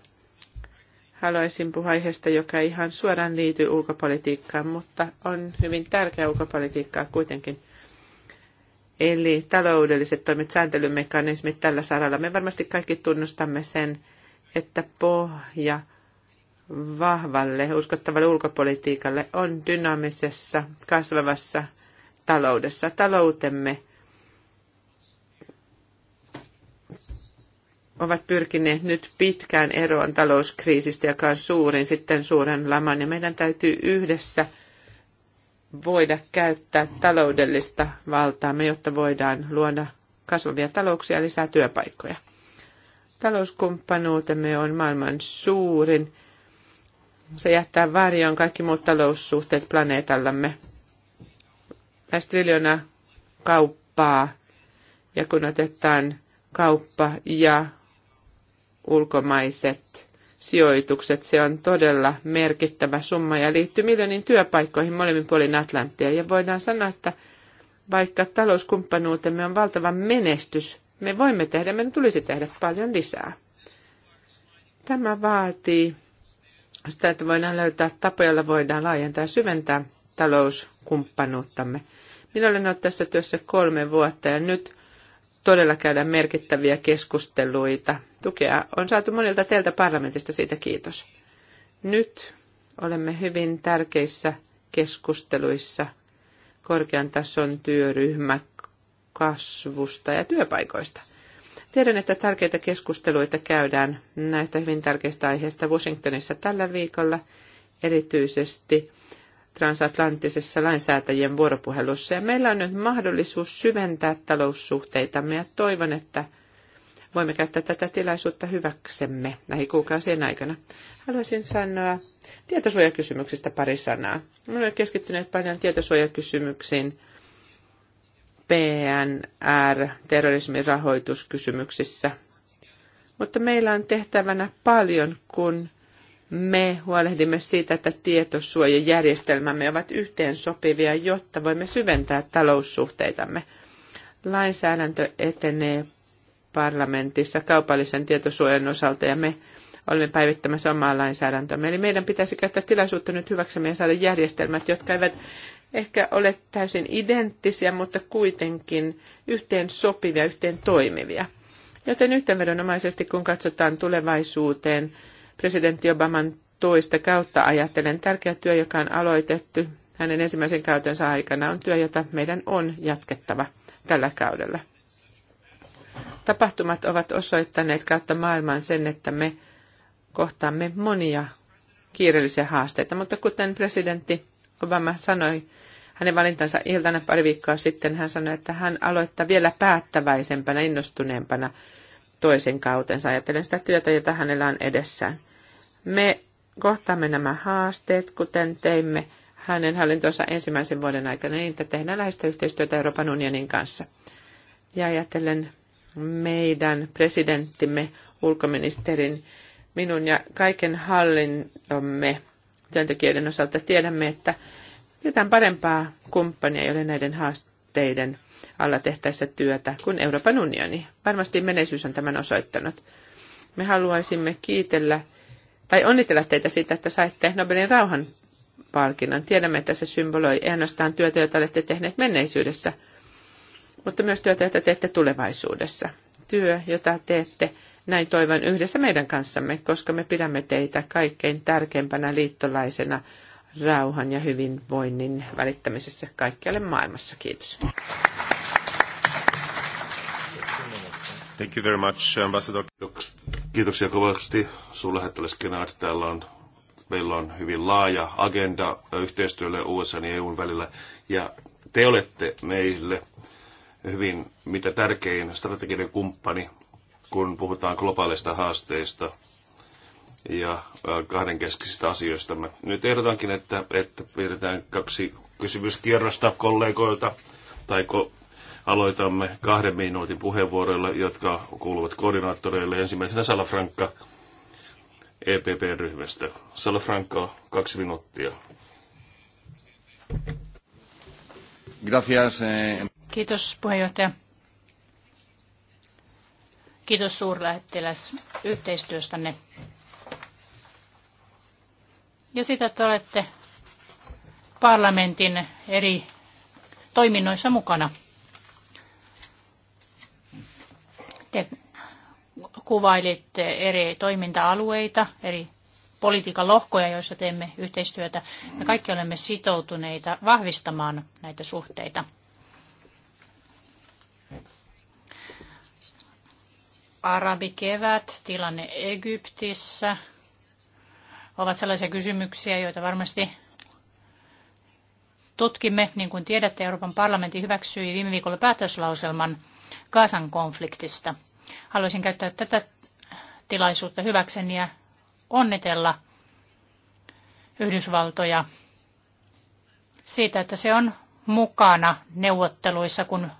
haluaisin puhua aiheesta, joka ei ihan suoraan liity ulkopolitiikkaan, mutta on hyvin tärkeä ulkopolitiikkaa kuitenkin. Eli taloudelliset toimet, sääntelymekanismit tällä saralla. Me varmasti kaikki tunnustamme sen, että pohja vahvalle, uskottavalle ulkopolitiikalle on dynaamisessa, kasvavassa taloudessa. Taloutemme ovat pyrkineet nyt pitkään eroon talouskriisistä, joka on suurin sitten suuren laman. Ja meidän täytyy yhdessä voida käyttää taloudellista valtaamme, jotta voidaan luoda kasvavia talouksia ja lisää työpaikkoja. Talouskumppanuutemme on maailman suurin. Se jättää varjoon kaikki muut taloussuhteet planeetallamme. Lähes triljona kauppaa. Ja kun otetaan kauppa ja ulkomaiset sijoitukset. Se on todella merkittävä summa ja liittyy miljoonin työpaikkoihin molemmin puolin Atlanttia. Ja voidaan sanoa, että vaikka talouskumppanuutemme on valtava menestys, me voimme tehdä, meidän tulisi tehdä paljon lisää. Tämä vaatii sitä, että voidaan löytää tapoja, joilla voidaan laajentaa ja syventää talouskumppanuuttamme. Minä olen ollut tässä työssä kolme vuotta ja nyt todella käydä merkittäviä keskusteluita. Tukea on saatu monilta teiltä parlamentista, siitä kiitos. Nyt olemme hyvin tärkeissä keskusteluissa korkean tason työryhmä kasvusta ja työpaikoista. Tiedän, että tärkeitä keskusteluita käydään näistä hyvin tärkeistä aiheista Washingtonissa tällä viikolla, erityisesti transatlanttisessa lainsäätäjien vuoropuhelussa. Ja meillä on nyt mahdollisuus syventää taloussuhteitamme ja toivon, että voimme käyttää tätä tilaisuutta hyväksemme lähikuukausien aikana. Haluaisin sanoa tietosuojakysymyksistä pari sanaa. Me olemme keskittyneet paljon tietosuojakysymyksiin PNR, terrorismin rahoituskysymyksissä. Mutta meillä on tehtävänä paljon, kun me huolehdimme siitä, että tietosuojajärjestelmämme ovat yhteensopivia, jotta voimme syventää taloussuhteitamme. Lainsäädäntö etenee parlamentissa kaupallisen tietosuojan osalta ja me olemme päivittämässä omaa lainsäädäntöämme. Eli meidän pitäisi käyttää tilaisuutta nyt hyväksemme ja saada järjestelmät, jotka eivät ehkä ole täysin identtisiä, mutta kuitenkin yhteen sopivia, yhteen toimivia. Joten yhteenvedonomaisesti, kun katsotaan tulevaisuuteen, presidentti Obaman toista kautta ajatellen. Tärkeä työ, joka on aloitettu hänen ensimmäisen kautensa aikana, on työ, jota meidän on jatkettava tällä kaudella. Tapahtumat ovat osoittaneet kautta maailman sen, että me kohtaamme monia kiireellisiä haasteita, mutta kuten presidentti Obama sanoi hänen valintansa iltana pari viikkoa sitten, hän sanoi, että hän aloittaa vielä päättäväisempänä, innostuneempana toisen kautensa ajatellen sitä työtä, jota hänellä on edessään. Me kohtaamme nämä haasteet, kuten teimme hänen hallintonsa ensimmäisen vuoden aikana, niin että tehdään läheistä yhteistyötä Euroopan unionin kanssa. Ja ajatellen meidän presidenttimme, ulkoministerin, minun ja kaiken hallintomme työntekijöiden osalta tiedämme, että mitään parempaa kumppania ei ole näiden haasteiden alla tehtäessä työtä kuin Euroopan unioni. Varmasti menestys on tämän osoittanut. Me haluaisimme kiitellä tai onnitella teitä siitä, että saitte Nobelin rauhan palkinnon. Tiedämme, että se symboloi ainoastaan työtä, jota olette tehneet menneisyydessä, mutta myös työtä, jota teette tulevaisuudessa. Työ, jota teette näin toivon yhdessä meidän kanssamme, koska me pidämme teitä kaikkein tärkeimpänä liittolaisena rauhan ja hyvinvoinnin välittämisessä kaikkialle maailmassa. Kiitos. Thank you very much, Ambassador. Kiitoksia kovasti suurlähettiläs Kenard. Täällä on, meillä on hyvin laaja agenda yhteistyölle USA ja EUn välillä. Ja te olette meille hyvin mitä tärkein strateginen kumppani, kun puhutaan globaaleista haasteista ja kahdenkeskisistä asioistamme. Nyt ehdotankin, että, että pidetään kaksi kysymyskierrosta kollegoilta tai Aloitamme kahden minuutin puheenvuoroilla, jotka kuuluvat koordinaattoreille. Ensimmäisenä Salafranka EPP-ryhmästä. Salafranka, kaksi minuuttia. Gracias. Eh. Kiitos puheenjohtaja. Kiitos suurlähettiläs yhteistyöstänne. Ja sitä, että olette parlamentin eri toiminnoissa mukana. Te kuvailitte eri toiminta-alueita, eri politiikan lohkoja, joissa teemme yhteistyötä. Me kaikki olemme sitoutuneita vahvistamaan näitä suhteita. Arabikevät, tilanne Egyptissä ovat sellaisia kysymyksiä, joita varmasti tutkimme. Niin kuin tiedätte, Euroopan parlamentti hyväksyi viime viikolla päätöslauselman – Kaasan konfliktista. Haluaisin käyttää tätä tilaisuutta hyväkseni ja onnitella Yhdysvaltoja siitä, että se on mukana neuvotteluissa, kun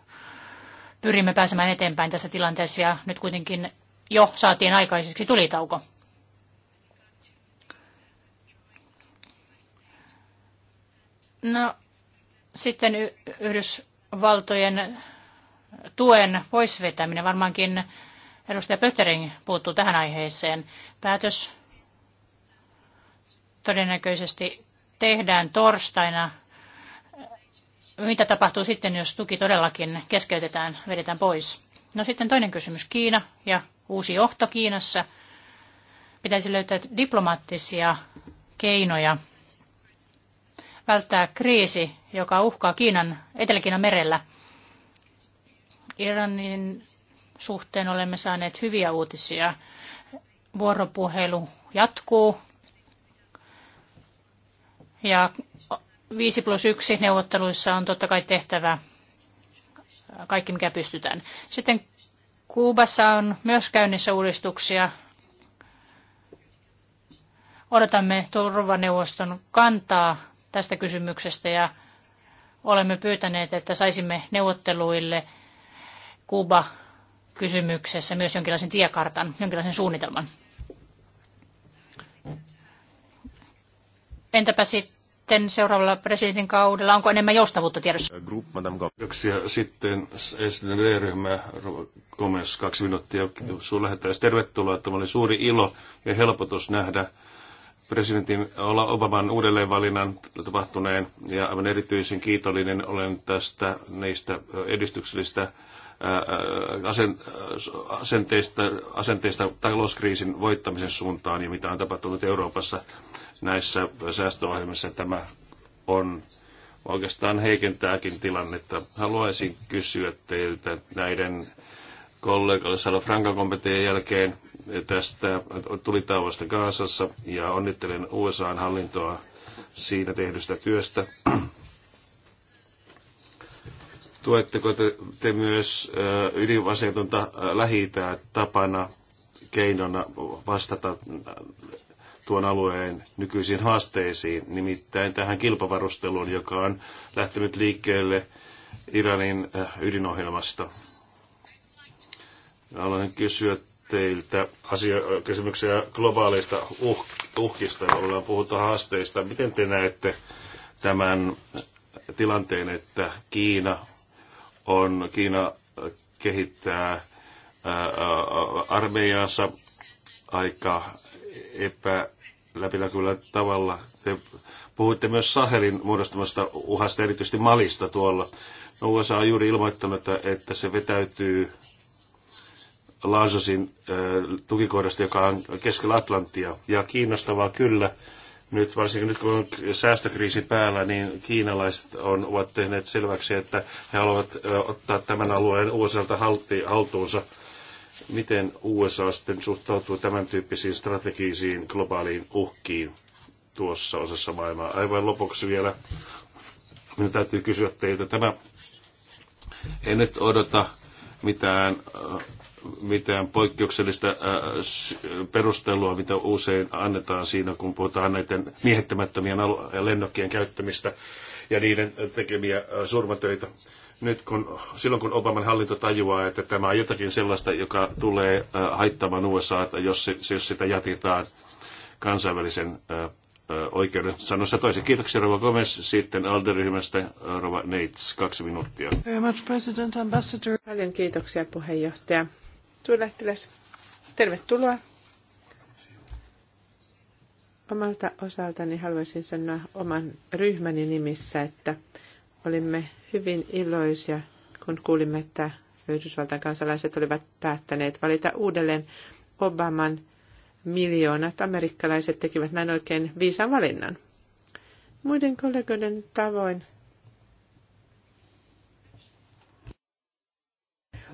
pyrimme pääsemään eteenpäin tässä tilanteessa ja nyt kuitenkin jo saatiin aikaiseksi tulitauko. No, sitten Yhdysvaltojen tuen poisvetäminen. Varmaankin edustaja Pöttering puuttuu tähän aiheeseen. Päätös todennäköisesti tehdään torstaina. Mitä tapahtuu sitten, jos tuki todellakin keskeytetään, vedetään pois? No sitten toinen kysymys, Kiina ja uusi johto Kiinassa. Pitäisi löytää diplomaattisia keinoja välttää kriisi, joka uhkaa Kiinan, Etelä-Kiinan merellä – Iranin suhteen olemme saaneet hyviä uutisia. Vuoropuhelu jatkuu. Ja 5 plus 1 neuvotteluissa on totta kai tehtävä kaikki, mikä pystytään. Sitten Kuubassa on myös käynnissä uudistuksia. Odotamme turvaneuvoston kantaa tästä kysymyksestä ja olemme pyytäneet, että saisimme neuvotteluille – Kuuba kysymyksessä myös jonkinlaisen tiekartan, jonkinlaisen suunnitelman. Entäpä sitten seuraavalla presidentin kaudella, onko enemmän joustavuutta tiedossa? Äh, group, Kiitoksia. Sitten SND-ryhmä Gomez, kaksi minuuttia. Sinun lähettäisiin tervetuloa. Tämä oli suuri ilo ja helpotus nähdä presidentin Obaman uudelleenvalinnan tapahtuneen ja aivan erityisen kiitollinen olen tästä niistä edistyksellistä asenteista, asenteista talouskriisin voittamisen suuntaan ja mitä on tapahtunut Euroopassa näissä säästöohjelmissa. Tämä on oikeastaan heikentääkin tilannetta. Haluaisin kysyä teiltä näiden kollegalle Frankan kompetien jälkeen tästä tulitauosta Kaasassa ja onnittelen USAn hallintoa siinä tehdystä työstä. Tuetteko te, te myös ydinaseetonta lähi tapana keinona vastata tuon alueen nykyisiin haasteisiin, nimittäin tähän kilpavarusteluun, joka on lähtenyt liikkeelle Iranin ydinohjelmasta. Haluan kysyä teiltä asio- kysymyksiä globaaleista uh- uhkista, ollaan puhuttu haasteista. Miten te näette tämän tilanteen, että Kiina on Kiina kehittää armeijansa aika epä tavalla. Te puhuitte myös Sahelin muodostamasta uhasta, erityisesti Malista tuolla. No, USA on juuri ilmoittanut, että se vetäytyy Lajosin tukikohdasta, joka on keskellä Atlantia. Ja kiinnostavaa kyllä, nyt varsinkin nyt kun on säästökriisi päällä, niin kiinalaiset on, ovat tehneet selväksi, että he haluavat ottaa tämän alueen USAlta haltuunsa. Miten USA sitten suhtautuu tämän tyyppisiin strategisiin globaaliin uhkiin tuossa osassa maailmaa? Aivan lopuksi vielä minun täytyy kysyä teiltä tämä. En nyt odota mitään mitään poikkeuksellista äh, perustelua, mitä usein annetaan siinä, kun puhutaan näiden miehittämättömien lennokkien käyttämistä ja niiden tekemiä äh, surmatöitä. Nyt kun, silloin kun Obaman hallinto tajuaa, että tämä on jotakin sellaista, joka tulee äh, haittamaan USA, jos, jos sitä jatketaan kansainvälisen oikeuden sanossa toisen. Kiitoksia Rova Gomez, sitten Alderyhmästä Rova Neits, kaksi minuuttia. Very much, President Ambassador. Paljon kiitoksia puheenjohtaja suurlähettiläs, tervetuloa. Omalta osaltani haluaisin sanoa oman ryhmäni nimissä, että olimme hyvin iloisia, kun kuulimme, että Yhdysvaltain kansalaiset olivat päättäneet valita uudelleen Obaman miljoonat amerikkalaiset tekivät näin oikein viisan valinnan. Muiden kollegoiden tavoin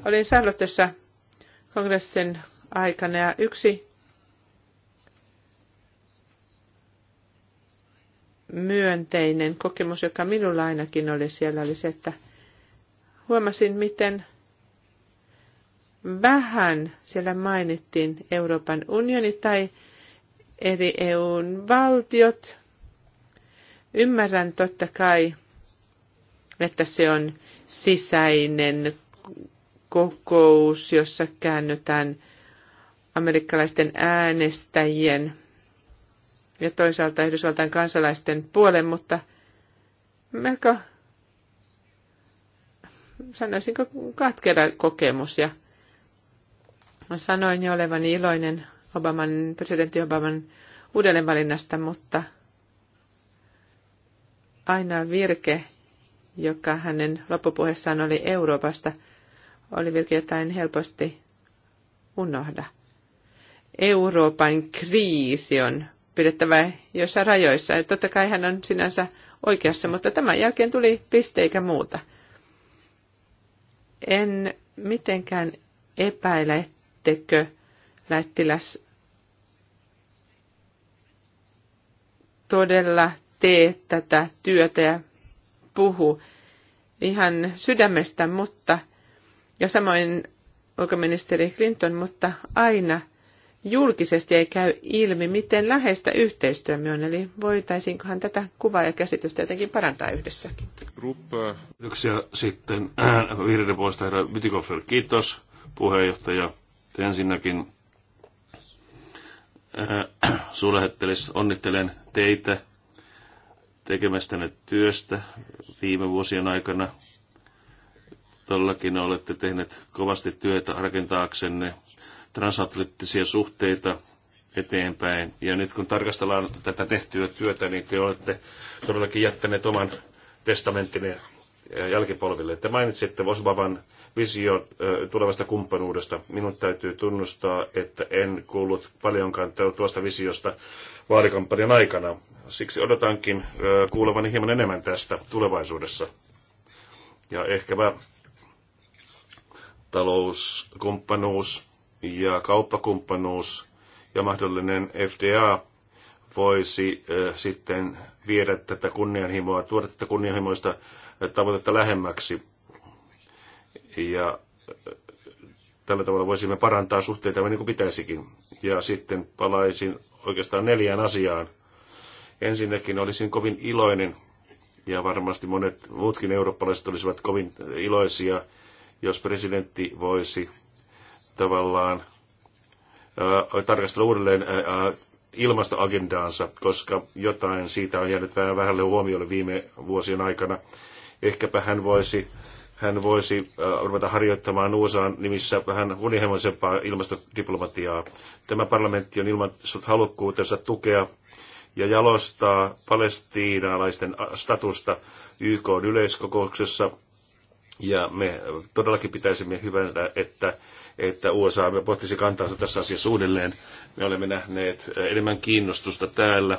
olin Charlottessa kongressin aikana ja yksi myönteinen kokemus, joka minulla ainakin oli siellä, oli se, että huomasin, miten vähän siellä mainittiin Euroopan unioni tai eri EUn valtiot. Ymmärrän totta kai, että se on sisäinen kokous, jossa käännytään amerikkalaisten äänestäjien ja toisaalta Yhdysvaltain kansalaisten puolen, mutta melko, sanoisinko, katkera kokemus. Ja mä sanoin jo olevani iloinen Obaman, presidentti Obaman uudelleenvalinnasta, mutta ainoa virke, joka hänen loppupuheessaan oli Euroopasta – oli vielä jotain helposti unohda. Euroopan kriisi on pidettävä joissa rajoissa. Ja totta kai hän on sinänsä oikeassa, mutta tämän jälkeen tuli piste eikä muuta. En mitenkään epäile, ettekö lähettiläs todella tee tätä työtä ja puhu ihan sydämestä, mutta – ja samoin ulkoministeri Clinton, mutta aina julkisesti ei käy ilmi, miten läheistä yhteistyömme on, eli voitaisiinkohan tätä kuvaa ja käsitystä jotenkin parantaa yhdessäkin. Ruppa. Kiitoksia sitten äh, vihreiden puolesta herra Mytikoffer. Kiitos puheenjohtaja. Ensinnäkin äh, suurlähettelis onnittelen teitä tekemästänne työstä viime vuosien aikana Todellakin olette tehneet kovasti työtä rakentaaksenne transatlanttisia suhteita eteenpäin. Ja nyt kun tarkastellaan tätä tehtyä työtä, niin te olette todellakin jättäneet oman testamenttinne jälkipolville. Te mainitsitte Osvavan vision tulevasta kumppanuudesta. Minun täytyy tunnustaa, että en kuullut paljonkaan tuosta visiosta vaalikampanjan aikana. Siksi odotankin kuulevani hieman enemmän tästä tulevaisuudessa. Ja ehkäpä talouskumppanuus ja kauppakumppanuus ja mahdollinen FDA voisi sitten viedä tätä kunnianhimoa, tuoda tätä kunnianhimoista tavoitetta lähemmäksi. Ja tällä tavalla voisimme parantaa suhteita niin kuin pitäisikin. Ja sitten palaisin oikeastaan neljään asiaan. Ensinnäkin olisin kovin iloinen, ja varmasti monet muutkin eurooppalaiset olisivat kovin iloisia jos presidentti voisi tavallaan tarkastella uudelleen ilmastoagendaansa, koska jotain siitä on jäänyt vähän vähälle huomiolle viime vuosien aikana. Ehkäpä hän voisi, hän voisi ruveta harjoittamaan USAan nimissä vähän unihemoisempaa ilmastodiplomatiaa. Tämä parlamentti on ilman halukkuutensa tukea ja jalostaa palestiinalaisten statusta YK yleiskokouksessa ja me todellakin pitäisimme hyvänä, että, että USA me pohtisi kantaansa tässä asiassa uudelleen. Me olemme nähneet enemmän kiinnostusta täällä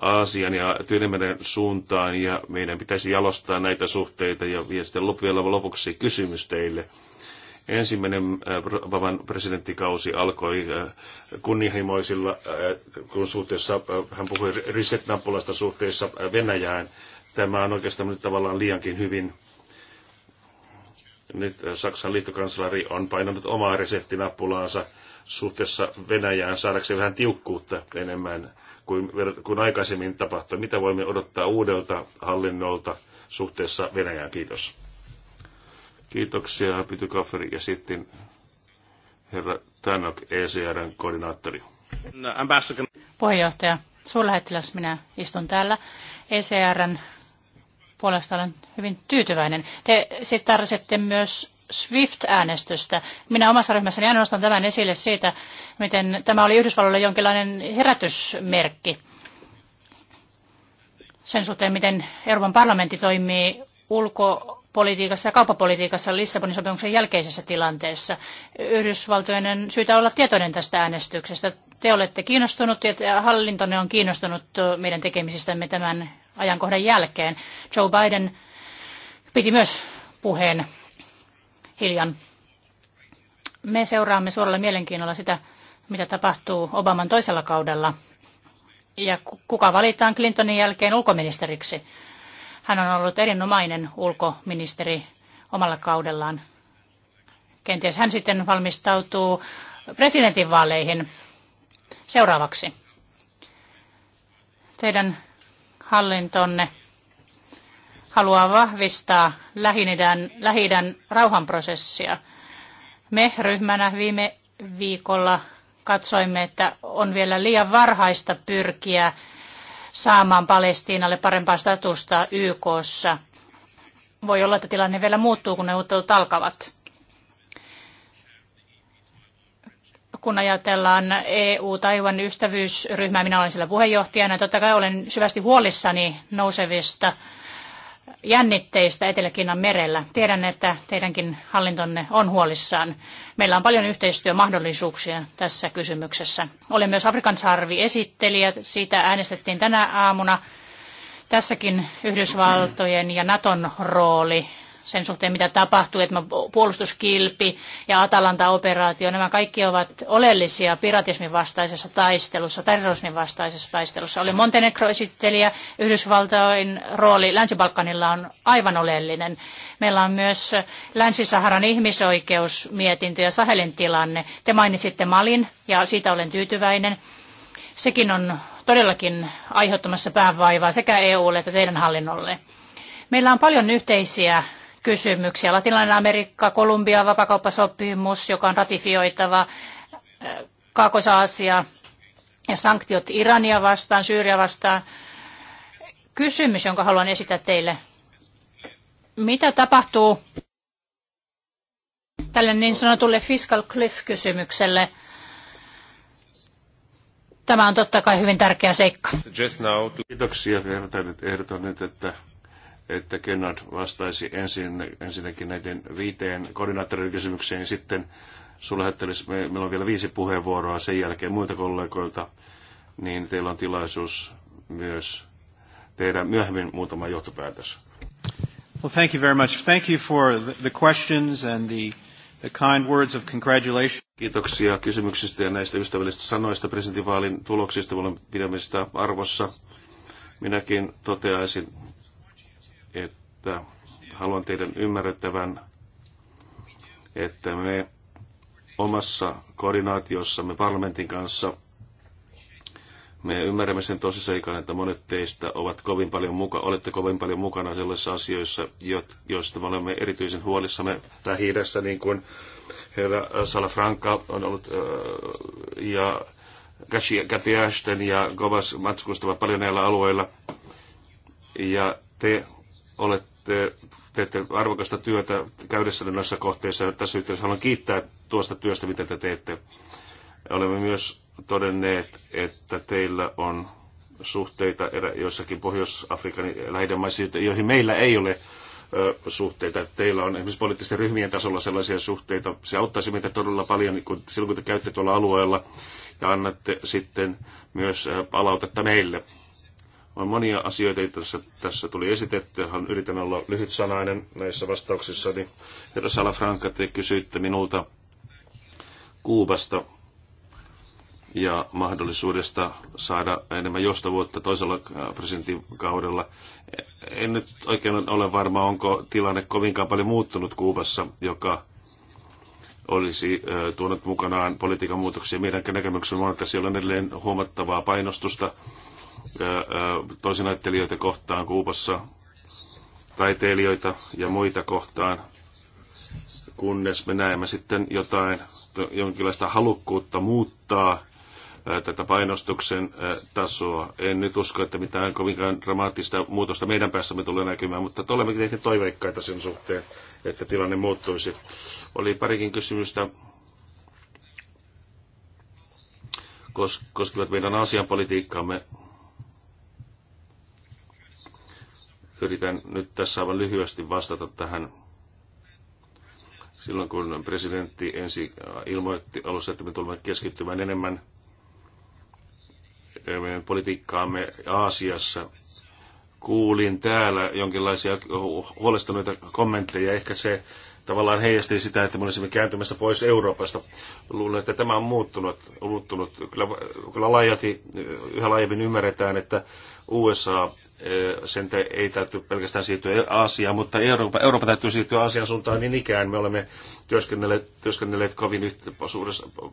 Aasian ja Tyynemeren suuntaan ja meidän pitäisi jalostaa näitä suhteita. Ja sitten vielä lopuksi kysymys teille. Ensimmäinen Obaman presidenttikausi alkoi kunnianhimoisilla, kun suhteessa, hän puhui risset nappulasta suhteessa Venäjään. Tämä on oikeastaan nyt tavallaan liiankin hyvin nyt äh, Saksan liittokansleri on painanut omaa reseptinappulaansa suhteessa Venäjään saadakseen vähän tiukkuutta enemmän kuin, kuin aikaisemmin tapahtui. Mitä voimme odottaa uudelta hallinnolta suhteessa Venäjään? Kiitos. Kiitoksia, Pity Kaffer, ja sitten herra Tannok, ECRn koordinaattori. Puheenjohtaja, suurlähettiläs, minä istun täällä ECRn puolesta olen hyvin tyytyväinen. Te sitten tarvitsette myös SWIFT-äänestystä. Minä omassa ryhmässäni ainoastaan tämän esille siitä, miten tämä oli Yhdysvalloille jonkinlainen herätysmerkki sen suhteen, miten Euroopan parlamentti toimii ulkopolitiikassa ja kauppapolitiikassa Lissabonin sopimuksen jälkeisessä tilanteessa. Yhdysvaltojen on syytä olla tietoinen tästä äänestyksestä. Te olette kiinnostunut ja hallintonne on kiinnostunut meidän tekemisistämme tämän ajankohdan jälkeen. Joe Biden piti myös puheen hiljan. Me seuraamme suoralla mielenkiinnolla sitä, mitä tapahtuu Obaman toisella kaudella ja kuka valitaan Clintonin jälkeen ulkoministeriksi. Hän on ollut erinomainen ulkoministeri omalla kaudellaan. Kenties hän sitten valmistautuu presidentinvaaleihin seuraavaksi. Teidän hallintonne haluaa vahvistaa lähinidän, idän lähi rauhanprosessia. Me ryhmänä viime viikolla katsoimme, että on vielä liian varhaista pyrkiä saamaan Palestiinalle parempaa statusta YKssa. Voi olla, että tilanne vielä muuttuu, kun neuvottelut alkavat. kun ajatellaan EU-Taiwan ystävyysryhmää, minä olen siellä puheenjohtajana. Totta kai olen syvästi huolissani nousevista jännitteistä Etelä-Kiinan merellä. Tiedän, että teidänkin hallintonne on huolissaan. Meillä on paljon yhteistyömahdollisuuksia tässä kysymyksessä. Olen myös Afrikan sarvi esittelijä. Siitä äänestettiin tänä aamuna. Tässäkin Yhdysvaltojen ja Naton rooli sen suhteen, mitä tapahtuu, että puolustuskilpi ja Atalanta-operaatio, nämä kaikki ovat oleellisia piratismin vastaisessa taistelussa, terrorismin vastaisessa taistelussa. Oli Montenegro-esittelijä, Yhdysvaltain rooli Länsi-Balkanilla on aivan oleellinen. Meillä on myös Länsi-Saharan ihmisoikeusmietintö ja Sahelin tilanne. Te mainitsitte Malin ja siitä olen tyytyväinen. Sekin on todellakin aiheuttamassa päävaivaa sekä EUlle että teidän hallinnolle. Meillä on paljon yhteisiä kysymyksiä. Latinalainen Amerikka, Kolumbia, vapakauppasopimus, joka on ratifioitava, äh, Kaakos-Aasia ja sanktiot Irania vastaan, Syyria vastaan. Kysymys, jonka haluan esittää teille. Mitä tapahtuu tälle niin sanotulle fiscal cliff-kysymykselle? Tämä on totta kai hyvin tärkeä seikka. Kiitoksia. ehdotan nyt, että että Kennard vastaisi ensin, ensinnäkin näiden viiteen koordinaattorin kysymykseen sitten sulähettelis, me, meillä on vielä viisi puheenvuoroa sen jälkeen muilta kollegoilta, niin teillä on tilaisuus myös tehdä myöhemmin muutama johtopäätös. Well, thank you very much. Thank you for the questions and the, the kind words of congratulations. Kiitoksia kysymyksistä ja näistä ystävällisistä sanoista presidentinvaalin tuloksista. Me olemme pidämme sitä arvossa. Minäkin toteaisin että haluan teidän ymmärrettävän, että me omassa koordinaatiossamme parlamentin kanssa me ymmärrämme sen tosiseikan, että monet teistä ovat kovin paljon muka, olette kovin paljon mukana sellaisissa asioissa, joista me olemme erityisen huolissamme tähidässä, niin kuin herra Salafranca on ollut ja Kathy Ashton ja Gobas matkustava paljon näillä alueilla. Ja te olette, teette arvokasta työtä käydessä näissä kohteissa. Tässä yhteydessä haluan kiittää tuosta työstä, mitä te teette. Olemme myös todenneet, että teillä on suhteita erä, joissakin Pohjois-Afrikan lähiden maissa, joihin meillä ei ole ö, suhteita. Teillä on esimerkiksi poliittisten ryhmien tasolla sellaisia suhteita. Se auttaisi meitä todella paljon kun, silloin, kun te käytte tuolla alueella ja annatte sitten myös palautetta meille. On monia asioita, joita tässä, tässä tuli esitetty. Yritän olla lyhyt sanainen näissä vastauksissa. Herra Salafranca, te kysyitte minulta Kuubasta ja mahdollisuudesta saada enemmän joustavuutta toisella äh, presidentin kaudella. En nyt oikein ole varma, onko tilanne kovinkaan paljon muuttunut Kuubassa, joka olisi äh, tuonut mukanaan politiikan muutoksia. Meidän näkemyksemme on, että siellä on edelleen huomattavaa painostusta toisenäyttelijöitä kohtaan Kuubassa, taiteilijoita ja muita kohtaan, kunnes me näemme sitten jotain, jonkinlaista halukkuutta muuttaa tätä painostuksen tasoa. En nyt usko, että mitään kovinkaan dramaattista muutosta meidän päässämme tulee näkymään, mutta olemme tietenkin toiveikkaita sen suhteen, että tilanne muuttuisi. Oli parikin kysymystä koskivat meidän asianpolitiikkaamme. Yritän nyt tässä aivan lyhyesti vastata tähän. Silloin kun presidentti ensi äh, ilmoitti alussa, että me tulemme keskittymään enemmän äh, meidän politiikkaamme Aasiassa, kuulin täällä jonkinlaisia huolestuneita kommentteja. Ehkä se tavallaan heijasti sitä, että me olisimme kääntymässä pois Euroopasta. Luulen, että tämä on muuttunut. muuttunut. Kyllä, kyllä laajati, yhä laajemmin ymmärretään, että USA eh, sen te, ei täytyy pelkästään siirtyä Aasiaan, mutta Eurooppa, Eurooppa täytyy siirtyä Aasian suuntaan niin ikään. Me olemme työskennelleet, työskennelleet kovin yhtä,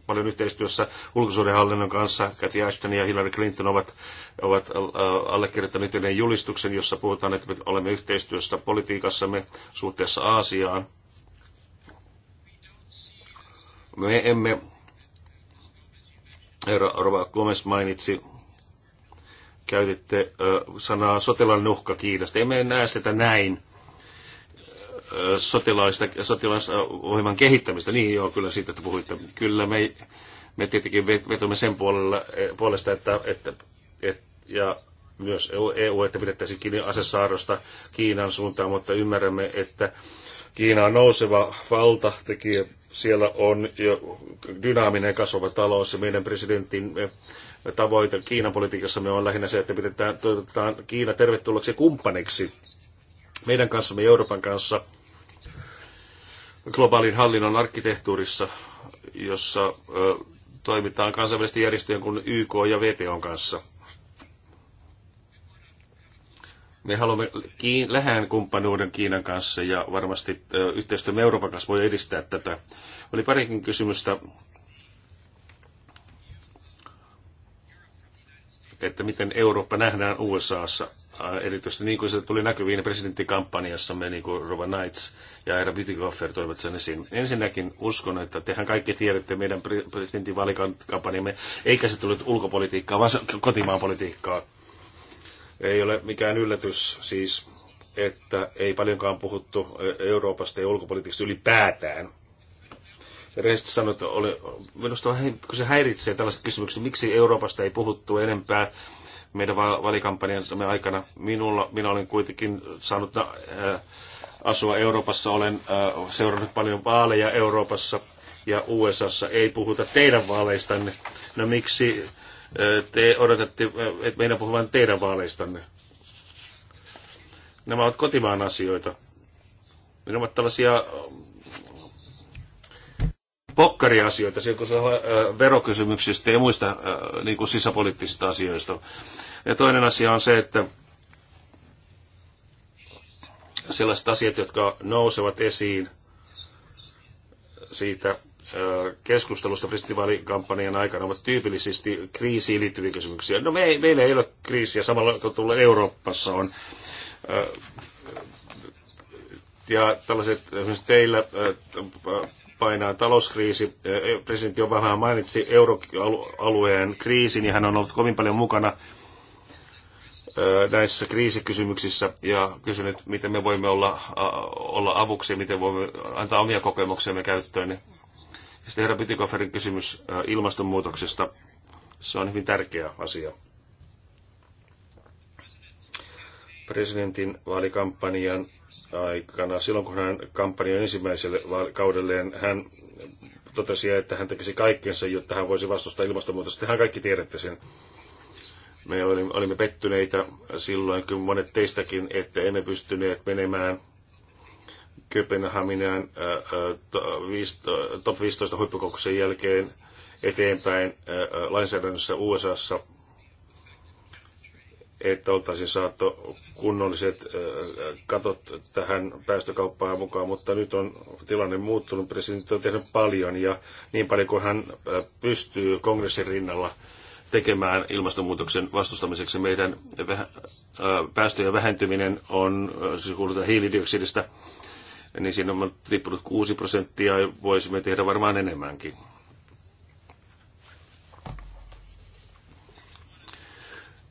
paljon yhteistyössä ulkosuudenhallinnon kanssa. Kathy Ashton ja Hillary Clinton ovat, ovat eh, allekirjoittaneet julistuksen, jossa puhutaan, että me olemme yhteistyössä politiikassamme suhteessa Aasiaan me emme, Rova Gomez mainitsi, käytitte sanaa sotilaallinen uhka Kiinasta. Emme näe sitä näin sotilaista, sotilasohjelman kehittämistä. Niin joo, kyllä siitä, että puhuitte. Kyllä me, me tietenkin vetomme sen puolella, e, puolesta, että, että, että ja myös EU, e että pidettäisiin kiinni asesaarosta Kiinan suuntaan, mutta ymmärrämme, että Kiina on nouseva valtatekijä siellä on jo dynaaminen kasvava talous ja meidän presidentin eh, tavoite Kiinan me on lähinnä se, että pidetään, toivotetaan Kiina tervetulleeksi kumppaniksi meidän kanssamme Euroopan kanssa globaalin hallinnon arkkitehtuurissa, jossa eh, toimitaan kansainvälisten järjestöjen kuin YK ja VTOn kanssa – Me haluamme kiin, lähään kumppanuuden Kiinan kanssa ja varmasti yhteistyömme Euroopan kanssa voi edistää tätä. Oli parikin kysymystä, että miten Eurooppa nähdään USAssa erityisesti niin kuin se tuli näkyviin presidenttikampanjassamme, niin kuin Rova Knights ja Aira Bytikoffer toivat sen esiin. Ensinnäkin uskon, että tehän kaikki tiedätte meidän presidentinvaalikampanjamme, eikä se tullut ulkopolitiikkaa, vaan kotimaan politiikkaa. Ei ole mikään yllätys siis, että ei paljonkaan puhuttu Euroopasta ja ulkopolitiikasta ylipäätään. Ja rehellisesti sanoin, että oli, minusta kun se häiritsee tällaiset kysymykset, miksi Euroopasta ei puhuttu enempää meidän valikampanjamme aikana. Minulla, minä olen kuitenkin saanut ää, äh, asua Euroopassa, olen ää, äh, seurannut paljon vaaleja Euroopassa ja USAssa ei puhuta teidän vaaleistanne. No miksi te odotatte, että meidän puhuvan teidän vaaleistanne. Nämä ovat kotimaan asioita. Nämä ovat tällaisia pokkariasioita, kun se on verokysymyksistä ja muista niin kuin sisäpoliittisista asioista. Ja toinen asia on se, että sellaiset asiat, jotka nousevat esiin siitä, keskustelusta festivaalikampanjan aikana ovat tyypillisesti kriisiin liittyviä kysymyksiä. No me ei, meillä ei ole kriisiä samalla kuin tuolla Euroopassa on. Ja tällaiset, esimerkiksi teillä painaa talouskriisi. E, presidentti vähän mainitsi euroalueen kriisin ja hän on ollut kovin paljon mukana näissä kriisikysymyksissä ja kysynyt, miten me voimme olla, olla avuksi, miten voimme antaa omia kokemuksiamme käyttöön. Niin sitten herra Pytikoferin kysymys ilmastonmuutoksesta. Se on hyvin tärkeä asia. Presidentin vaalikampanjan aikana, silloin kun hän kampanjoi ensimmäiselle kaudelleen, hän totesi, että hän tekisi kaikkensa, jotta hän voisi vastustaa ilmastonmuutosta. Hän kaikki tiedätte sen. Me olimme pettyneitä silloin, kun monet teistäkin, että emme pystyneet menemään Kööpenhaminaan top 15 huippukokouksen jälkeen eteenpäin lainsäädännössä USAssa, että oltaisiin saatu kunnolliset katot tähän päästökauppaan mukaan, mutta nyt on tilanne muuttunut. Presidentti on tehnyt paljon ja niin paljon kuin hän pystyy kongressin rinnalla tekemään ilmastonmuutoksen vastustamiseksi. Meidän päästöjen vähentyminen on, siis kuulutaan hiilidioksidista, niin siinä on tippunut 6 prosenttia ja voisimme tehdä varmaan enemmänkin.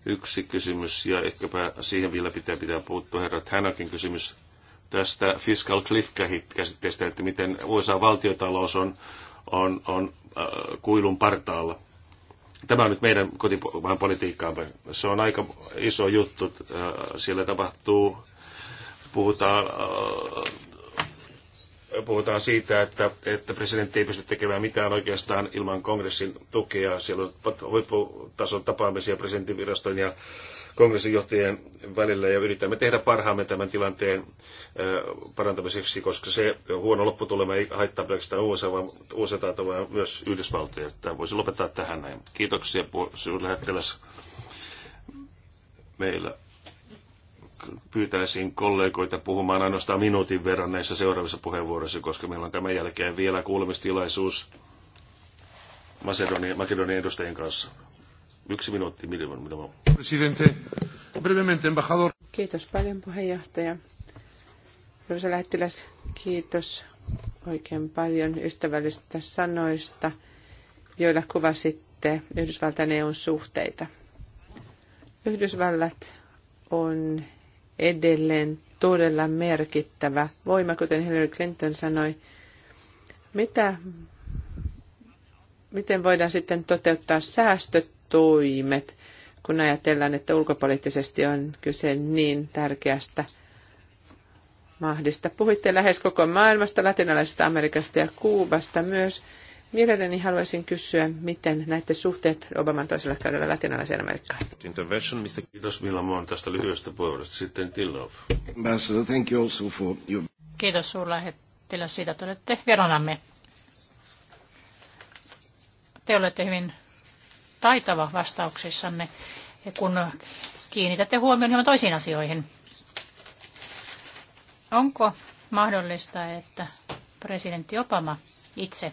Yksi kysymys, ja ehkäpä siihen vielä pitää pitää puuttua, herra Hänäkin kysymys tästä fiscal cliff-käsitteestä, että miten USA-valtiotalous on, on, on äh, kuilun partaalla. Tämä on nyt meidän kotimaan politiikkaamme. Se on aika iso juttu. Äh, siellä tapahtuu, puhutaan äh, puhutaan siitä, että, että presidentti ei pysty tekemään mitään oikeastaan ilman kongressin tukea. Siellä on huipputason tapaamisia presidentin viraston ja kongressin johtajien välillä ja yritämme tehdä parhaamme tämän tilanteen parantamiseksi, koska se huono lopputulema ei haittaa pelkästään USA, vaan, USA vaan myös Yhdysvaltoja. Tämä voisi lopettaa tähän näin. Kiitoksia suurlähettiläs. Meillä pyytäisin kollegoita puhumaan ainoastaan minuutin verran näissä seuraavissa puheenvuoroissa, koska meillä on tämän jälkeen vielä kuulemistilaisuus Macedonian, Macedonian edustajien kanssa. Yksi minuutti, mitä minimum. Presidente, embajador. Kiitos paljon puheenjohtaja. Arvoisa lähettiläs, kiitos oikein paljon ystävällisistä sanoista, joilla kuvasitte Yhdysvaltain EUn suhteita. Yhdysvallat on edelleen todella merkittävä voima, kuten Hillary Clinton sanoi. Mitä, miten voidaan sitten toteuttaa säästötoimet, kun ajatellaan, että ulkopoliittisesti on kyse niin tärkeästä mahdista? Puhuitte lähes koko maailmasta, latinalaisesta Amerikasta ja Kuubasta myös. Mielelläni haluaisin kysyä, miten näette suhteet Obaman toisella kaudella latinalaiseen Amerikkaan. Intervention, Mr. Kiitos Vilmoon tästä lyhyestä puheenvuorosta. Sitten Tillov. thank you also for your... Kiitos suurlähettiläs siitä, että olette vieraanamme. Te olette hyvin taitava vastauksissanne, kun kiinnitätte huomioon hieman toisiin asioihin. Onko mahdollista, että presidentti Obama itse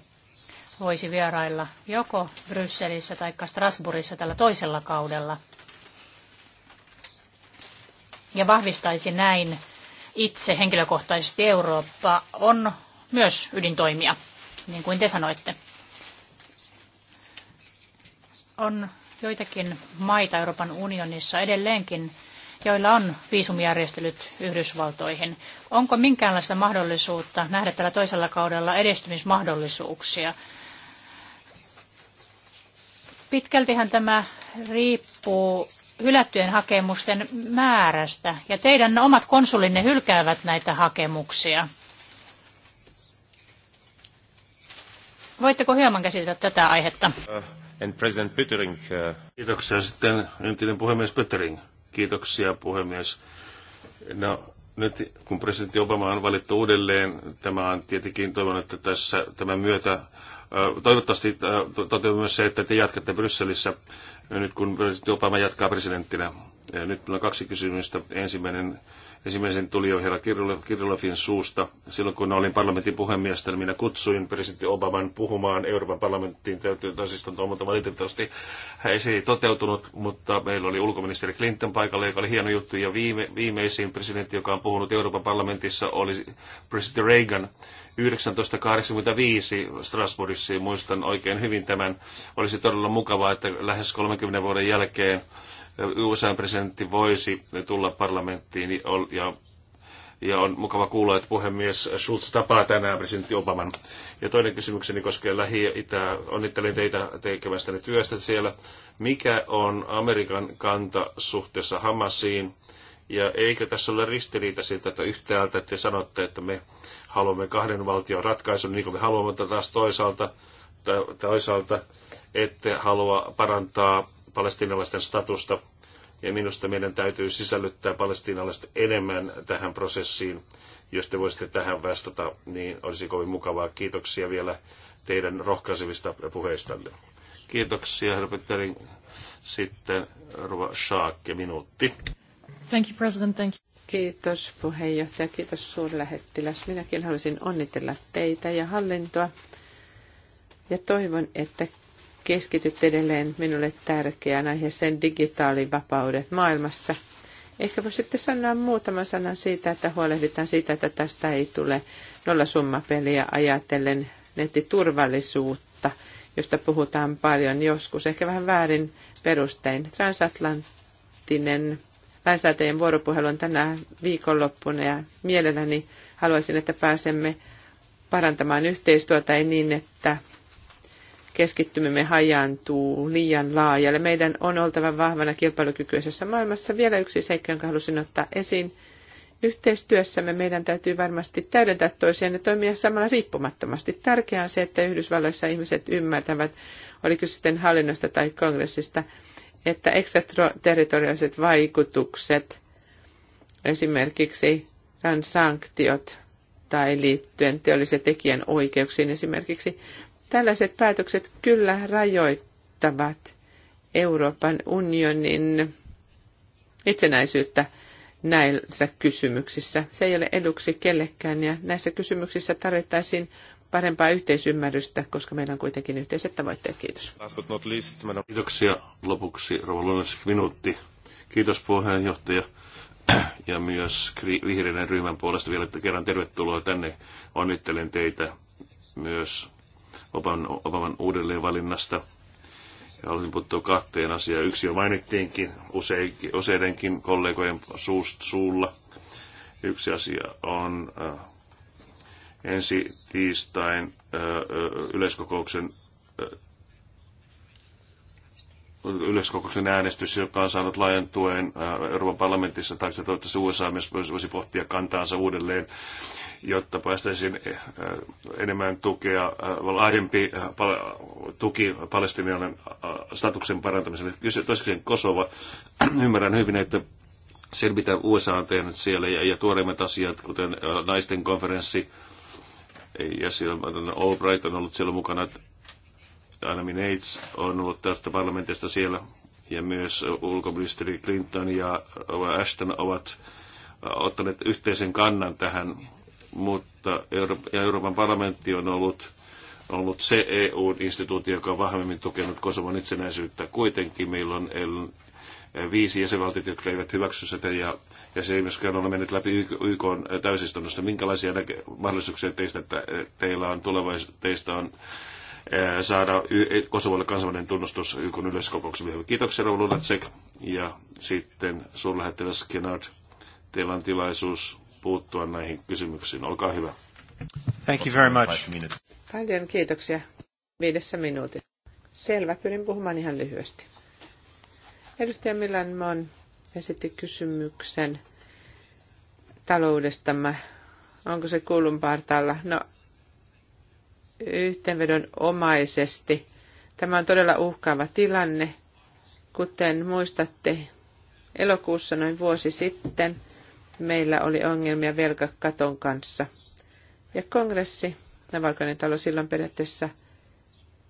voisi vierailla joko Brysselissä tai Strasbourgissa tällä toisella kaudella. Ja vahvistaisi näin itse henkilökohtaisesti Eurooppa on myös ydintoimija, niin kuin te sanoitte. On joitakin maita Euroopan unionissa edelleenkin, joilla on viisumijärjestelyt Yhdysvaltoihin. Onko minkäänlaista mahdollisuutta nähdä tällä toisella kaudella edistymismahdollisuuksia Pitkältihän tämä riippuu hylättyjen hakemusten määrästä, ja teidän omat konsulinne hylkäävät näitä hakemuksia. Voitteko hieman käsitellä tätä aihetta? Uh, President uh, Kiitoksia sitten entinen puhemies Pöttering. Kiitoksia puhemies. No, nyt kun presidentti Obama on valittu uudelleen, tämä on tietenkin toivon, että tässä tämän myötä Toivottavasti toteutuu myös se, että te jatkatte Brysselissä nyt kun Obama jatkaa presidenttinä. Nyt minulla on kaksi kysymystä. Ensimmäinen Ensimmäisen tuli jo herra Kirillovin suusta. Silloin kun olin parlamentin puhemies, niin minä kutsuin presidentti Obaman puhumaan Euroopan parlamenttiin täysistuntoon, mutta valitettavasti hän ei toteutunut, mutta meillä oli ulkoministeri Clinton paikalla, joka oli hieno juttu, ja viime, viimeisin presidentti, joka on puhunut Euroopan parlamentissa, oli presidentti Reagan 1985 Strasbourgissa, muistan oikein hyvin tämän. Olisi todella mukavaa, että lähes 30 vuoden jälkeen USA-presidentti voisi tulla parlamenttiin ja ja on mukava kuulla, että puhemies Schulz tapaa tänään presidentti Obaman. Ja toinen kysymykseni koskee Lähi-Itää. Onnittelen teitä tekemästänne työstä siellä. Mikä on Amerikan kanta suhteessa Hamasiin? Ja eikö tässä ole ristiriita siitä, että yhtäältä te sanotte, että me haluamme kahden valtion ratkaisun, niin kuin me haluamme, mutta taas toisaalta, toisaalta ette halua parantaa palestinalaisten statusta, ja minusta meidän täytyy sisällyttää palestiinalaiset enemmän tähän prosessiin. Jos te voisitte tähän vastata, niin olisi kovin mukavaa. Kiitoksia vielä teidän rohkaisevista puheistanne. Kiitoksia, herra Petteri. Sitten Rova Shaakke, minuutti. Thank you, President. Thank you. Kiitos puheenjohtaja, kiitos suurlähettiläs. Minäkin haluaisin onnitella teitä ja hallintoa ja toivon, että keskityt edelleen minulle tärkeään aiheeseen digitaalivapaudet maailmassa. Ehkä voisitte sanoa muutaman sanan siitä, että huolehditaan siitä, että tästä ei tule nollasummapeliä ajatellen nettiturvallisuutta, josta puhutaan paljon joskus, ehkä vähän väärin perustein. Transatlanttinen lainsäätäjien vuoropuhelu on tänä viikonloppuna ja mielelläni haluaisin, että pääsemme parantamaan yhteistyötä, ei niin, että keskittymimme hajaantuu liian laajalle. Meidän on oltava vahvana kilpailukykyisessä maailmassa. Vielä yksi seikka, jonka halusin ottaa esiin. Yhteistyössämme meidän täytyy varmasti täydentää toisiaan ja toimia samalla riippumattomasti. Tärkeää on se, että Yhdysvalloissa ihmiset ymmärtävät, oliko sitten hallinnosta tai kongressista, että ekstraterritoriaaliset vaikutukset, esimerkiksi sanktiot tai liittyen teollisen tekijän oikeuksiin esimerkiksi, Tällaiset päätökset kyllä rajoittavat Euroopan unionin itsenäisyyttä näissä kysymyksissä. Se ei ole eduksi kellekään ja näissä kysymyksissä tarvittaisiin parempaa yhteisymmärrystä, koska meillä on kuitenkin yhteiset tavoitteet. Kiitos. Kiitoksia lopuksi, Rova minuutti. Kiitos puheenjohtaja *clears throat* ja myös vihreiden ryhmän puolesta vielä kerran tervetuloa tänne. Onnittelen teitä myös Obaman, Obaman uudelleenvalinnasta. Ja haluaisin puuttua kahteen asiaan. Yksi jo mainittiinkin useidenkin kollegojen suust, suulla. Yksi asia on äh, ensi tiistain äh, äh, yleiskokouksen äh, yleiskokouksen äänestys, joka on saanut laajan tuen äh, Euroopan parlamentissa, tai toivottavasti USA myös voisi pohtia kantaansa uudelleen jotta päästäisiin eh, eh, enemmän tukea, eh, laajempi tuki palestinian statuksen parantamiselle. Toisekseen Kosova, *clears throat* ymmärrän hyvin, että sen mitä USA on tehnyt siellä ja, ja tuoreimmat asiat, kuten naisten konferenssi, ja siellä Albright on ollut siellä mukana, Anna Minates on ollut tästä parlamentista siellä, ja myös ulkoministeri Clinton ja Ashton ovat ottaneet yhteisen kannan tähän mutta ja Euroopan parlamentti on ollut, ollut se EU-instituutio, joka on vahvemmin tukenut Kosovon itsenäisyyttä. Kuitenkin meillä on viisi jäsenvaltiota, jotka eivät hyväksy sitä, ja, ja se ei myöskään ole mennyt läpi YK täysistunnosta. Minkälaisia näke- mahdollisuuksia teistä, että eh, teillä on tulevais- teistä on eh, saada eh, Kosovolle kansainvälinen tunnustus YK yleiskokoukselle. Kiitoksia Rauh Lunacek ja sitten suurlähettiläs Kennard. Teillä on tilaisuus puuttua näihin kysymyksiin. Olkaa hyvä. Thank you very much. Paljon kiitoksia. Viidessä minuutissa. Selvä, pyrin puhumaan ihan lyhyesti. Edustaja Milanmon esitti kysymyksen taloudestamme. Onko se kuulun partaalla? No, yhteenvedon omaisesti. Tämä on todella uhkaava tilanne. Kuten muistatte, elokuussa noin vuosi sitten – meillä oli ongelmia velkakaton kanssa. Ja kongressi ja Valkoinen talo silloin periaatteessa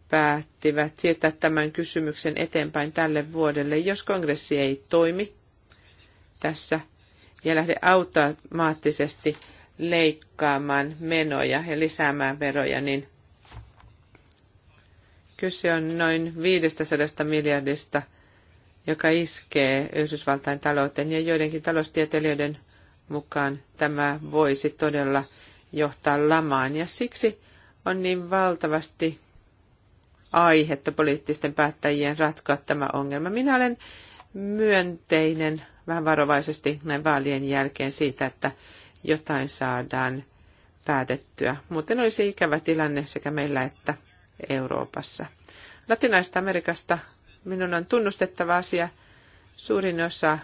päättivät siirtää tämän kysymyksen eteenpäin tälle vuodelle, jos kongressi ei toimi tässä ja lähde automaattisesti leikkaamaan menoja ja lisäämään veroja, niin kyse on noin 500 miljardista, joka iskee Yhdysvaltain talouteen ja joidenkin taloustieteilijöiden – mukaan tämä voisi todella johtaa lamaan. Ja siksi on niin valtavasti aihetta poliittisten päättäjien ratkoa tämä ongelma. Minä olen myönteinen vähän varovaisesti näin vaalien jälkeen siitä, että jotain saadaan päätettyä. Muuten olisi ikävä tilanne sekä meillä että Euroopassa. Latinalaisesta Amerikasta minun on tunnustettava asia. Suurin osa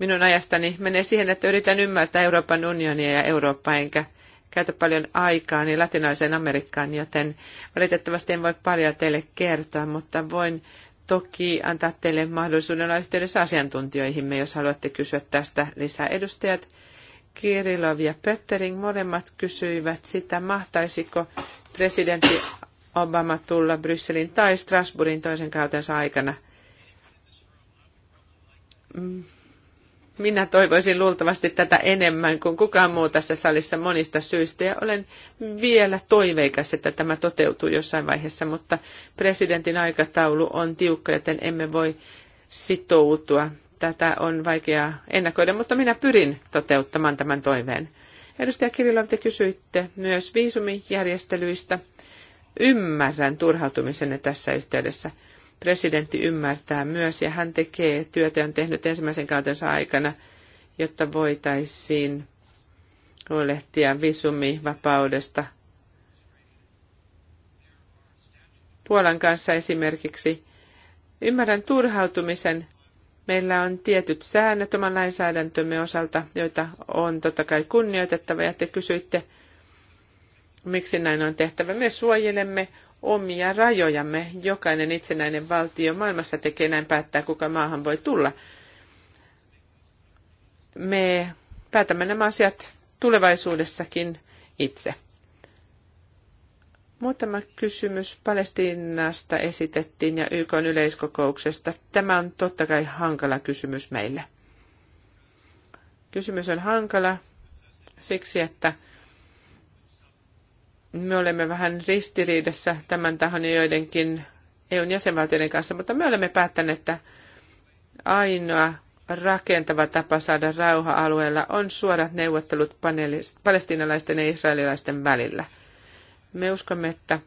minun ajastani menee siihen, että yritän ymmärtää Euroopan unionia ja Eurooppaa, enkä käytä paljon aikaa niin latinalaiseen Amerikkaan, joten valitettavasti en voi paljon teille kertoa, mutta voin toki antaa teille mahdollisuuden olla yhteydessä asiantuntijoihimme, jos haluatte kysyä tästä lisää. Edustajat Kirilov ja Pöttering molemmat kysyivät sitä, mahtaisiko presidentti Obama tulla Brysselin tai Strasbourgin toisen kautensa aikana. Mm. Minä toivoisin luultavasti tätä enemmän kuin kukaan muu tässä salissa monista syistä ja olen vielä toiveikas, että tämä toteutuu jossain vaiheessa, mutta presidentin aikataulu on tiukka, joten emme voi sitoutua. Tätä on vaikea ennakoida, mutta minä pyrin toteuttamaan tämän toiveen. Edustaja Kirilov, te kysyitte myös viisumijärjestelyistä. Ymmärrän turhautumisenne tässä yhteydessä presidentti ymmärtää myös ja hän tekee työtä ja on tehnyt ensimmäisen kautensa aikana, jotta voitaisiin huolehtia visumivapaudesta. Puolan kanssa esimerkiksi ymmärrän turhautumisen. Meillä on tietyt säännöt oman lainsäädäntömme osalta, joita on totta kai kunnioitettava. Ja te kysyitte, miksi näin on tehtävä. Me suojelemme omia rajojamme. Jokainen itsenäinen valtio maailmassa tekee näin päättää, kuka maahan voi tulla. Me päätämme nämä asiat tulevaisuudessakin itse. Muutama kysymys Palestiinasta esitettiin ja YK yleiskokouksesta. Tämä on totta kai hankala kysymys meille. Kysymys on hankala siksi, että me olemme vähän ristiriidassa tämän tahon ja joidenkin EUn jäsenvaltioiden kanssa, mutta me olemme päättäneet, että ainoa rakentava tapa saada rauha alueella on suorat neuvottelut palestinalaisten ja israelilaisten välillä. Me uskomme, että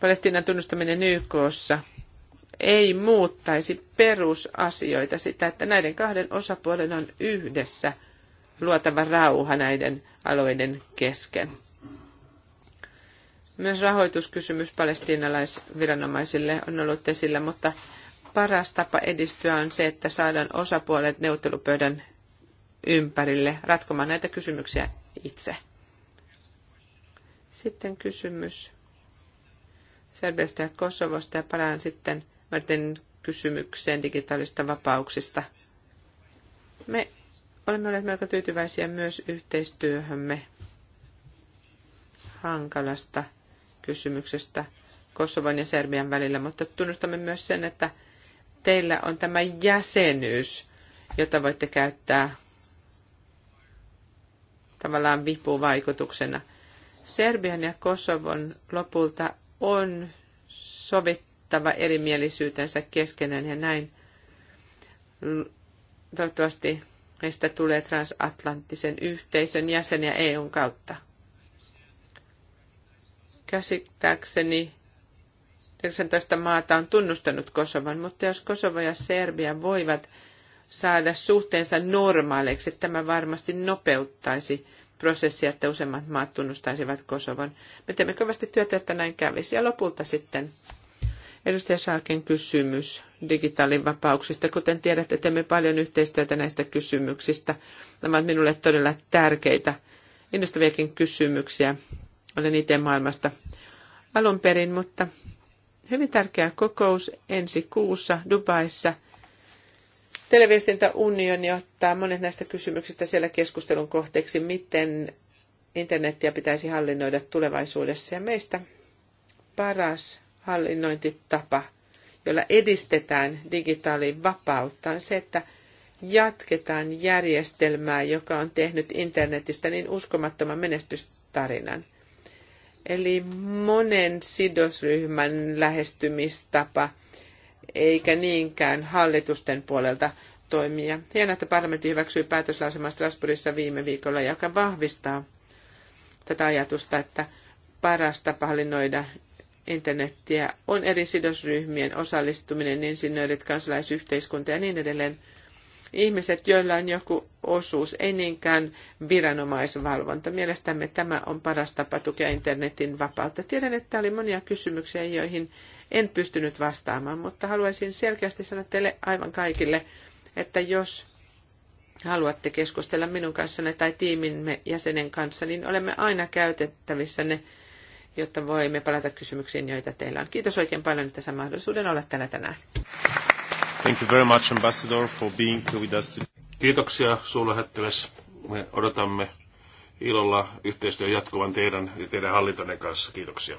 Palestiinan tunnustaminen YKssa ei muuttaisi perusasioita sitä, että näiden kahden osapuolen on yhdessä luotava rauha näiden alueiden kesken. Myös rahoituskysymys palestiinalaisviranomaisille on ollut esillä, mutta paras tapa edistyä on se, että saadaan osapuolet neuvottelupöydän ympärille ratkomaan näitä kysymyksiä itse. Sitten kysymys Serbiasta ja Kosovosta ja palaan sitten Martin kysymykseen digitaalista vapauksista. Me olemme olleet melko tyytyväisiä myös yhteistyöhömme hankalasta kysymyksestä Kosovan ja Serbian välillä, mutta tunnustamme myös sen, että teillä on tämä jäsenyys, jota voitte käyttää tavallaan vipuvaikutuksena. Serbian ja Kosovon lopulta on sovittava erimielisyytensä keskenään ja näin toivottavasti meistä tulee transatlanttisen yhteisön jäseniä EUn kautta. Käsittääkseni 19 maata on tunnustanut Kosovan, mutta jos Kosovo ja Serbia voivat saada suhteensa normaaleiksi, tämä varmasti nopeuttaisi prosessia, että useimmat maat tunnustaisivat Kosovon. Me teemme kovasti työtä, että näin kävisi. Ja lopulta sitten edustaja Saaken kysymys digitaalivapauksista. Kuten tiedätte, teemme paljon yhteistyötä näistä kysymyksistä. Nämä ovat minulle todella tärkeitä, innostaviakin kysymyksiä olen itse maailmasta alun perin, mutta hyvin tärkeä kokous ensi kuussa Dubaissa. Televiestintäunioni ottaa monet näistä kysymyksistä siellä keskustelun kohteeksi, miten internettiä pitäisi hallinnoida tulevaisuudessa. Ja meistä paras hallinnointitapa, jolla edistetään digitaalivapautta, on se, että jatketaan järjestelmää, joka on tehnyt internetistä niin uskomattoman menestystarinan. Eli monen sidosryhmän lähestymistapa, eikä niinkään hallitusten puolelta toimia. Hienoa, että parlamentti hyväksyi päätöslauselman Strasbourgissa viime viikolla, joka vahvistaa tätä ajatusta, että paras tapa hallinnoida internettiä on eri sidosryhmien osallistuminen, insinöörit, kansalaisyhteiskunta ja niin edelleen – ihmiset, joilla on joku osuus, ei niinkään viranomaisvalvonta. Mielestämme tämä on paras tapa tukea internetin vapautta. Tiedän, että oli monia kysymyksiä, joihin en pystynyt vastaamaan, mutta haluaisin selkeästi sanoa teille aivan kaikille, että jos haluatte keskustella minun kanssanne tai tiimimme jäsenen kanssa, niin olemme aina käytettävissänne, jotta voimme palata kysymyksiin, joita teillä on. Kiitos oikein paljon, että saan mahdollisuuden olla täällä tänään. Thank you very much, Ambassador, for being with us today. Kiitoksia suurlähettiläs. Me odotamme ilolla yhteistyön jatkuvan teidän ja teidän hallintonne kanssa. Kiitoksia.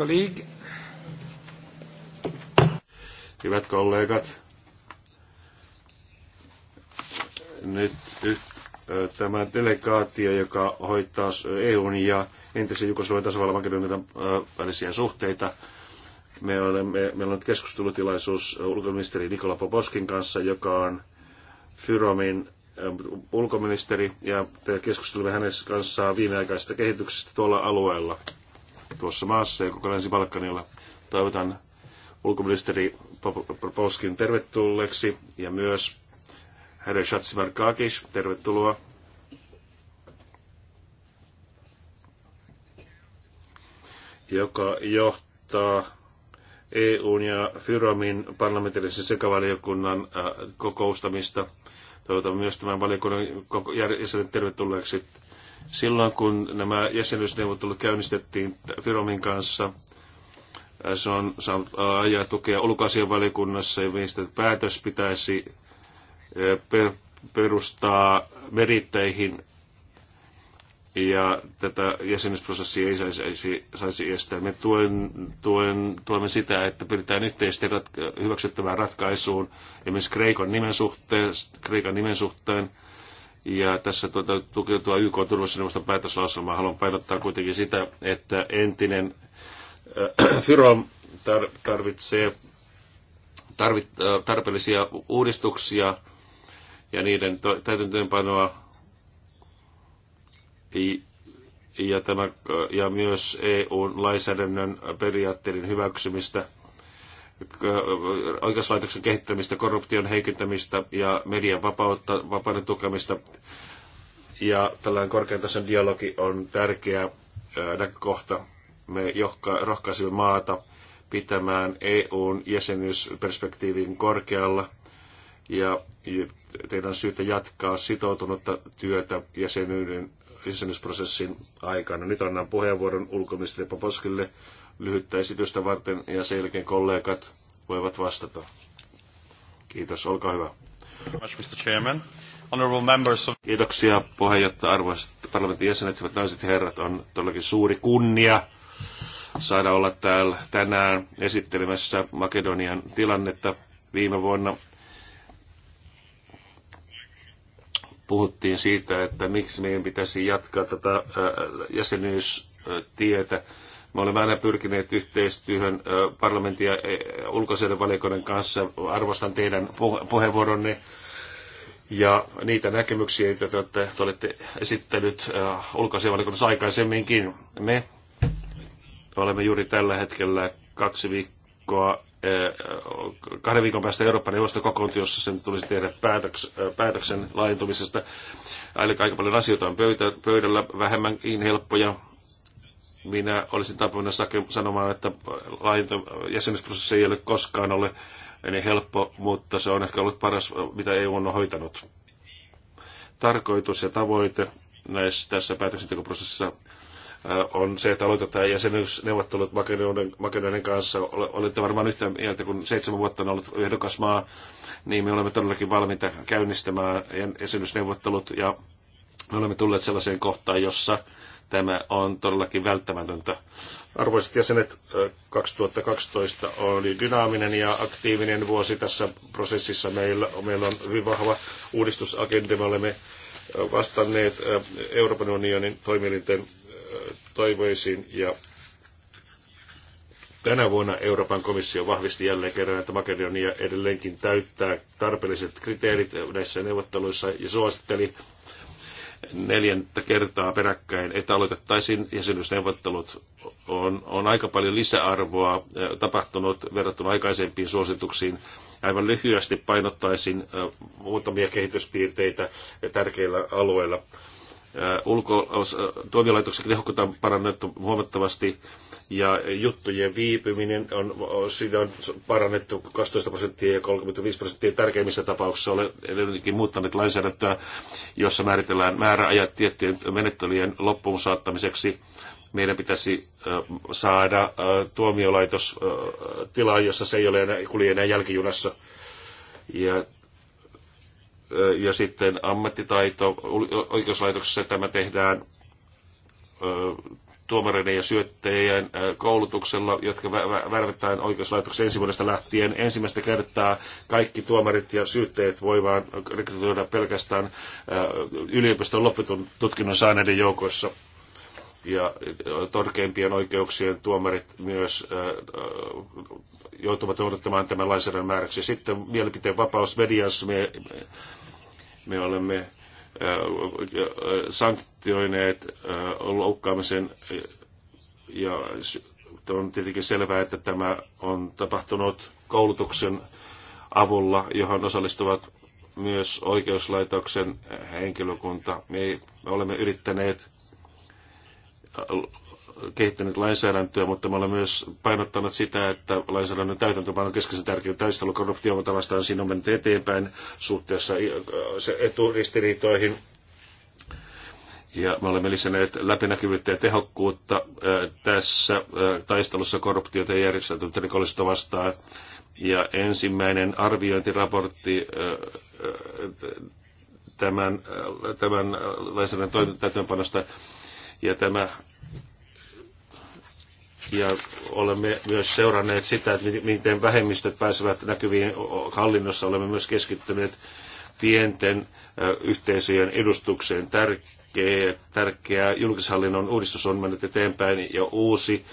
colleague. Hyvät kollegat, nyt tämä delegaatio, joka hoitaa EUn ja entisen Jukosuojan tasavallan Makedonian välisiä suhteita, me olemme, meillä on nyt keskustelutilaisuus ulkoministeri Nikola Poboskin kanssa, joka on Fyromin ulkoministeri, ja keskustelemme hänen kanssaan viimeaikaisesta kehityksestä tuolla alueella tuossa maassa ja koko Länsi-Balkanilla. Toivotan ulkoministeri Popovskin tervetulleeksi ja myös herra Shatsimarkakis, tervetuloa. joka johtaa EUn ja Fyromin parlamentaarisen sekavaliokunnan äh, kokoustamista. Toivotan myös tämän valiokunnan jäsenet tervetulleeksi. Silloin kun nämä jäsenyysneuvottelut käynnistettiin Firomin kanssa, äh, se on saanut äh, ajaa tukea ulkoasianvaliokunnassa ja mistä päätös pitäisi äh, perustaa meritteihin ja tätä jäsenyysprosessia ei saisi, saisi estää. Me tuen, tuen, tuemme sitä, että pyritään yhteisesti ratka- hyväksyttävään ratkaisuun myös Kreikan nimen, suhteen, Kreikan nimen suhteen – ja tässä tuota, tukeutua YK turvallisuusneuvoston päätöslauselmaa haluan painottaa kuitenkin sitä, että entinen äh, *clears throat* Fyrom tar, tarvitsee tarvit, äh, tarpeellisia uudistuksia ja niiden to, täytäntöönpanoa ja, tämä, äh, ja myös EU-lainsäädännön periaatteiden hyväksymistä – Äh, oikeuslaitoksen kehittämistä, korruption heikentämistä ja median vapautta, vapauden tukemista. Ja tällainen korkean tason dialogi on tärkeä äh, näkökohta. Me rohkaisimme maata pitämään EUn jäsenyysperspektiivin korkealla ja teidän on syytä jatkaa sitoutunutta työtä jäsenyyden, jäsenyysprosessin aikana. Nyt annan puheenvuoron ulkoministeri Poposkille lyhyttä esitystä varten ja sen jälkeen kollegat voivat vastata. Kiitos, olkaa hyvä. Kiitoksia puheenjohtaja, arvoisat parlamentin jäsenet, hyvät naiset ja herrat. On todellakin suuri kunnia saada olla täällä tänään esittelemässä Makedonian tilannetta. Viime vuonna puhuttiin siitä, että miksi meidän pitäisi jatkaa tätä äh, jäsenyystietä me olemme aina pyrkineet yhteistyöhön parlamentin ja e, ulkoisen valiokunnan kanssa. Arvostan teidän puheenvuoronne ja niitä näkemyksiä, joita te olette, te olette esittänyt ulkoisen valiokunnassa aikaisemminkin. Me olemme juuri tällä hetkellä kaksi viikkoa kahden viikon päästä Euroopan neuvosto kokoontui, jossa sen tulisi tehdä päätöks, päätöksen laajentumisesta. Aika paljon asioita on pöytä, pöydällä, vähemmänkin helppoja. Minä olisin taipuvainen sanomaan, että jäsenyysprosessi ei ole koskaan ole niin helppo, mutta se on ehkä ollut paras, mitä EU on hoitanut. Tarkoitus ja tavoite näissä, tässä päätöksentekoprosessissa äh, on se, että aloitetaan jäsenyysneuvottelut Makedonian, kanssa. Olette varmaan yhtä mieltä, kun seitsemän vuotta on ollut ehdokas maa, niin me olemme todellakin valmiita käynnistämään jäsenyysneuvottelut ja me olemme tulleet sellaiseen kohtaan, jossa Tämä on todellakin välttämätöntä. Arvoisat jäsenet, 2012 oli dynaaminen ja aktiivinen vuosi tässä prosessissa. Meillä, meillä on hyvin vahva uudistusagenda. Me olemme vastanneet Euroopan unionin toimielinten toivoisiin ja Tänä vuonna Euroopan komissio vahvisti jälleen kerran, että Makedonia edelleenkin täyttää tarpeelliset kriteerit näissä neuvotteluissa ja suositteli neljäntä kertaa peräkkäin, että aloitettaisiin jäsenyysneuvottelut. On, on aika paljon lisäarvoa eh, tapahtunut verrattuna aikaisempiin suosituksiin. Aivan lyhyesti painottaisin eh, muutamia kehityspiirteitä tärkeillä alueilla eh, ulko- tuomiolaitoksen tehokkuutta on parannettu huomattavasti ja juttujen viipyminen on, siinä on parannettu 12 prosenttia ja 35 prosenttia tärkeimmissä tapauksissa olen edelleenkin muuttanut lainsäädäntöä, jossa määritellään määräajat tiettyjen menettelyjen loppuun saattamiseksi. Meidän pitäisi saada tuomiolaitos tilaan, jossa se ei ole enää, kulje enää jälkijunassa. Ja ja sitten ammattitaito. Oikeuslaitoksessa tämä tehdään tuomareiden ja syöttäjien äh, koulutuksella, jotka värvetään oikeuslaitoksen ensi vuodesta lähtien. Ensimmäistä kertaa kaikki tuomarit ja syyttäjät voivat rekrytoida pelkästään äh, yliopiston loppututkinnon saaneiden joukossa ja äh, torkeimpien oikeuksien tuomarit myös joutuvat odottamaan tämän lainsäädännön määräksi. Sitten mielipiteen vapaus mediassa me, me olemme sanktioineet loukkaamisen ja on tietenkin selvää, että tämä on tapahtunut koulutuksen avulla, johon osallistuvat myös oikeuslaitoksen henkilökunta. Me olemme yrittäneet kehittänyt lainsäädäntöä, mutta me olemme myös painottanut sitä, että lainsäädännön täytäntöpano on keskeisen tärkeä taistelu korruptiota vastaan. Siinä on mennyt eteenpäin suhteessa äh, eturistiriitoihin. Ja me olemme lisänneet läpinäkyvyyttä ja tehokkuutta äh, tässä äh, taistelussa korruptiota ja järjestäytynyttä rikollisuutta vastaan. Ja ensimmäinen arviointiraportti tämän, tämän lainsäädännön panosta ja tämä ja olemme myös seuranneet sitä, että miten vähemmistöt pääsevät näkyviin hallinnossa. Olemme myös keskittyneet pienten yhteisöjen edustukseen. Tärkeä, tärkeä julkishallinnon uudistus on mennyt eteenpäin ja uusi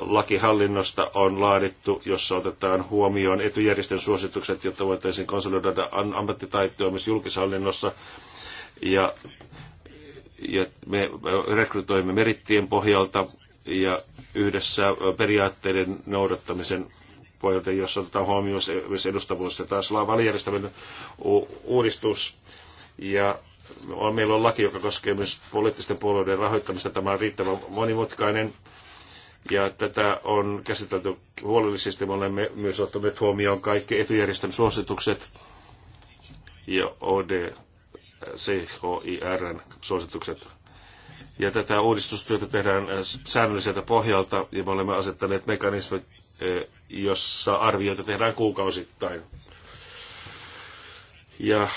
lakihallinnosta on laadittu, jossa otetaan huomioon etujärjestön suositukset, jotta voitaisiin konsolidoida ammattitaitoa myös julkishallinnossa. Ja, ja me rekrytoimme merittien pohjalta ja yhdessä periaatteiden noudattamisen pohjalta, jossa otetaan huomioon myös edustavuus ja taas valijärjestelmän uudistus. Ja on, meillä on laki, joka koskee myös poliittisten puolueiden rahoittamista. Tämä on riittävän monimutkainen ja tätä on käsitelty huolellisesti. Me olemme myös ottaneet huomioon kaikki etujärjestön suositukset ja OD, CHIRn suositukset ja tätä uudistustyötä tehdään äh, säännölliseltä pohjalta ja me olemme asettaneet mekanismit, äh, jossa arvioita tehdään kuukausittain. Ja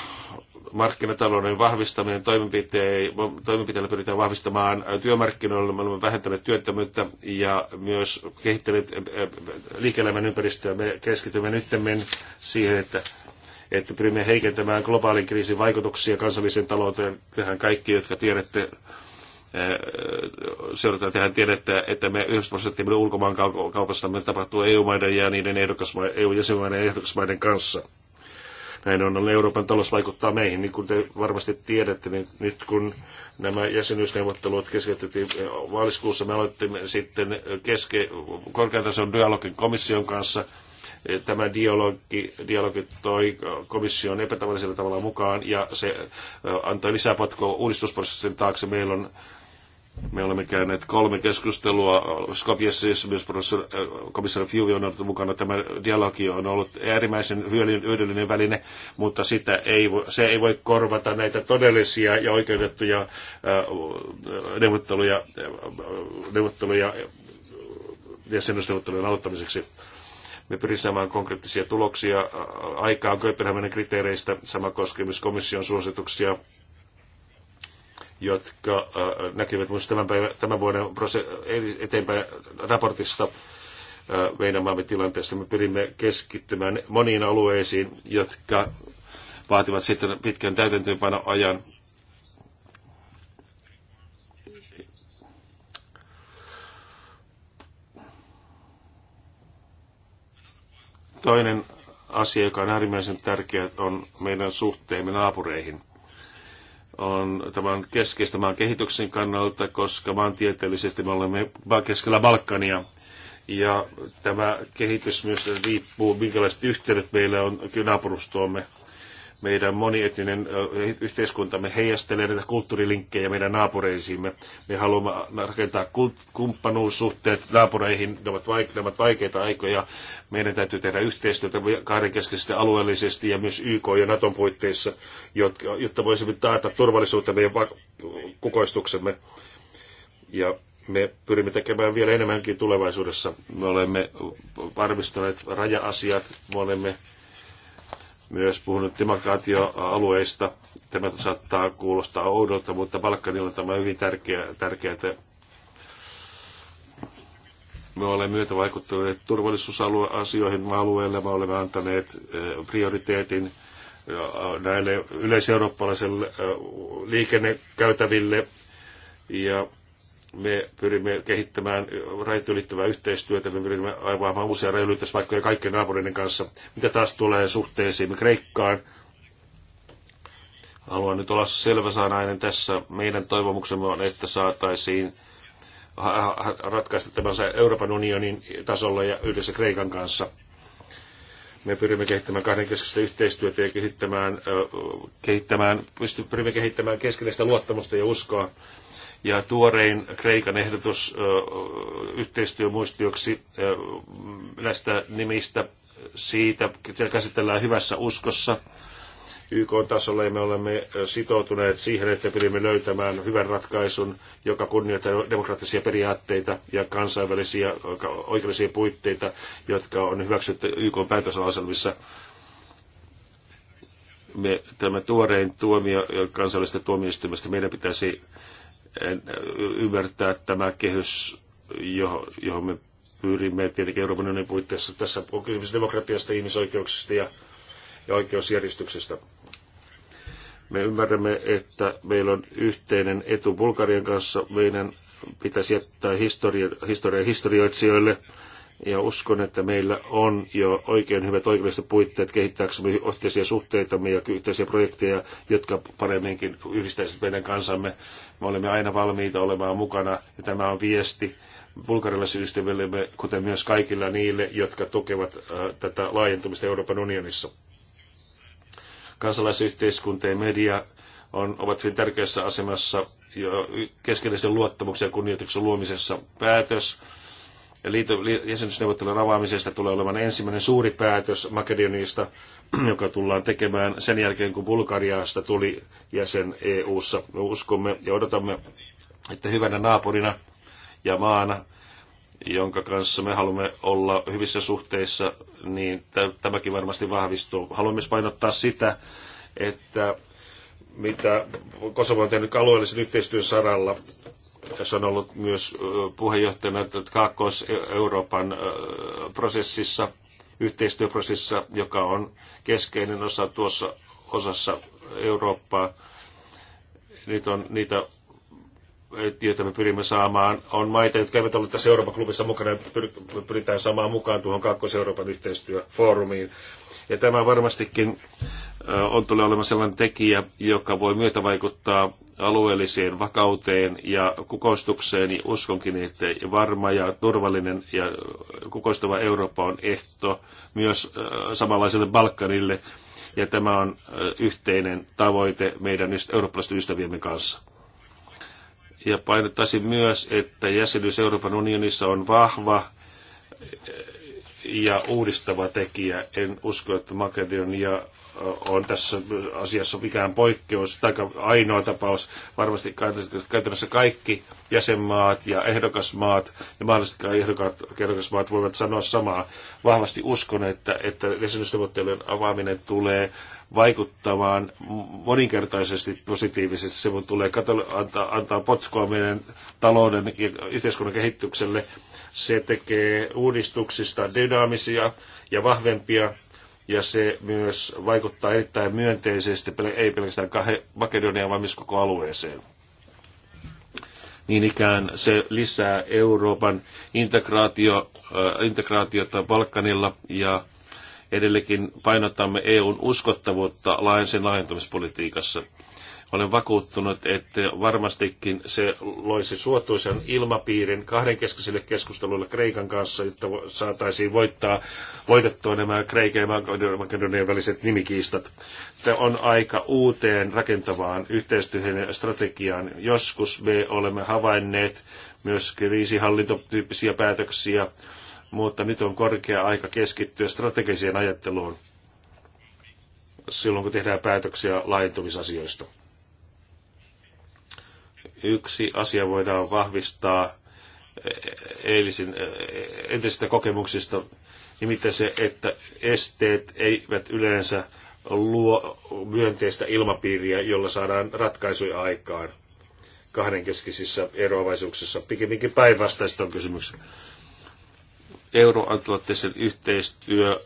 markkinatalouden vahvistaminen toimenpiteillä pyritään vahvistamaan työmarkkinoilla. Me olemme vähentäneet työttömyyttä ja myös kehittäneet äh, liike-elämän ympäristöä. Me keskitymme nyt siihen, että että pyrimme heikentämään globaalin kriisin vaikutuksia kansalliseen talouteen. Tehän kaikki, jotka tiedätte seurataan tähän tiedettä, että me 90 prosenttia meidän ulkomaan kaupasta me tapahtuu EU-maiden ja niiden EU-jäsenmaiden e ehdokasmaiden kanssa. Näin on, Euroopan talous vaikuttaa meihin, niin kuin te varmasti tiedätte, niin nyt kun nämä jäsenyysneuvottelut keskeytettiin vaaliskuussa, me aloitimme sitten keske, korkeatason dialogin komission kanssa, e, tämä dialogi, dialogi toi komission epätavallisella tavalla mukaan ja se antoi lisäpotkua uudistusprosessin taakse. Meillä on me olemme käyneet kolme keskustelua Skopjessa, jossa myös professori, äh, komissaari Fiuvi on ollut mukana. Tämä dialogi on ollut äärimmäisen hyödyllinen väline, mutta sitä ei, se ei voi korvata näitä todellisia ja oikeutettuja äh, neuvotteluja, äh, neuvotteluja jäsenyysneuvottelujen aloittamiseksi. Me pyrimme saamaan konkreettisia tuloksia aikaan Kööpenhaminan kriteereistä. Sama koskee myös komission suosituksia jotka äh, näkyvät myös tämän, päivän, tämän vuoden eteenpäin raportista äh, meidän maamme tilanteesta. Me pyrimme keskittymään moniin alueisiin, jotka vaativat sitten pitkän ajan. Toinen asia, joka on äärimmäisen tärkeä, on meidän suhteemme naapureihin – on tämän keskeistä maan kehityksen kannalta, koska maantieteellisesti me olemme keskellä Balkania. Ja tämä kehitys myös riippuu, minkälaiset yhteydet meillä on naapurustoomme meidän monietninen eh, yhteiskuntamme heijastelee näitä kulttuurilinkkejä meidän naapureisiimme. Me haluamme rakentaa kumppanuussuhteet naapureihin. Ne ovat, vaikeita aikoja. Meidän täytyy tehdä yhteistyötä kahdenkeskisesti alueellisesti ja myös YK ja Naton puitteissa, jotta voisimme taata turvallisuutta meidän kukoistuksemme. Ja me pyrimme tekemään vielä enemmänkin tulevaisuudessa. Me olemme varmistaneet raja-asiat, me olemme myös puhunut demokraatioalueista. Tämä saattaa kuulostaa oudolta, mutta Balkanilla tämä on hyvin tärkeää. Tärkeä, me olemme myötä vaikuttaneet turvallisuusasioihin alueelle, me olemme antaneet eh, prioriteetin eh, näille yleiseurooppalaisille eh, liikennekäytäville ja me pyrimme kehittämään rajat ylittävää yhteistyötä, me pyrimme avaamaan uusia rajoituspaikkoja kaikkien naapureiden kanssa. Mitä taas tulee suhteisiin Kreikkaan, haluan nyt olla selväsanainen tässä. Meidän toivomuksemme on, että saataisiin ratkaista tämänsä Euroopan unionin tasolla ja yhdessä Kreikan kanssa. Me pyrimme kehittämään keskistä yhteistyötä ja kehittämään, kehittämään, pyrimme kehittämään keskinäistä luottamusta ja uskoa ja tuorein Kreikan ehdotus yhteistyömuistioksi näistä nimistä siitä käsitellään hyvässä uskossa. YK-tasolla ja me olemme sitoutuneet siihen, että pyrimme löytämään hyvän ratkaisun, joka kunnioittaa demokraattisia periaatteita ja kansainvälisiä oikeudellisia puitteita, jotka on hyväksytty YK päätösalaisemmissa Me, tämä tuorein tuomio kansallisesta tuomioistuimesta meidän pitäisi ymmärtää tämä kehys, johon me pyrimme tietenkin Euroopan unionin puitteissa. Tässä on kysymys demokratiasta, ihmisoikeuksista ja, ja oikeusjärjestyksestä. Me ymmärrämme, että meillä on yhteinen etu Bulgarian kanssa. Meidän pitäisi jättää historia, historia historioitsijoille ja uskon, että meillä on jo oikein hyvät oikeudelliset puitteet kehittääksemme yhteisiä suhteitamme ja yhteisiä projekteja, jotka paremminkin yhdistäisivät meidän kansamme. Me olemme aina valmiita olemaan mukana ja tämä on viesti bulgarilaisille ystävillemme, kuten myös kaikilla niille, jotka tukevat äh, tätä laajentumista Euroopan unionissa. Kansalaisyhteiskunta ja media on, ovat hyvin tärkeässä asemassa keskeisen luottamuksen ja kunnioituksen luomisessa. Päätös jäsenyysneuvottelujen avaamisesta tulee olemaan ensimmäinen suuri päätös Makedoniasta, *clears throat* joka tullaan tekemään sen jälkeen, kun Bulgariasta tuli jäsen EU-ssa. Me uskomme ja odotamme, että hyvänä naapurina ja maana, jonka kanssa me haluamme olla hyvissä suhteissa, niin tämäkin varmasti vahvistuu. Haluamme myös painottaa sitä, että mitä Kosovo on tehnyt alueellisen yhteistyön saralla. Se on ollut myös puheenjohtajana Kaakkois-Euroopan prosessissa, yhteistyöprosessissa, joka on keskeinen osa tuossa osassa Eurooppaa. Nyt on niitä joita me pyrimme saamaan, on maita, jotka eivät ole tässä Euroopan klubissa mukana, me pyritään saamaan mukaan tuohon Kaakkois-Euroopan yhteistyöfoorumiin. Ja tämä varmastikin on tulee olemaan sellainen tekijä, joka voi myötä vaikuttaa alueelliseen vakauteen ja kukoistukseen, niin uskonkin, että varma ja turvallinen ja kukoistava Eurooppa on ehto myös samanlaiselle Balkanille, ja tämä on yhteinen tavoite meidän eurooppalaisten ystäviemme kanssa. Ja painottaisin myös, että jäsenyys Euroopan unionissa on vahva ja uudistava tekijä. En usko, että Makedonia on tässä asiassa mikään poikkeus tai ainoa tapaus. Varmasti käytännössä kaikki jäsenmaat ja ehdokasmaat ja mahdollisesti ehdokat, ehdokasmaat voivat sanoa samaa. Vahvasti uskon, että, että jäsenyysneuvottelujen avaaminen tulee vaikuttamaan moninkertaisesti positiivisesti. Se tulee antaa, antaa potkua meidän talouden ja yhteiskunnan kehitykselle se tekee uudistuksista dynaamisia ja vahvempia ja se myös vaikuttaa erittäin myönteisesti, ei pelkästään Makedoniaan, vaan myös koko alueeseen. Niin ikään se lisää Euroopan integraatio, äh, integraatiota Balkanilla ja edelleenkin painotamme EUn uskottavuutta sen laajentumispolitiikassa. Olen vakuuttunut, että varmastikin se loisi suotuisen ilmapiirin kahdenkeskisille keskusteluille Kreikan kanssa, jotta saataisiin voittaa, voitettua nämä Kreikan ja Makedonian väliset nimikiistat. Tämä on aika uuteen rakentavaan yhteistyöhön ja strategiaan. Joskus me olemme havainneet myös kriisihallintotyyppisiä päätöksiä, mutta nyt on korkea aika keskittyä strategiseen ajatteluun silloin, kun tehdään päätöksiä laajentumisasioista. Yksi asia voidaan vahvistaa eilisin, entisistä kokemuksista, nimittäin se, että esteet eivät yleensä luo myönteistä ilmapiiriä, jolla saadaan ratkaisuja aikaan kahdenkeskisissä eroavaisuuksissa. Pikemminkin päinvastaista on kysymys. Euroatlanttisen yhteistyö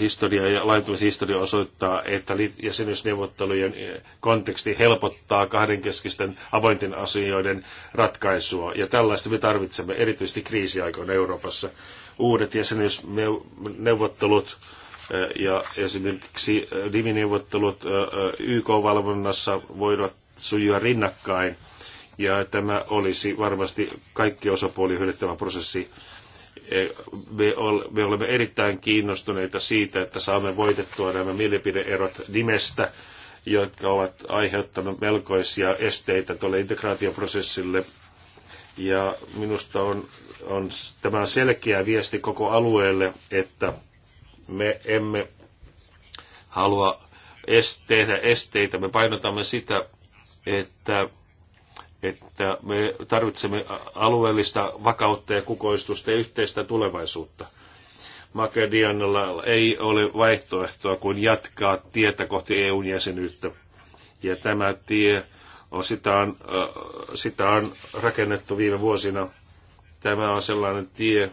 historia ja laajentumishistoria osoittaa, että jäsenyysneuvottelujen konteksti helpottaa kahdenkeskisten avointen asioiden ratkaisua. Ja tällaista me tarvitsemme erityisesti kriisiaikoina Euroopassa. Uudet jäsenyysneuvottelut ja esimerkiksi nimineuvottelut YK-valvonnassa voivat sujua rinnakkain. Ja tämä olisi varmasti kaikki osapuoli hyödyttävä prosessi Eh, me olemme erittäin kiinnostuneita siitä, että saamme voitettua nämä mielipideerot nimestä, jotka ovat aiheuttaneet melkoisia esteitä tuolle integraatioprosessille. Ja minusta on, on tämä selkeä viesti koko alueelle, että me emme halua est, tehdä esteitä. Me painotamme sitä, että että me tarvitsemme alueellista vakautta ja kukoistusta ja yhteistä tulevaisuutta. Makedianalla ei ole vaihtoehtoa kuin jatkaa tietä kohti eu jäsenyyttä. Ja tämä tie on, sitä, on, sitä on rakennettu viime vuosina. Tämä on sellainen tie,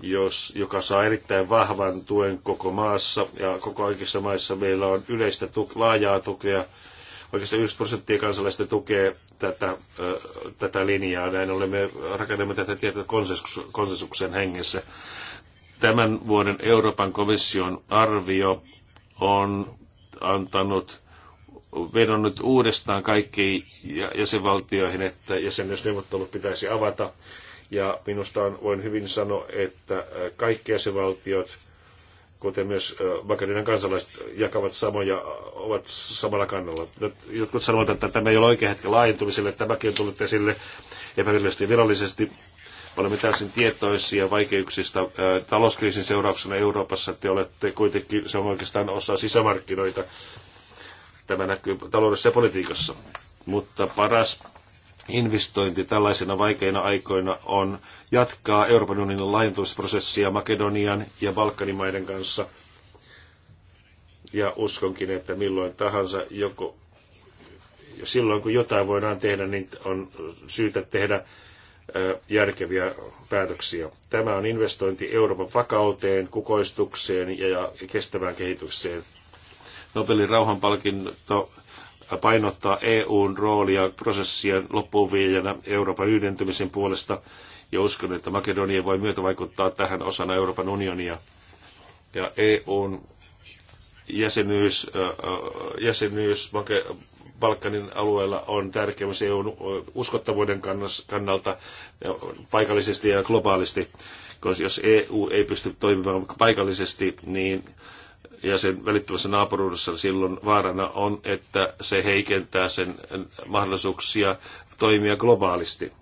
jos, joka saa erittäin vahvan tuen koko maassa ja koko kaikissa maissa meillä on yleistä tuk, laajaa tukea Oikeastaan 1 prosenttia kansalaista tukee tätä, tätä linjaa. Näin olemme rakennamme tätä tietoa konsensuksen hengessä. Tämän vuoden Euroopan komission arvio on antanut vedonnut uudestaan kaikkiin jäsenvaltioihin, että jäsenyysneuvottelut pitäisi avata. Ja minusta on, voin hyvin sanoa, että kaikki jäsenvaltiot – kuten myös Makedonian kansalaiset jakavat samoja, ovat samalla kannalla. Jotkut sanovat, että tämä ei ole oikea hetki laajentumiselle, tämäkin on tullut esille epävirallisesti virallisesti. Olemme täysin tietoisia vaikeuksista talouskriisin seurauksena Euroopassa. Te olette kuitenkin, se on oikeastaan osa sisämarkkinoita. Tämä näkyy taloudessa ja politiikassa. Mutta paras investointi tällaisena vaikeina aikoina on jatkaa Euroopan unionin laajentumisprosessia Makedonian ja Balkanimaiden kanssa. Ja uskonkin, että milloin tahansa joko silloin kun jotain voidaan tehdä, niin on syytä tehdä järkeviä päätöksiä. Tämä on investointi Euroopan vakauteen, kukoistukseen ja kestävään kehitykseen. Nobelin rauhanpalkinto painottaa EUn roolia prosessien loppuun Euroopan yhdentymisen puolesta, ja uskon, että Makedonia voi myötä vaikuttaa tähän osana Euroopan unionia. Ja EUn jäsenyys, jäsenyys Balkanin alueella on tärkeä myös EUn uskottavuuden kannalta paikallisesti ja globaalisti koska jos EU ei pysty toimimaan paikallisesti, niin ja sen välittömässä naapuruudessa silloin vaarana on, että se heikentää sen mahdollisuuksia toimia globaalisti.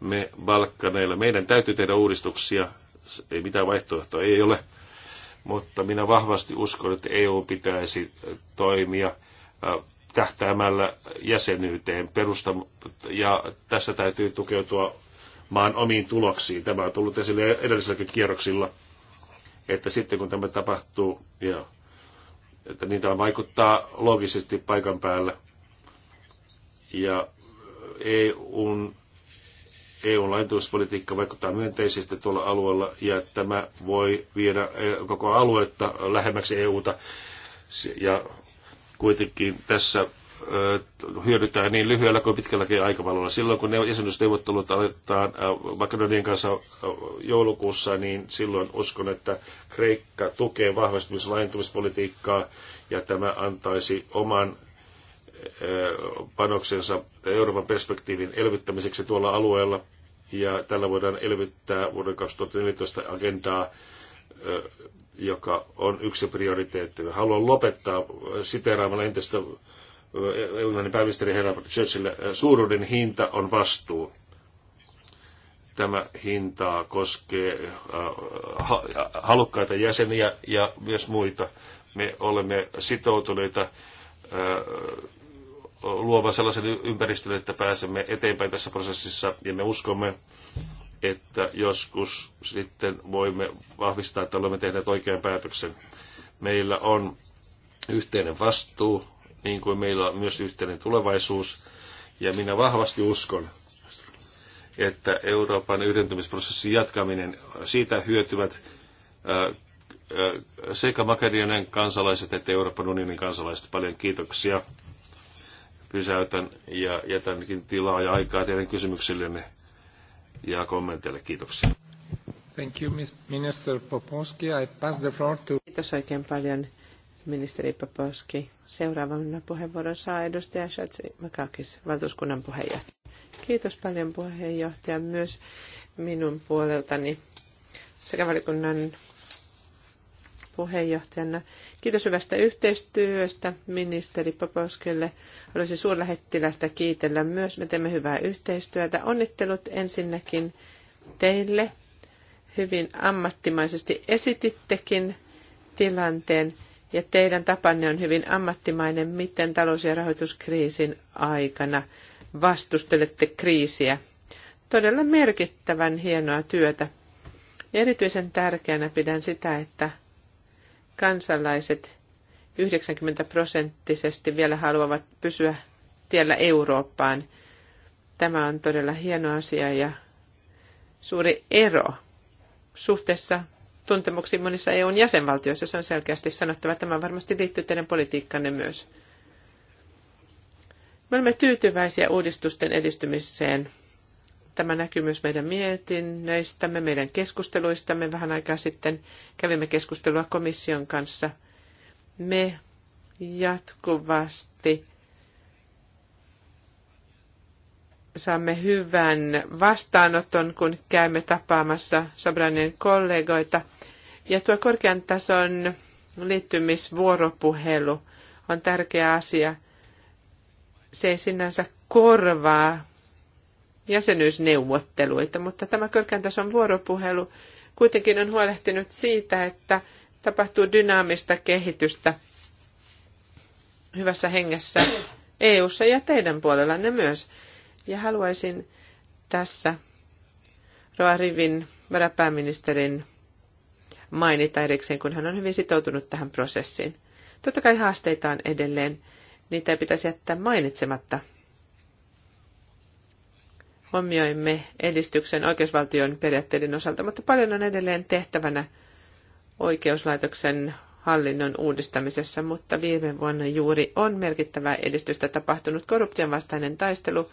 Me Balkaneilla, meidän täytyy tehdä uudistuksia, ei mitään vaihtoehtoa ei ole, mutta minä vahvasti uskon, että EU pitäisi toimia tähtäämällä jäsenyyteen perusta, ja tässä täytyy tukeutua maan omiin tuloksiin. Tämä on tullut esille edellisilläkin kierroksilla että sitten kun tämä tapahtuu, joo, että niitä vaikuttaa logisesti paikan päällä. Ja EUn, EUn lainsäädäntöpolitiikka vaikuttaa myönteisesti tuolla alueella ja tämä voi viedä eh, koko aluetta lähemmäksi EUta. Ja kuitenkin tässä hyödytään niin lyhyellä kuin pitkälläkin aikavälillä. Silloin kun ne jäsenyysneuvottelut aletaan Makedonian kanssa joulukuussa, niin silloin uskon, että Kreikka tukee vahvistumis- laajentumispolitiikkaa ja tämä antaisi oman panoksensa Euroopan perspektiivin elvyttämiseksi tuolla alueella. Ja tällä voidaan elvyttää vuoden 2014 agendaa joka on yksi prioriteetti. Haluan lopettaa siteraamalla entistä englannin pääministeri herra Churchill, suuruuden hinta on vastuu. Tämä hintaa koskee halukkaita jäseniä ja myös muita. Me olemme sitoutuneita luomaan sellaisen ympäristön, että pääsemme eteenpäin tässä prosessissa ja me uskomme, että joskus sitten voimme vahvistaa, että olemme tehneet oikean päätöksen. Meillä on yhteinen vastuu, niin kuin meillä on myös yhteinen tulevaisuus. Ja minä vahvasti uskon, että Euroopan yhdentymisprosessin jatkaminen, siitä hyötyvät sekä Makedonian kansalaiset että Euroopan unionin kansalaiset. Paljon kiitoksia. Pysäytän ja jätänkin tilaa ja aikaa teidän kysymyksillenne ja kommenteille. Kiitoksia. Thank you, Minister Poponski. I pass the floor to... Kiitos oikein paljon ministeri Paposki. Seuraavana puheenvuoron saa edustaja Shatsi Makakis, valtuuskunnan puheenjohtaja. Kiitos paljon puheenjohtaja myös minun puoleltani sekä valikunnan puheenjohtajana. Kiitos hyvästä yhteistyöstä ministeri Paposkelle. Haluaisin suurlähettilästä kiitellä myös. Me teemme hyvää yhteistyötä. Onnittelut ensinnäkin teille. Hyvin ammattimaisesti esitittekin tilanteen ja teidän tapanne on hyvin ammattimainen, miten talous- ja rahoituskriisin aikana vastustelette kriisiä. Todella merkittävän hienoa työtä. Erityisen tärkeänä pidän sitä, että kansalaiset 90 prosenttisesti vielä haluavat pysyä tiellä Eurooppaan. Tämä on todella hieno asia ja suuri ero suhteessa tuntemuksiin monissa EUn jäsenvaltioissa. Se on selkeästi sanottava. Tämä varmasti liittyy teidän politiikkanne myös. Me olemme tyytyväisiä uudistusten edistymiseen. Tämä näkyy myös meidän mietinnöistämme, meidän keskusteluistamme. Vähän aikaa sitten kävimme keskustelua komission kanssa. Me jatkuvasti saamme hyvän vastaanoton, kun käymme tapaamassa Sabranin kollegoita. Ja tuo korkean tason liittymisvuoropuhelu on tärkeä asia. Se ei sinänsä korvaa jäsenyysneuvotteluita, mutta tämä korkean tason vuoropuhelu kuitenkin on huolehtinut siitä, että tapahtuu dynaamista kehitystä hyvässä hengessä EU-ssa ja teidän puolellanne myös. Ja haluaisin tässä Roa Rivin varapääministerin mainita erikseen, kun hän on hyvin sitoutunut tähän prosessiin. Totta kai haasteita on edelleen, niitä ei pitäisi jättää mainitsematta. Huomioimme edistyksen oikeusvaltion periaatteiden osalta, mutta paljon on edelleen tehtävänä oikeuslaitoksen hallinnon uudistamisessa, mutta viime vuonna juuri on merkittävää edistystä tapahtunut korruption vastainen taistelu –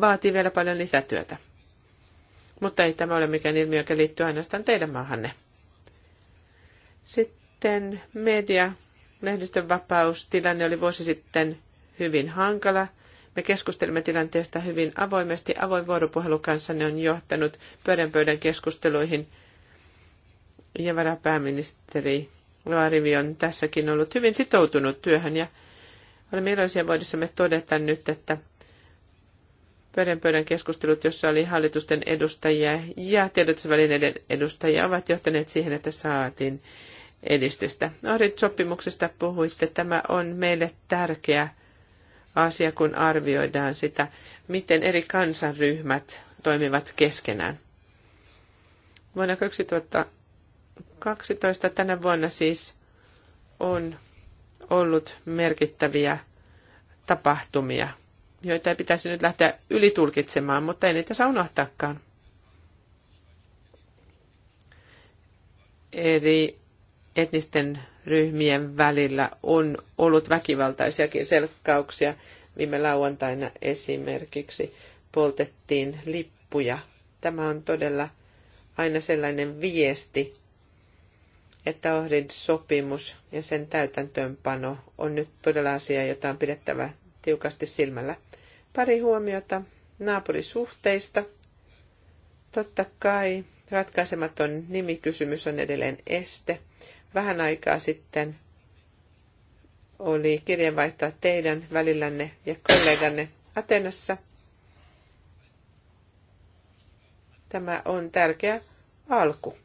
vaatii vielä paljon lisätyötä. Mutta ei tämä ole mikään ilmiö, joka liittyy ainoastaan teidän maahanne. Sitten media, lehdistön vapaus, tilanne oli vuosi sitten hyvin hankala. Me keskustelimme tilanteesta hyvin avoimesti. Avoin vuoropuhelu kanssanne on johtanut pöydän pöydän keskusteluihin. Ja varapääministeri Loarivi on tässäkin ollut hyvin sitoutunut työhön ja olemme iloisia voidessamme todeta nyt, että Pöydän pöydän keskustelut, jossa oli hallitusten edustajia ja tiedotusvälineiden edustajia, ovat johtaneet siihen, että saatiin edistystä. Ohrit-sopimuksesta puhuitte. Tämä on meille tärkeä asia, kun arvioidaan sitä, miten eri kansanryhmät toimivat keskenään. Vuonna 2012 tänä vuonna siis on ollut merkittäviä tapahtumia joita ei pitäisi nyt lähteä ylitulkitsemaan, mutta ei niitä saa unohtaakaan. Eri etnisten ryhmien välillä on ollut väkivaltaisiakin selkkauksia. Viime lauantaina esimerkiksi poltettiin lippuja. Tämä on todella aina sellainen viesti, että Ohrid sopimus ja sen täytäntöönpano on nyt todella asia, jota on pidettävä tiukasti silmällä. Pari huomiota naapurisuhteista. Totta kai ratkaisematon nimikysymys on edelleen este. Vähän aikaa sitten oli kirjeenvaihtoa teidän välillänne ja kolleganne Atenassa. Tämä on tärkeä alku.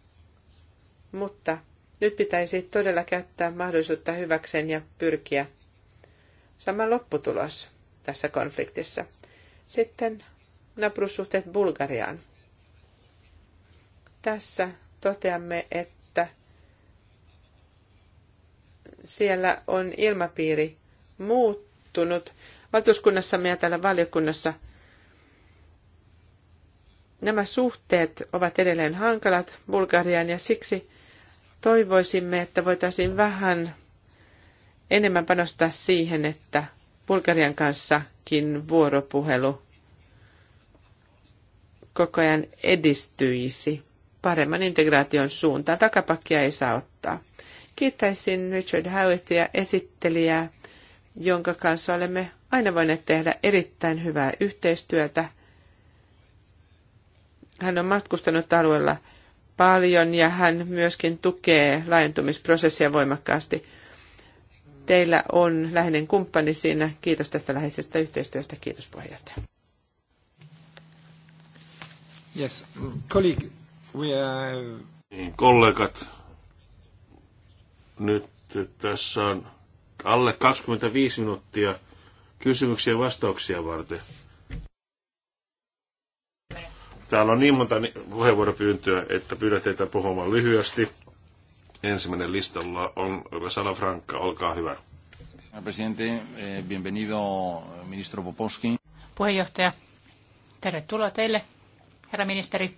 Mutta nyt pitäisi todella käyttää mahdollisuutta hyväkseen ja pyrkiä sama lopputulos tässä konfliktissa. Sitten naapurussuhteet Bulgariaan. Tässä toteamme, että siellä on ilmapiiri muuttunut. Valtuuskunnassamme ja täällä valiokunnassa nämä suhteet ovat edelleen hankalat Bulgariaan ja siksi toivoisimme, että voitaisiin vähän enemmän panostaa siihen, että Bulgarian kanssakin vuoropuhelu koko ajan edistyisi paremman integraation suuntaan. Takapakkia ei saa ottaa. Kiittäisin Richard Howittia esittelijää, jonka kanssa olemme aina voineet tehdä erittäin hyvää yhteistyötä. Hän on matkustanut alueella paljon ja hän myöskin tukee laajentumisprosessia voimakkaasti. Teillä on läheinen kumppani siinä. Kiitos tästä läheisestä yhteistyöstä. Kiitos puheenjohtaja. Yes, colleague, we are... niin, kollegat, nyt tässä on alle 25 minuuttia kysymyksiä ja vastauksia varten. Täällä on niin monta puheenvuoropyyntöä, että pyydän teitä puhumaan lyhyesti. Ensimmäinen listalla on Franca, olkaa hyvä. Presidente, eh, bienvenido ministro Puheenjohtaja, tervetuloa teille, herra ministeri.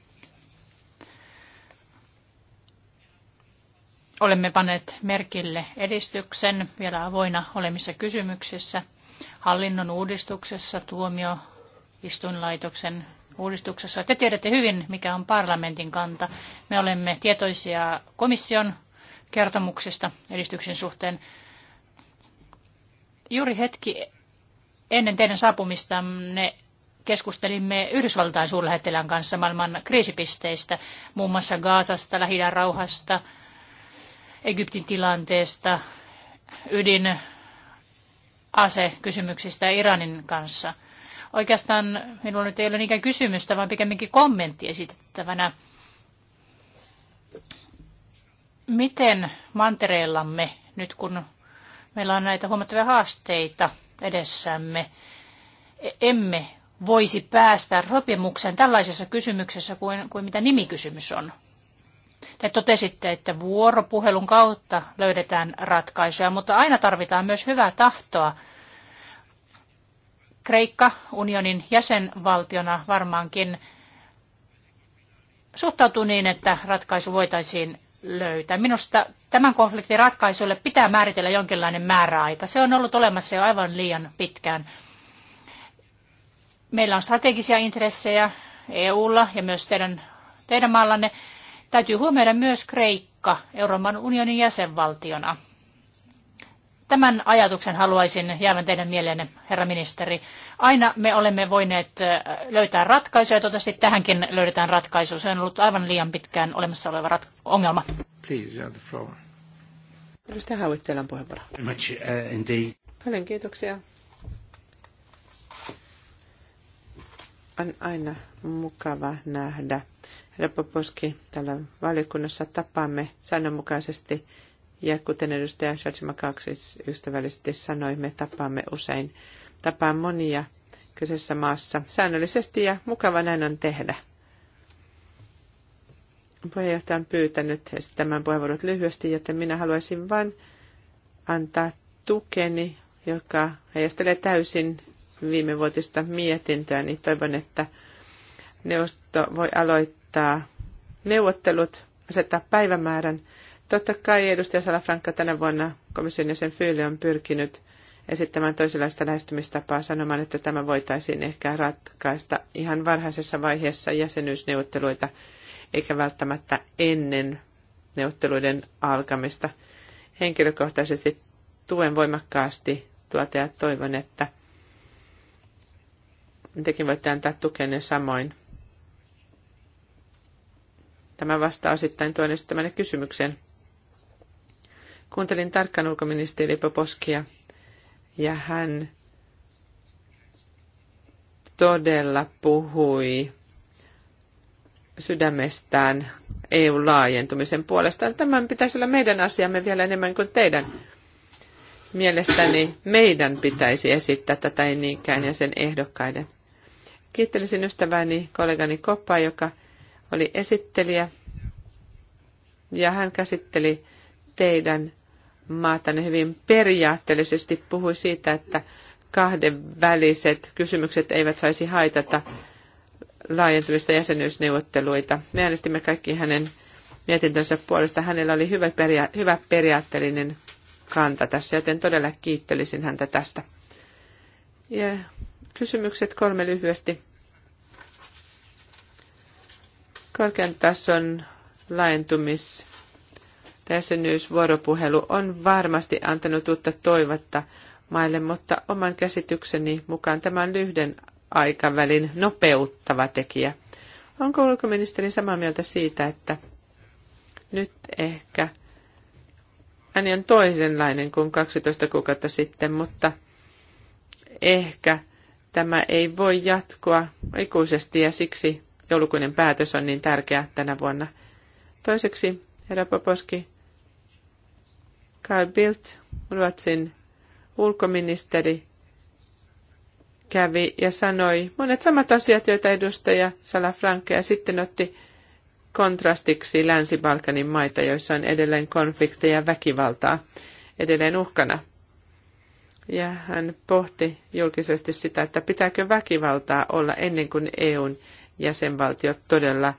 Olemme panneet merkille edistyksen vielä avoina olemissa kysymyksissä, hallinnon uudistuksessa, tuomioistuinlaitoksen uudistuksessa. Te tiedätte hyvin, mikä on parlamentin kanta. Me olemme tietoisia komission kertomuksesta edistyksen suhteen. Juuri hetki ennen teidän saapumistanne keskustelimme Yhdysvaltain suurlähettilän kanssa maailman kriisipisteistä, muun muassa Gaasasta, lähi rauhasta, Egyptin tilanteesta, ydin asekysymyksistä Iranin kanssa. Oikeastaan minulla nyt ei ole niinkään kysymystä, vaan pikemminkin kommentti esitettävänä. Miten mantereellamme, nyt kun meillä on näitä huomattavia haasteita edessämme, e- emme voisi päästä sopimukseen tällaisessa kysymyksessä kuin, kuin mitä nimikysymys on? Te totesitte, että vuoropuhelun kautta löydetään ratkaisuja, mutta aina tarvitaan myös hyvää tahtoa. Kreikka unionin jäsenvaltiona varmaankin suhtautuu niin, että ratkaisu voitaisiin löytää. Minusta tämän konfliktin ratkaisulle pitää määritellä jonkinlainen määräaika. Se on ollut olemassa jo aivan liian pitkään. Meillä on strategisia intressejä EUlla ja myös teidän, teidän maallanne. Täytyy huomioida myös Kreikka Euroopan unionin jäsenvaltiona. Tämän ajatuksen haluaisin jäävän teidän mieleenne, herra ministeri. Aina me olemme voineet löytää ratkaisuja, ja toivottavasti tähänkin löydetään ratkaisu. Se on ollut aivan liian pitkään olemassa oleva rat- ongelma. Please, the floor. Edustaja Hauit, teillä on puheenvuoro. Much, uh, indeed. Paljon kiitoksia. On aina mukava nähdä. Herra Poposki, täällä valiokunnassa tapaamme säännönmukaisesti ja kuten edustaja Shachimakaksis ystävällisesti sanoi, me tapaamme usein, tapaan monia kyseessä maassa säännöllisesti ja mukava näin on tehdä. Puheenjohtaja on pyytänyt tämän puheenvuorot lyhyesti, joten minä haluaisin vain antaa tukeni, joka heijastelee täysin vuotista mietintöä, niin toivon, että neuvosto voi aloittaa neuvottelut, asettaa päivämäärän Totta kai edustaja Salafranca tänä vuonna komission jäsen Fyyli on pyrkinyt esittämään toisenlaista lähestymistapaa sanomaan, että tämä voitaisiin ehkä ratkaista ihan varhaisessa vaiheessa jäsenyysneuvotteluita, eikä välttämättä ennen neuvotteluiden alkamista. Henkilökohtaisesti tuen voimakkaasti tuota ja toivon, että tekin voitte antaa tukenne samoin. Tämä vastaa osittain tuon esittämäni kysymykseen. Kuuntelin tarkkaan ulkoministeri Poposkia ja hän todella puhui sydämestään EU-laajentumisen puolesta. Tämän pitäisi olla meidän asiamme vielä enemmän kuin teidän. Mielestäni meidän pitäisi esittää tätä ei niinkään ja sen ehdokkaiden. Kiittelisin ystäväni kollegani Koppa, joka oli esittelijä ja hän käsitteli teidän maatanne hyvin periaatteellisesti puhui siitä, että kahdenväliset kysymykset eivät saisi haitata laajentumista jäsenyysneuvotteluita. Me äänestimme kaikki hänen mietintönsä puolesta. Hänellä oli hyvä, peria- hyvä periaatteellinen kanta tässä, joten todella kiittelisin häntä tästä. Ja kysymykset kolme lyhyesti. Korkean tason laajentumis- täysennyysvuoropuhelu on varmasti antanut uutta toivotta maille, mutta oman käsitykseni mukaan tämä on lyhden aikavälin nopeuttava tekijä. Onko ulkoministeri samaa mieltä siitä, että nyt ehkä ääni on toisenlainen kuin 12 kuukautta sitten, mutta ehkä tämä ei voi jatkua ikuisesti ja siksi joulukuinen päätös on niin tärkeä tänä vuonna. Toiseksi, herra Poposki, Carl Bildt, Ruotsin ulkoministeri, kävi ja sanoi monet samat asiat, joita edustaja Salafranca ja sitten otti kontrastiksi Länsi-Balkanin maita, joissa on edelleen konflikteja ja väkivaltaa edelleen uhkana. Ja hän pohti julkisesti sitä, että pitääkö väkivaltaa olla ennen kuin EUn jäsenvaltiot todella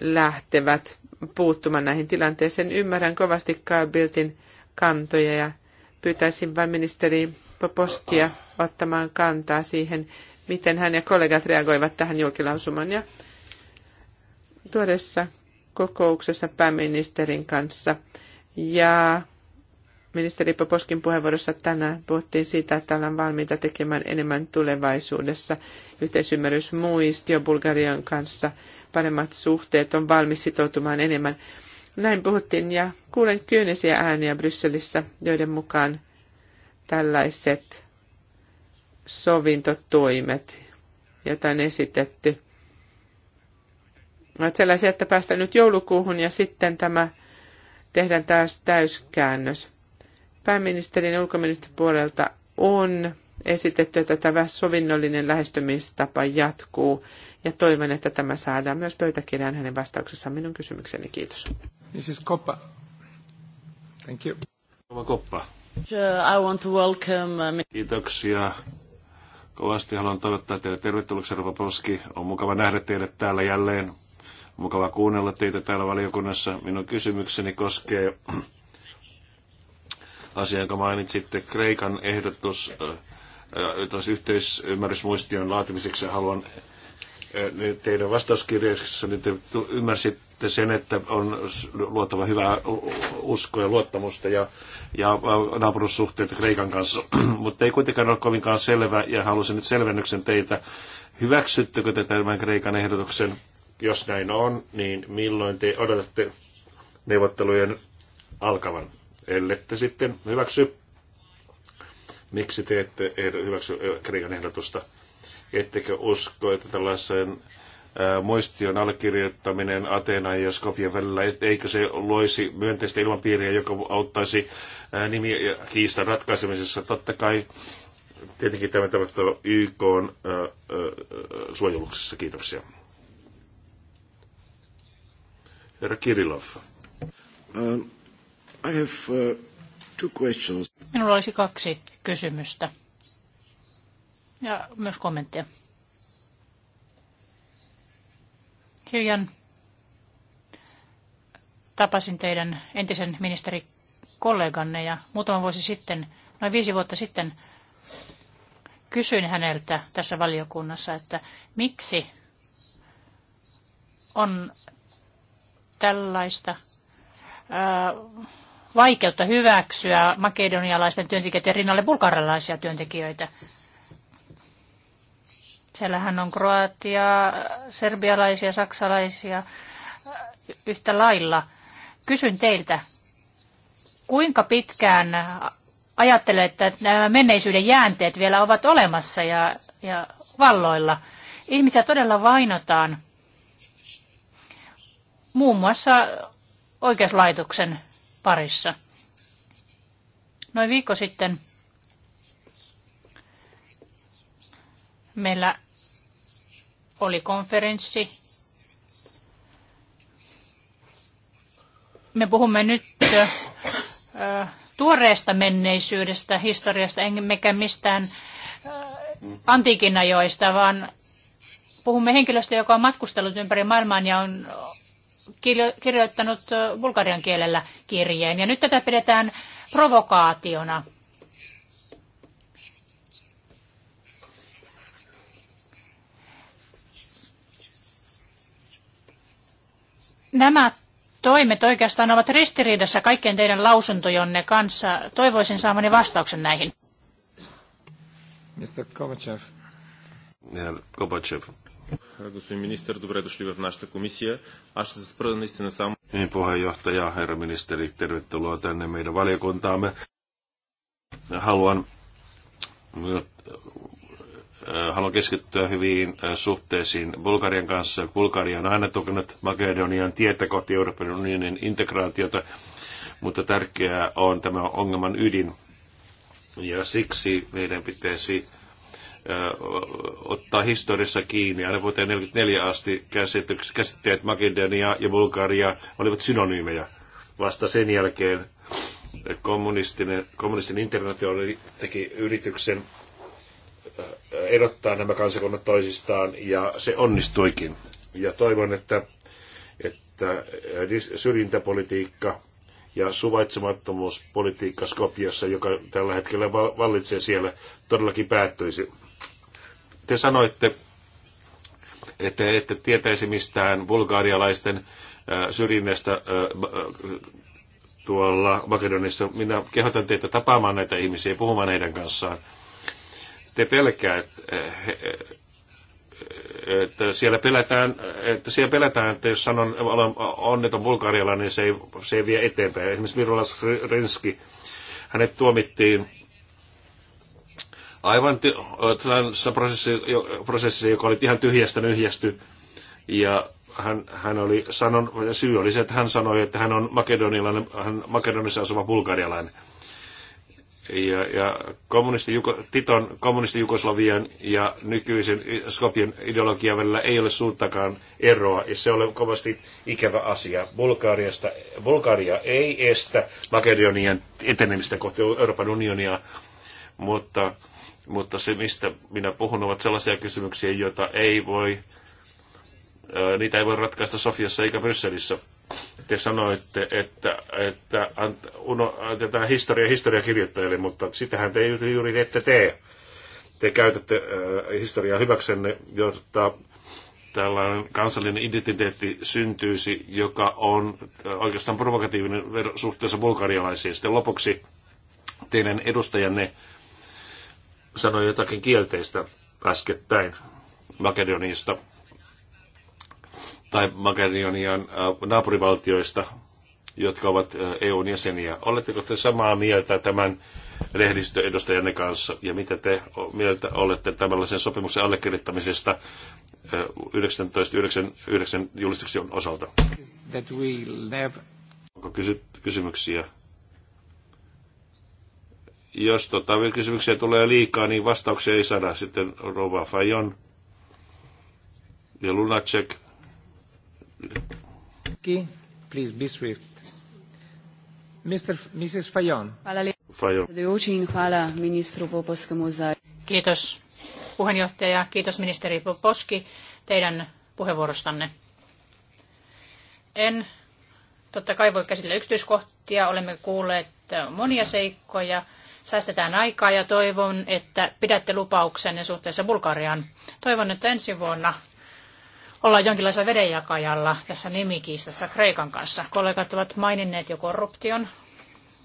lähtevät puuttumaan näihin tilanteeseen. Ymmärrän kovasti Carl Bildtin kantoja ja pyytäisin vain ministeri Poposkia ottamaan kantaa siihen, miten hän ja kollegat reagoivat tähän julkilausumaan. Ja tuoreessa kokouksessa pääministerin kanssa ja ministeri Poposkin puheenvuorossa tänään puhuttiin siitä, että ollaan valmiita tekemään enemmän tulevaisuudessa. Yhteisymmärrys muistio Bulgarian kanssa, paremmat suhteet, on valmis sitoutumaan enemmän. Näin puhuttiin ja kuulen kyynisiä ääniä Brysselissä, joiden mukaan tällaiset sovintotoimet, joita on esitetty, ovat sellaisia, että päästään nyt joulukuuhun ja sitten tämä tehdään taas täyskäännös. Pääministerin ja ulkoministeripuolelta on esitetty, että tämä sovinnollinen lähestymistapa jatkuu ja toivon, että tämä saadaan myös pöytäkirjaan hänen vastauksessaan minun kysymykseni. Kiitos. This is Koppa. Thank you. Koppa. Uh, I want to welcome... Uh, Kiitoksia. Kovasti haluan toivottaa teille tervetulleeksi, Arvo Poski. On mukava nähdä teidät täällä jälleen. mukava kuunnella teitä täällä valiokunnassa. Minun kysymykseni koskee *clears throat* asian, jonka mainitsitte, Kreikan ehdotus uh, yhteisymmärrysmuistion laatimiseksi haluan eh, teidän niin te ymmärsitte sen, että on luotava hyvää uskoa ja luottamusta ja, ja naapurussuhteita Kreikan kanssa, *clears throat* mutta ei kuitenkaan ole kovinkaan selvä ja halusin nyt selvennyksen teitä. Hyväksyttekö te tämän Kreikan ehdotuksen? Jos näin on, niin milloin te odotatte neuvottelujen alkavan? Ellette sitten hyväksy Miksi te ette hyväksy Kreikan ehdotusta? Ettekö usko, että tällaisen muistion allekirjoittaminen Atena ja Skopien välillä, eikö se loisi myönteistä ilmapiiriä, joka auttaisi nimi kiistan ratkaisemisessa? Totta kai tietenkin tämä tapahtuu YK suojeluksessa. Kiitoksia. Herra Kirilov. Um, I have uh, two questions. Minulla olisi kaksi kysymystä ja myös kommenttia. Hiljan tapasin teidän entisen ministerikolleganne ja muutama vuosi sitten, noin viisi vuotta sitten, kysyin häneltä tässä valiokunnassa, että miksi on tällaista ää, vaikeutta hyväksyä makedonialaisten työntekijöiden rinnalle bulgarilaisia työntekijöitä. Siellähän on kroatia, serbialaisia, saksalaisia yhtä lailla. Kysyn teiltä, kuinka pitkään ajattelee, että nämä menneisyyden jäänteet vielä ovat olemassa ja, ja valloilla. Ihmisiä todella vainotaan muun muassa oikeuslaitoksen parissa. Noin viikko sitten meillä oli konferenssi. Me puhumme nyt tuoreesta menneisyydestä, historiasta, emmekä mistään antiikin ajoista, vaan puhumme henkilöstä, joka on matkustellut ympäri maailmaa ja on kirjoittanut bulgarian kielellä kirjeen. Ja nyt tätä pidetään provokaationa. Nämä toimet oikeastaan ovat ristiriidassa kaikkien teidän lausuntojonne kanssa. Toivoisin saamani vastauksen näihin. Mr. Kovacev. Yeah, Kovacev. Господин министer, добре дошли в нашата комисия. Аз ще се спра наистина само... Niin, puheenjohtaja, herra ministeri, tervetuloa tänne meidän valiokuntaamme. Haluan, haluan keskittyä hyviin suhteisiin Bulgarian kanssa. Bulgaria on aina tukenut Makedonian tietä kohti Euroopan unionin integraatiota, mutta tärkeää on tämä ongelman ydin. Ja siksi meidän pitäisi ottaa historiassa kiinni. Aina vuoteen 1944 asti käsitteet Makedonia ja Bulgaria olivat synonyymejä. Vasta sen jälkeen kommunistinen, kommunistinen internationaali teki yrityksen erottaa nämä kansakunnat toisistaan, ja se onnistuikin. Ja toivon, että, että syrjintäpolitiikka ja suvaitsemattomuuspolitiikka Skopiossa, joka tällä hetkellä vallitsee siellä, todellakin päättyisi. Te sanoitte, että ette tietäisi mistään bulgaarialaisten syrjinnästä tuolla Makedonissa. Minä kehotan teitä tapaamaan näitä ihmisiä ja puhumaan heidän kanssaan. Te pelkää, että siellä pelätään, että siellä pelätään, että jos sanon olen onneton bulgarialainen, niin se ei, se ei vie eteenpäin. Esimerkiksi Virolas Renski, hänet tuomittiin aivan tällaisessa prosessissa, joka oli ihan tyhjästä nyhjästy. Ja hän, hän oli sanon, syy oli se, että hän sanoi, että hän on makedonilainen, hän Makedonissa asuva bulgarialainen. Ja, ja kommunisti, Titon kommunisti Jugoslavian ja nykyisen Skopien ideologian välillä ei ole suuttakaan eroa, ja se on kovasti ikävä asia. Bulgariasta, Bulgaria ei estä Makedonian etenemistä kohti Euroopan unionia, mutta mutta se, mistä minä puhun, ovat sellaisia kysymyksiä, joita ei voi, niitä ei voi ratkaista Sofiassa eikä Brysselissä. Te sanoitte, että, että annetaan historia historiakirjoittajille, mutta sitähän te juuri ette tee. Te käytätte historiaa hyväksenne, jotta tällainen kansallinen identiteetti syntyisi, joka on oikeastaan provokatiivinen suhteessa bulgarialaisiin. Sitten lopuksi teidän edustajanne sanoi jotakin kielteistä äskettäin Makedoniasta tai Makedonian äh, naapurivaltioista, jotka ovat äh, EUn jäseniä. Oletteko te samaa mieltä tämän lehdistöedustajanne kanssa ja mitä te mieltä olette tällaisen sopimuksen allekirjoittamisesta 1999 äh, julistuksen osalta? Onko kysy- kysymyksiä? Jos tota, kysymyksiä tulee liikaa, niin vastauksia ei saada. Sitten Rova Fajon ja Lunacek. Ki, please be swift. Mr. Mrs. Fajon. Fajon. Kiitos puheenjohtaja, kiitos ministeri Poski teidän puheenvuorostanne. En totta kai voi käsitellä yksityiskohtia. Olemme kuulleet monia seikkoja säästetään aikaa ja toivon, että pidätte lupauksenne suhteessa Bulgariaan. Toivon, että ensi vuonna ollaan jonkinlaisella vedenjakajalla tässä nimikiistassa Kreikan kanssa. Kollegat ovat maininneet jo korruption.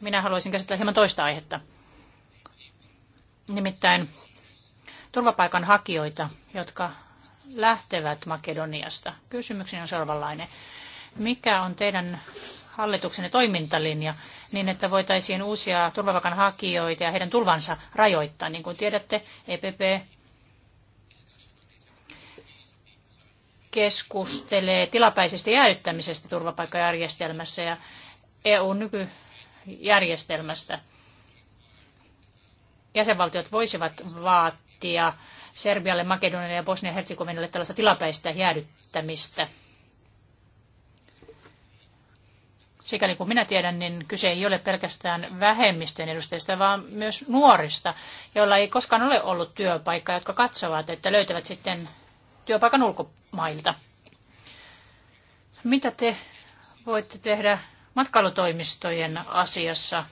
Minä haluaisin käsitellä hieman toista aihetta. Nimittäin turvapaikanhakijoita, jotka lähtevät Makedoniasta. Kysymykseni on seuraavanlainen. Mikä on teidän hallituksen toimintalinja niin, että voitaisiin uusia turvapaikanhakijoita ja heidän tulvansa rajoittaa. Niin kuin tiedätte, EPP keskustelee tilapäisestä jäädyttämisestä turvapaikkajärjestelmässä ja EUn nykyjärjestelmästä. Jäsenvaltiot voisivat vaatia Serbialle, Makedonialle ja Bosnia-Herzegovinalle tällaista tilapäistä jäädyttämistä. Sikäli niin kuin minä tiedän, niin kyse ei ole pelkästään vähemmistöjen edustajista, vaan myös nuorista, joilla ei koskaan ole ollut työpaikkaa, jotka katsovat, että löytävät sitten työpaikan ulkomailta. Mitä te voitte tehdä matkailutoimistojen asiassa?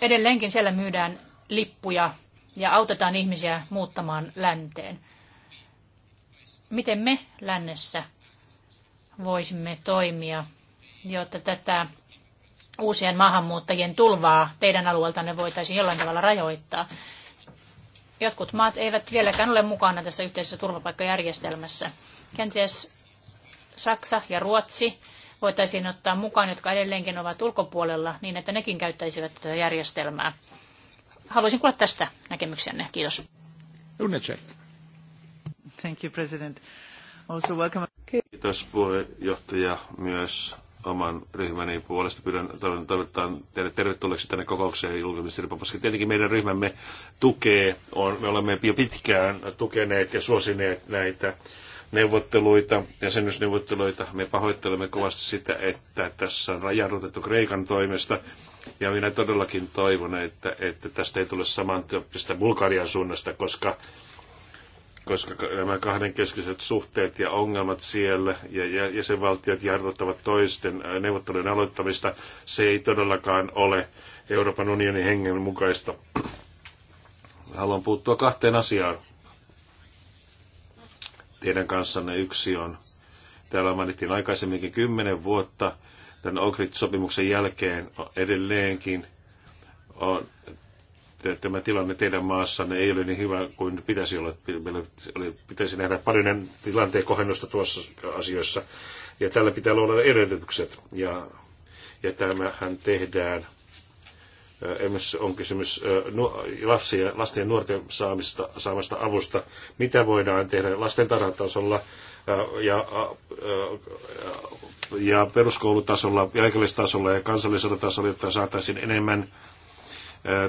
Edelleenkin siellä myydään lippuja ja autetaan ihmisiä muuttamaan länteen. Miten me lännessä voisimme toimia, jotta tätä uusien maahanmuuttajien tulvaa teidän alueeltanne voitaisiin jollain tavalla rajoittaa? Jotkut maat eivät vieläkään ole mukana tässä yhteisessä turvapaikkajärjestelmässä. Kenties Saksa ja Ruotsi voitaisiin ottaa mukaan, jotka edelleenkin ovat ulkopuolella, niin että nekin käyttäisivät tätä järjestelmää. Haluaisin kuulla tästä näkemyksenne. Kiitos. Thank you, President. Also welcome. Kiitos puheenjohtaja myös oman ryhmäni puolesta. Pyydän toivottaa teille tervetulleeksi tänne kokoukseen julkisesti koska tietenkin meidän ryhmämme tukee, on, me olemme jo pitkään tukeneet ja suosineet näitä neuvotteluita, jäsenyysneuvotteluita. Me pahoittelemme kovasti sitä, että tässä on rajarrutettu Kreikan toimesta. Ja minä todellakin toivon, että, että tästä ei tule samantyyppistä Bulgarian suunnasta, koska koska nämä kahdenkeskiset suhteet ja ongelmat siellä ja jäsenvaltiot jarruttavat toisten neuvottelujen aloittamista, se ei todellakaan ole Euroopan unionin hengen mukaista. Haluan puuttua kahteen asiaan. Teidän kanssanne yksi on, täällä mainittiin aikaisemminkin kymmenen vuotta tämän ogrit sopimuksen jälkeen edelleenkin on tämä tilanne teidän maassanne ei ole niin hyvä kuin pitäisi olla. Meillä oli, pitäisi nähdä paljon tilanteen kohennusta tuossa asioissa. Ja tällä pitää olla edellytykset. Ja, ja tämähän tehdään. Äh, Esimerkiksi on kysymys äh, lapsia, lasten ja nuorten saamista, saamasta avusta. Mitä voidaan tehdä lasten tarhatasolla äh, ja, ja, ja peruskoulutasolla, ja paikallistasolla ja kansallisella tasolla, jotta saataisiin enemmän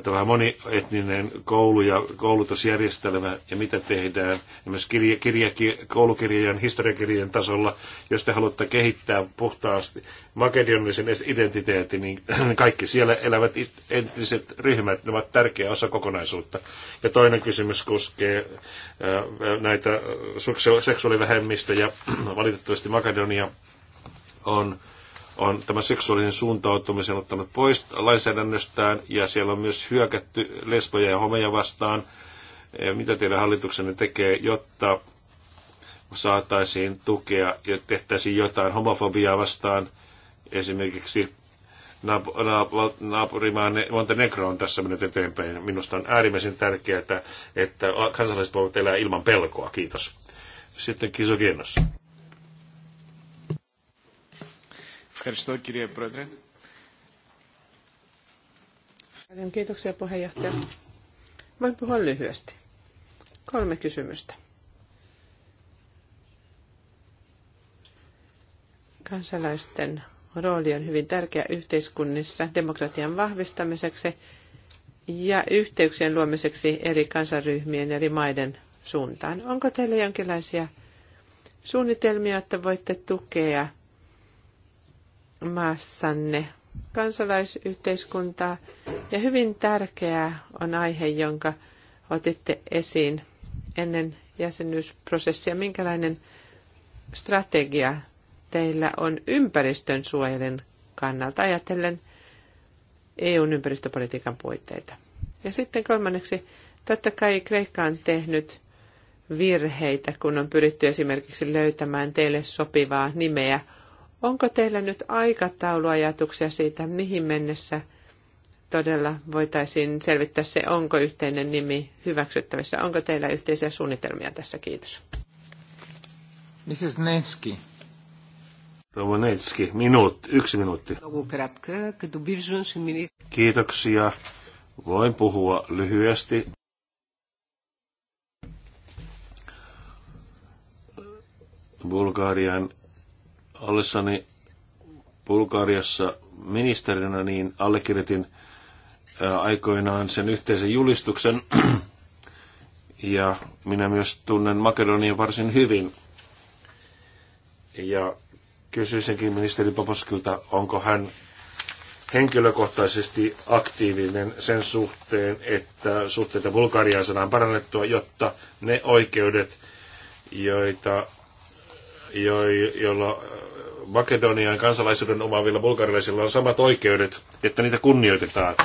tämä monietninen koulu ja koulutusjärjestelmä ja mitä tehdään, ja myös kirja, kirja, koulukirjojen, historiakirjojen tasolla, jos te haluatte kehittää puhtaasti makedonisen identiteetin, niin *clears throat* kaikki siellä elävät entiset ryhmät, ne ovat tärkeä osa kokonaisuutta. Ja toinen kysymys koskee näitä seksuaalivähemmistöjä, *clears throat* valitettavasti Makedonia on on tämä seksuaalisen suuntautumisen ottanut pois lainsäädännöstään ja siellä on myös hyökätty lesboja ja homeja vastaan. E, mitä teidän hallituksenne tekee, jotta saataisiin tukea ja tehtäisiin jotain homofobiaa vastaan? Esimerkiksi naapurimaan Montenegro on tässä mennyt eteenpäin. Minusta on äärimmäisen tärkeää, että kansalaiset voivat elää ilman pelkoa. Kiitos. Sitten kisokiennossa. Ευχαριστώ κύριε Πρόεδρε. Paljon puheenjohtaja. Voin puhua lyhyesti. Kolme kysymystä. Kansalaisten rooli on hyvin tärkeä yhteiskunnissa demokratian vahvistamiseksi ja yhteyksien luomiseksi eri kansaryhmien eri maiden suuntaan. Onko teillä jonkinlaisia suunnitelmia, että voitte tukea – maassanne kansalaisyhteiskuntaa ja hyvin tärkeää on aihe, jonka otitte esiin ennen jäsenyysprosessia. Minkälainen strategia teillä on ympäristön suojelun kannalta ajatellen EUn ympäristöpolitiikan puitteita? Ja sitten kolmanneksi, totta kai Kreikka on tehnyt virheitä, kun on pyritty esimerkiksi löytämään teille sopivaa nimeä Onko teillä nyt aikatauluajatuksia siitä, mihin mennessä todella voitaisiin selvittää se, onko yhteinen nimi hyväksyttävissä? Onko teillä yhteisiä suunnitelmia tässä? Kiitos. Mrs. Nenski. Rouva Nenski, minuutti, yksi minuutti. Kiitoksia. Voin puhua lyhyesti. Bulgarian ollessani Bulgariassa ministerinä, niin allekirjoitin aikoinaan sen yhteisen julistuksen. *clears throat* Ja minä myös tunnen Makedonian varsin hyvin. Ja kysyisinkin ministeri Poposkilta, onko hän henkilökohtaisesti aktiivinen sen suhteen, että suhteita Bulgariaan saadaan parannettua, jotta ne oikeudet, joita, jo, joilla Makedonian kansalaisuuden omaavilla bulgarilaisilla on samat oikeudet, että niitä kunnioitetaan.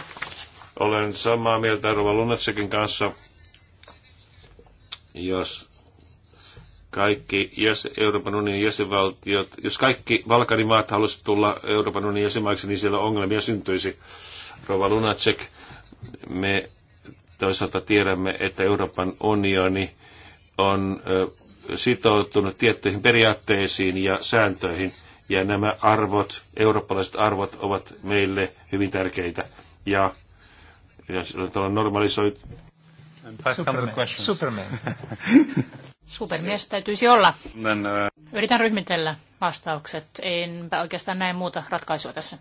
Olen samaa mieltä Rova Lunatsekin kanssa, jos kaikki jäsen, Euroopan unionin jäsenvaltiot, jos kaikki Balkanin maat halusivat tulla Euroopan unionin jäsenmaiksi, niin siellä ongelmia syntyisi. Rova Lunacek, me toisaalta tiedämme, että Euroopan unioni on sitoutunut tiettyihin periaatteisiin ja sääntöihin. Ja nämä arvot, eurooppalaiset arvot, ovat meille hyvin tärkeitä. Ja, ja on normalisoitu. Superman. Superman. *laughs* Supermies täytyisi olla. Uh, Yritän ryhmitellä vastaukset. Enpä oikeastaan näe muuta ratkaisua tässä.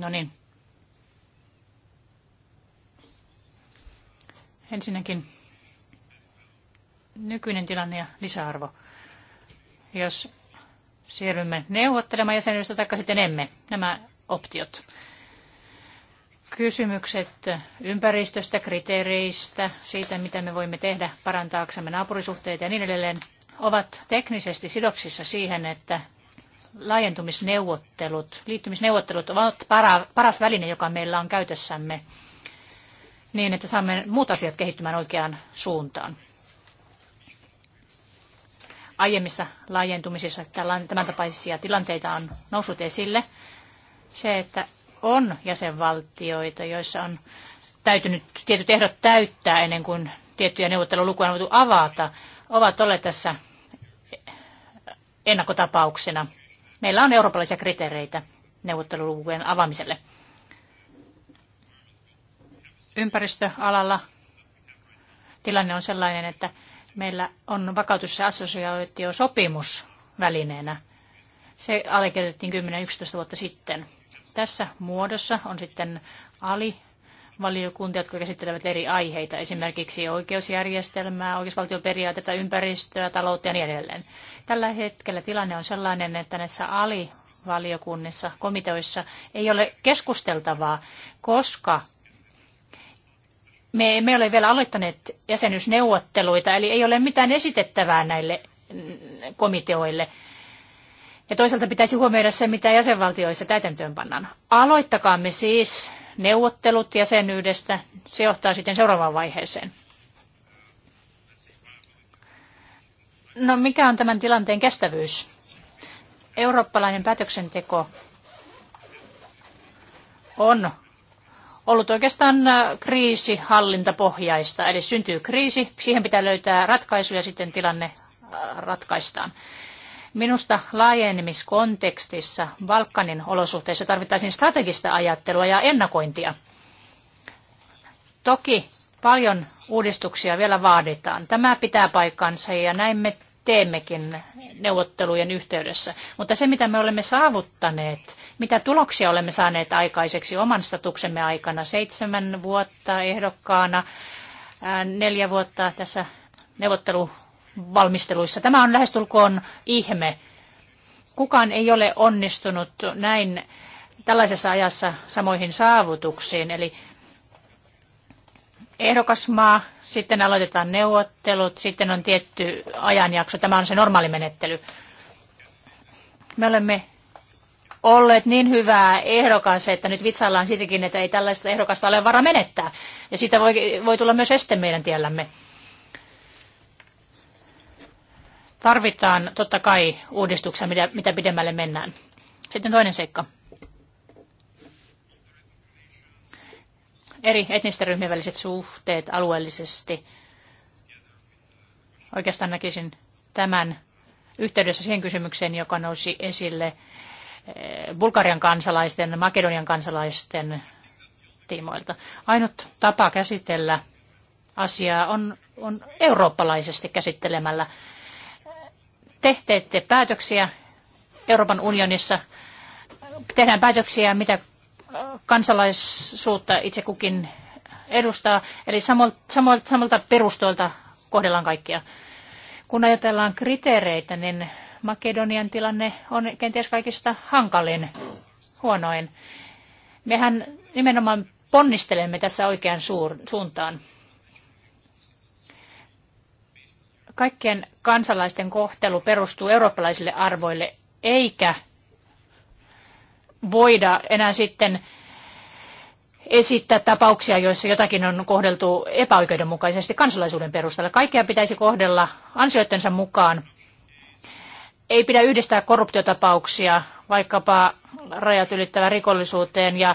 No niin. Ensinnäkin nykyinen tilanne ja lisäarvo jos siirrymme neuvottelemaan jäsenyydestä tai sitten emme. Nämä optiot. Kysymykset ympäristöstä, kriteereistä, siitä mitä me voimme tehdä parantaaksemme naapurisuhteita ja niin edelleen, ovat teknisesti sidoksissa siihen, että laajentumisneuvottelut, liittymisneuvottelut ovat para, paras väline, joka meillä on käytössämme, niin että saamme muut asiat kehittymään oikeaan suuntaan aiemmissa laajentumisissa tämän tapaisia tilanteita on noussut esille. Se, että on jäsenvaltioita, joissa on täytynyt tietyt ehdot täyttää ennen kuin tiettyjä neuvottelulukuja on voitu avata, ovat olleet tässä ennakkotapauksena. Meillä on eurooppalaisia kriteereitä neuvottelulukujen avaamiselle. Ympäristöalalla tilanne on sellainen, että Meillä on vakautus- ja assosiaatiosopimus välineenä. Se allekirjoitettiin 10-11 vuotta sitten. Tässä muodossa on sitten ali valiokuntia, jotka käsittelevät eri aiheita, esimerkiksi oikeusjärjestelmää, oikeusvaltioperiaatetta, ympäristöä, taloutta ja niin edelleen. Tällä hetkellä tilanne on sellainen, että näissä alivaliokunnissa, komiteoissa ei ole keskusteltavaa, koska me emme ole vielä aloittaneet jäsenyysneuvotteluita, eli ei ole mitään esitettävää näille komiteoille. Ja toisaalta pitäisi huomioida se, mitä jäsenvaltioissa täytäntöön pannaan. Aloittakaamme siis neuvottelut jäsenyydestä. Se johtaa sitten seuraavaan vaiheeseen. No mikä on tämän tilanteen kestävyys? Eurooppalainen päätöksenteko on ollut oikeastaan äh, kriisihallintapohjaista. Eli syntyy kriisi, siihen pitää löytää ratkaisu ja sitten tilanne äh, ratkaistaan. Minusta laajenemiskontekstissa Balkanin olosuhteissa tarvittaisiin strategista ajattelua ja ennakointia. Toki paljon uudistuksia vielä vaaditaan. Tämä pitää paikkansa ja näin me teemmekin neuvottelujen yhteydessä. Mutta se, mitä me olemme saavuttaneet, mitä tuloksia olemme saaneet aikaiseksi oman statuksemme aikana, seitsemän vuotta ehdokkaana, neljä vuotta tässä neuvotteluvalmisteluissa. Tämä on lähestulkoon ihme. Kukaan ei ole onnistunut näin tällaisessa ajassa samoihin saavutuksiin. Eli ehdokasmaa, sitten aloitetaan neuvottelut, sitten on tietty ajanjakso. Tämä on se normaali menettely. Me olemme olleet niin hyvää ehdokas, että nyt vitsaillaan sitäkin, että ei tällaista ehdokasta ole vara menettää. Ja siitä voi, voi tulla myös este meidän tiellämme. Tarvitaan totta kai uudistuksia, mitä, mitä pidemmälle mennään. Sitten toinen seikka. eri etnisten ryhmien väliset suhteet alueellisesti. Oikeastaan näkisin tämän yhteydessä siihen kysymykseen, joka nousi esille eh, Bulgarian kansalaisten, Makedonian kansalaisten tiimoilta. Ainut tapa käsitellä asiaa on, on eurooppalaisesti käsittelemällä. Te teette päätöksiä Euroopan unionissa, tehdään päätöksiä, mitä kansalaisuutta itse kukin edustaa, eli samalta, samalta perustoilta kohdellaan kaikkia. Kun ajatellaan kriteereitä, niin Makedonian tilanne on kenties kaikista hankalin, huonoin. Mehän nimenomaan ponnistelemme tässä oikean suuntaan. Kaikkien kansalaisten kohtelu perustuu eurooppalaisille arvoille eikä voida enää sitten esittää tapauksia, joissa jotakin on kohdeltu epäoikeudenmukaisesti kansalaisuuden perusteella. kaikkea pitäisi kohdella ansioittensa mukaan. Ei pidä yhdistää korruptiotapauksia vaikkapa rajat ylittävä rikollisuuteen ja,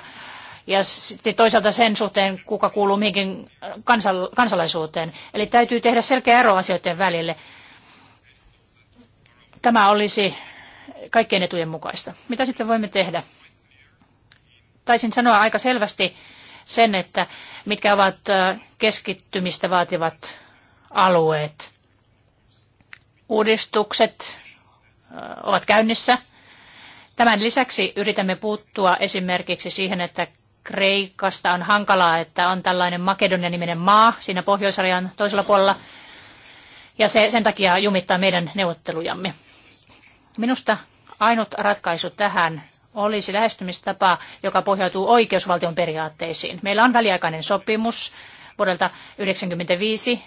ja sitten toisaalta sen suhteen, kuka kuuluu mihinkin kansal- kansalaisuuteen. Eli täytyy tehdä selkeä ero asioiden välille. Tämä olisi kaikkien etujen mukaista. Mitä sitten voimme tehdä? taisin sanoa aika selvästi sen, että mitkä ovat keskittymistä vaativat alueet. Uudistukset ovat käynnissä. Tämän lisäksi yritämme puuttua esimerkiksi siihen, että Kreikasta on hankalaa, että on tällainen Makedonia-niminen maa siinä pohjois toisella puolella, ja se sen takia jumittaa meidän neuvottelujamme. Minusta ainut ratkaisu tähän olisi lähestymistapa, joka pohjautuu oikeusvaltion periaatteisiin. Meillä on väliaikainen sopimus vuodelta 1995.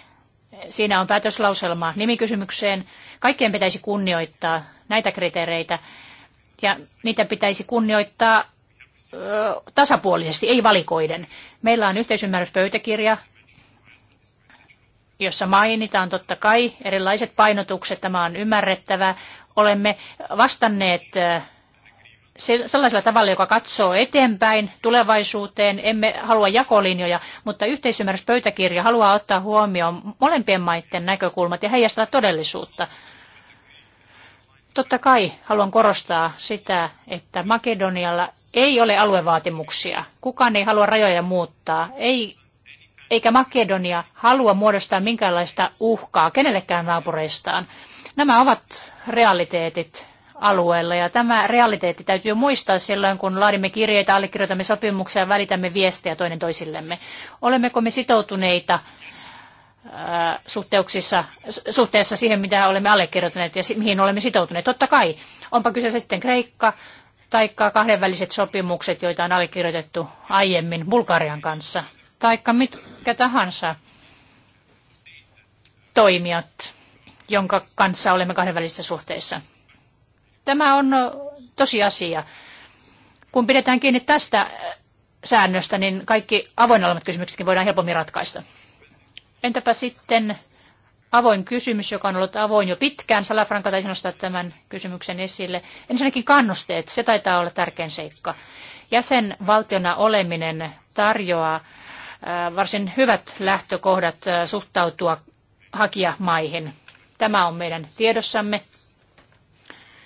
Siinä on päätöslauselma nimikysymykseen. Kaikkien pitäisi kunnioittaa näitä kriteereitä ja niitä pitäisi kunnioittaa ö, tasapuolisesti, ei valikoiden. Meillä on yhteisymmärryspöytäkirja, jossa mainitaan totta kai erilaiset painotukset, tämä on ymmärrettävä. Olemme vastanneet sellaisella tavalla, joka katsoo eteenpäin tulevaisuuteen. Emme halua jakolinjoja, mutta yhteisymmärryspöytäkirja haluaa ottaa huomioon molempien maiden näkökulmat ja heijastaa todellisuutta. Totta kai haluan korostaa sitä, että Makedonialla ei ole aluevaatimuksia. Kukaan ei halua rajoja muuttaa, ei, eikä Makedonia halua muodostaa minkäänlaista uhkaa kenellekään naapureistaan. Nämä ovat realiteetit alueella. Ja tämä realiteetti täytyy muistaa silloin, kun laadimme kirjeitä, allekirjoitamme sopimuksia ja välitämme viestejä toinen toisillemme. Olemmeko me sitoutuneita äh, suhteuksissa, suhteessa siihen, mitä olemme allekirjoittaneet ja mihin olemme sitoutuneet. Totta kai, onpa kyseessä sitten Kreikka tai kahdenväliset sopimukset, joita on allekirjoitettu aiemmin Bulgarian kanssa, taikka mitkä tahansa toimijat, jonka kanssa olemme kahdenvälisissä suhteissa. Tämä on tosiasia. Kun pidetään kiinni tästä säännöstä, niin kaikki avoin olevat kysymyksetkin voidaan helpommin ratkaista. Entäpä sitten avoin kysymys, joka on ollut avoin jo pitkään. Salafranka taisi nostaa tämän kysymyksen esille. Ensinnäkin kannusteet, se taitaa olla tärkein seikka. Jäsenvaltiona oleminen tarjoaa varsin hyvät lähtökohdat suhtautua hakijamaihin. Tämä on meidän tiedossamme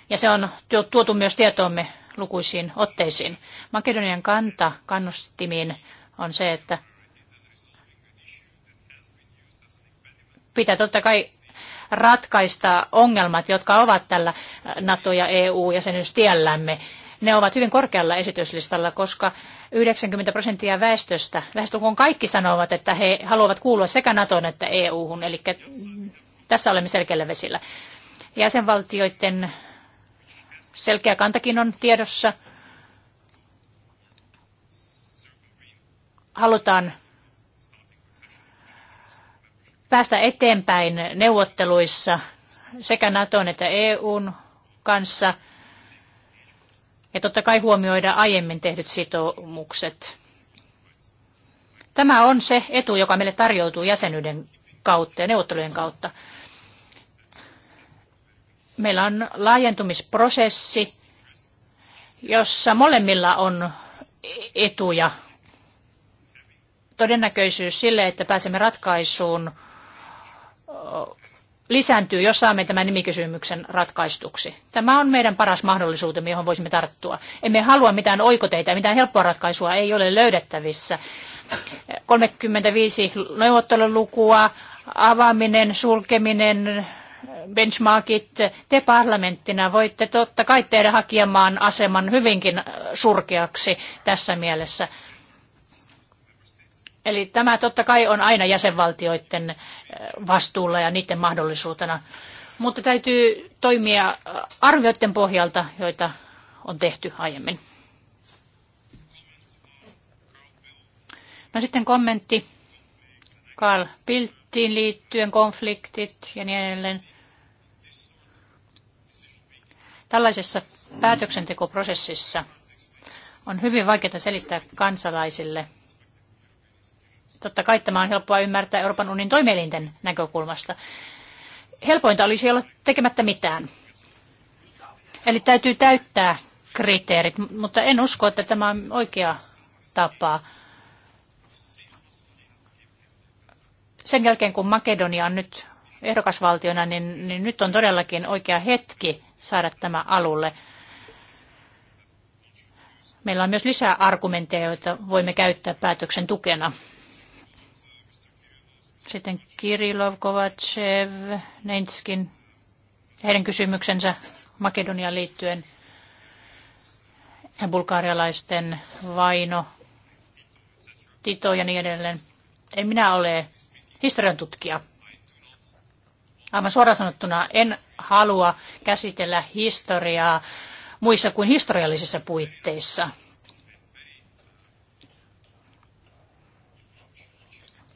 ja se on tuotu myös tietoomme lukuisiin otteisiin. Makedonian kanta kannustimiin on se, että pitää totta kai ratkaista ongelmat, jotka ovat tällä NATO- ja EU-jäsenyystiellämme. Ne ovat hyvin korkealla esityslistalla, koska 90 prosenttia väestöstä, lähestulkoon kaikki sanovat, että he haluavat kuulua sekä NATOon että EU-hun, eli tässä olemme selkeällä vesillä. Jäsenvaltioiden Selkeä kantakin on tiedossa. Halutaan päästä eteenpäin neuvotteluissa sekä Naton että EUn kanssa ja totta kai huomioida aiemmin tehdyt sitoumukset. Tämä on se etu, joka meille tarjoutuu jäsenyyden kautta ja neuvottelujen kautta meillä on laajentumisprosessi, jossa molemmilla on etuja. Todennäköisyys sille, että pääsemme ratkaisuun, lisääntyy, jos saamme tämän nimikysymyksen ratkaistuksi. Tämä on meidän paras mahdollisuutemme, johon voisimme tarttua. Emme halua mitään oikoteita, mitään helppoa ratkaisua ei ole löydettävissä. 35 neuvottelulukua, avaaminen, sulkeminen, benchmarkit te parlamenttina voitte totta kai tehdä hakijamaan aseman hyvinkin äh, surkeaksi tässä mielessä. Eli tämä totta kai on aina jäsenvaltioiden äh, vastuulla ja niiden mahdollisuutena. Mutta täytyy toimia äh, arvioiden pohjalta, joita on tehty aiemmin. No sitten kommentti Karl Pilttiin liittyen, konfliktit ja niin edelleen. Tällaisessa päätöksentekoprosessissa on hyvin vaikeaa selittää kansalaisille. Totta kai tämä on helppoa ymmärtää Euroopan unionin toimielinten näkökulmasta. Helpointa olisi olla tekemättä mitään. Eli täytyy täyttää kriteerit, mutta en usko, että tämä on oikea tapa. Sen jälkeen, kun Makedonia on nyt ehdokasvaltiona, niin, niin nyt on todellakin oikea hetki saada tämä alulle. Meillä on myös lisää argumentteja, joita voimme käyttää päätöksen tukena. Sitten Kirilov, Kovacev, Neinskin, heidän kysymyksensä Makedoniaan liittyen ja bulgarialaisten vaino, Tito ja niin edelleen. En minä ole historian tutkija. Aivan suoraan sanottuna en halua käsitellä historiaa muissa kuin historiallisissa puitteissa.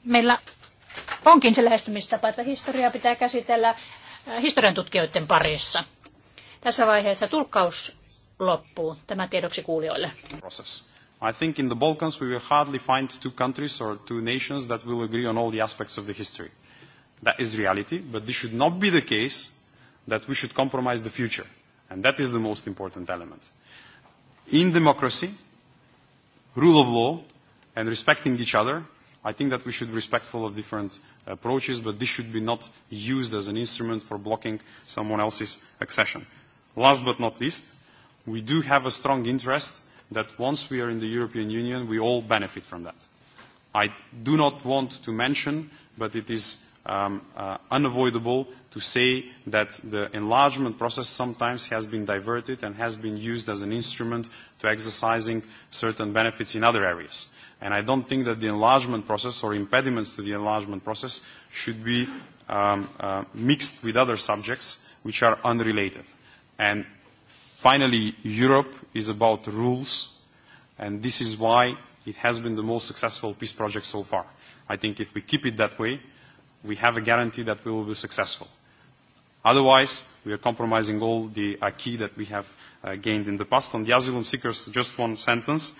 Meillä onkin se lähestymistapa, että historiaa pitää käsitellä äh, historian tutkijoiden parissa. Tässä vaiheessa tulkkaus loppuu. Tämä tiedoksi kuulijoille. I think in the Balkans we will hardly find two countries or two nations that will agree on all the aspects of the history. That is reality, but this should not be the case that we should compromise the future. And that is the most important element. In democracy, rule of law, and respecting each other, I think that we should be respectful of different approaches, but this should be not used as an instrument for blocking someone else's accession. Last but not least, we do have a strong interest that once we are in the European Union, we all benefit from that. I do not want to mention, but it is um, uh, unavoidable to say that the enlargement process sometimes has been diverted and has been used as an instrument to exercising certain benefits in other areas. And I don't think that the enlargement process or impediments to the enlargement process should be um, uh, mixed with other subjects which are unrelated. And finally, Europe is about rules, and this is why it has been the most successful peace project so far. I think if we keep it that way, we have a guarantee that we will be successful. Otherwise, we are compromising all the acquis uh, that we have uh, gained in the past. On the asylum seekers, just one sentence.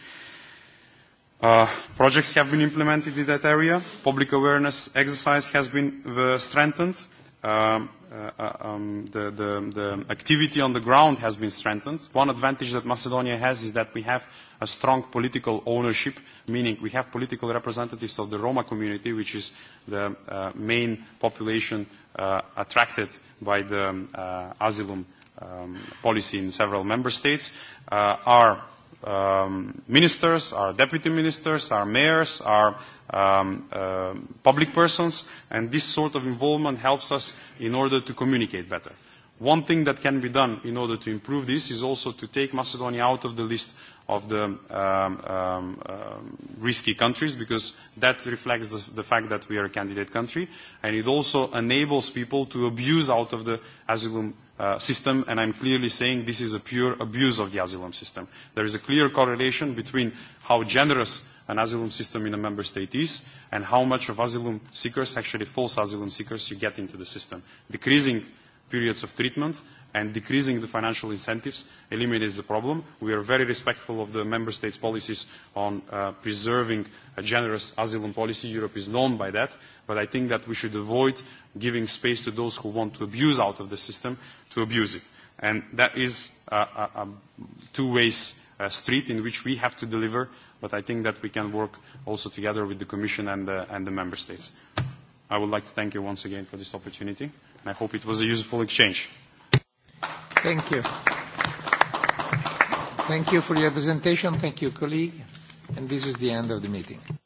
Uh, projects have been implemented in that area. Public awareness exercise has been uh, strengthened. Um, uh, uh um, the, the, the activity on the ground has been strengthened. One advantage that Macedonia has is that we have a strong political ownership, meaning we have political representatives of the Roma community, which is the uh, main population uh, attracted by the uh, asylum um, policy in several member states, uh, are um, ministers, our deputy ministers, our mayors, our um, uh, public persons, and this sort of involvement helps us in order to communicate better. One thing that can be done in order to improve this is also to take Macedonia out of the list of the um, um, um, risky countries because that reflects the, the fact that we are a candidate country and it also enables people to abuse out of the asylum uh, system and I'm clearly saying this is a pure abuse of the asylum system. There is a clear correlation between how generous an asylum system in a member state is and how much of asylum seekers, actually false asylum seekers, you get into the system. Decreasing periods of treatment and decreasing the financial incentives eliminates the problem. We are very respectful of the member states' policies on uh, preserving a generous asylum policy. Europe is known by that. But I think that we should avoid giving space to those who want to abuse out of the system to abuse it. And that is a, a, a two-way uh, street in which we have to deliver. But I think that we can work also together with the Commission and the, and the member states. I would like to thank you once again for this opportunity. And I hope it was a useful exchange. Thank you. Thank you for your presentation. Thank you, colleague. And this is the end of the meeting.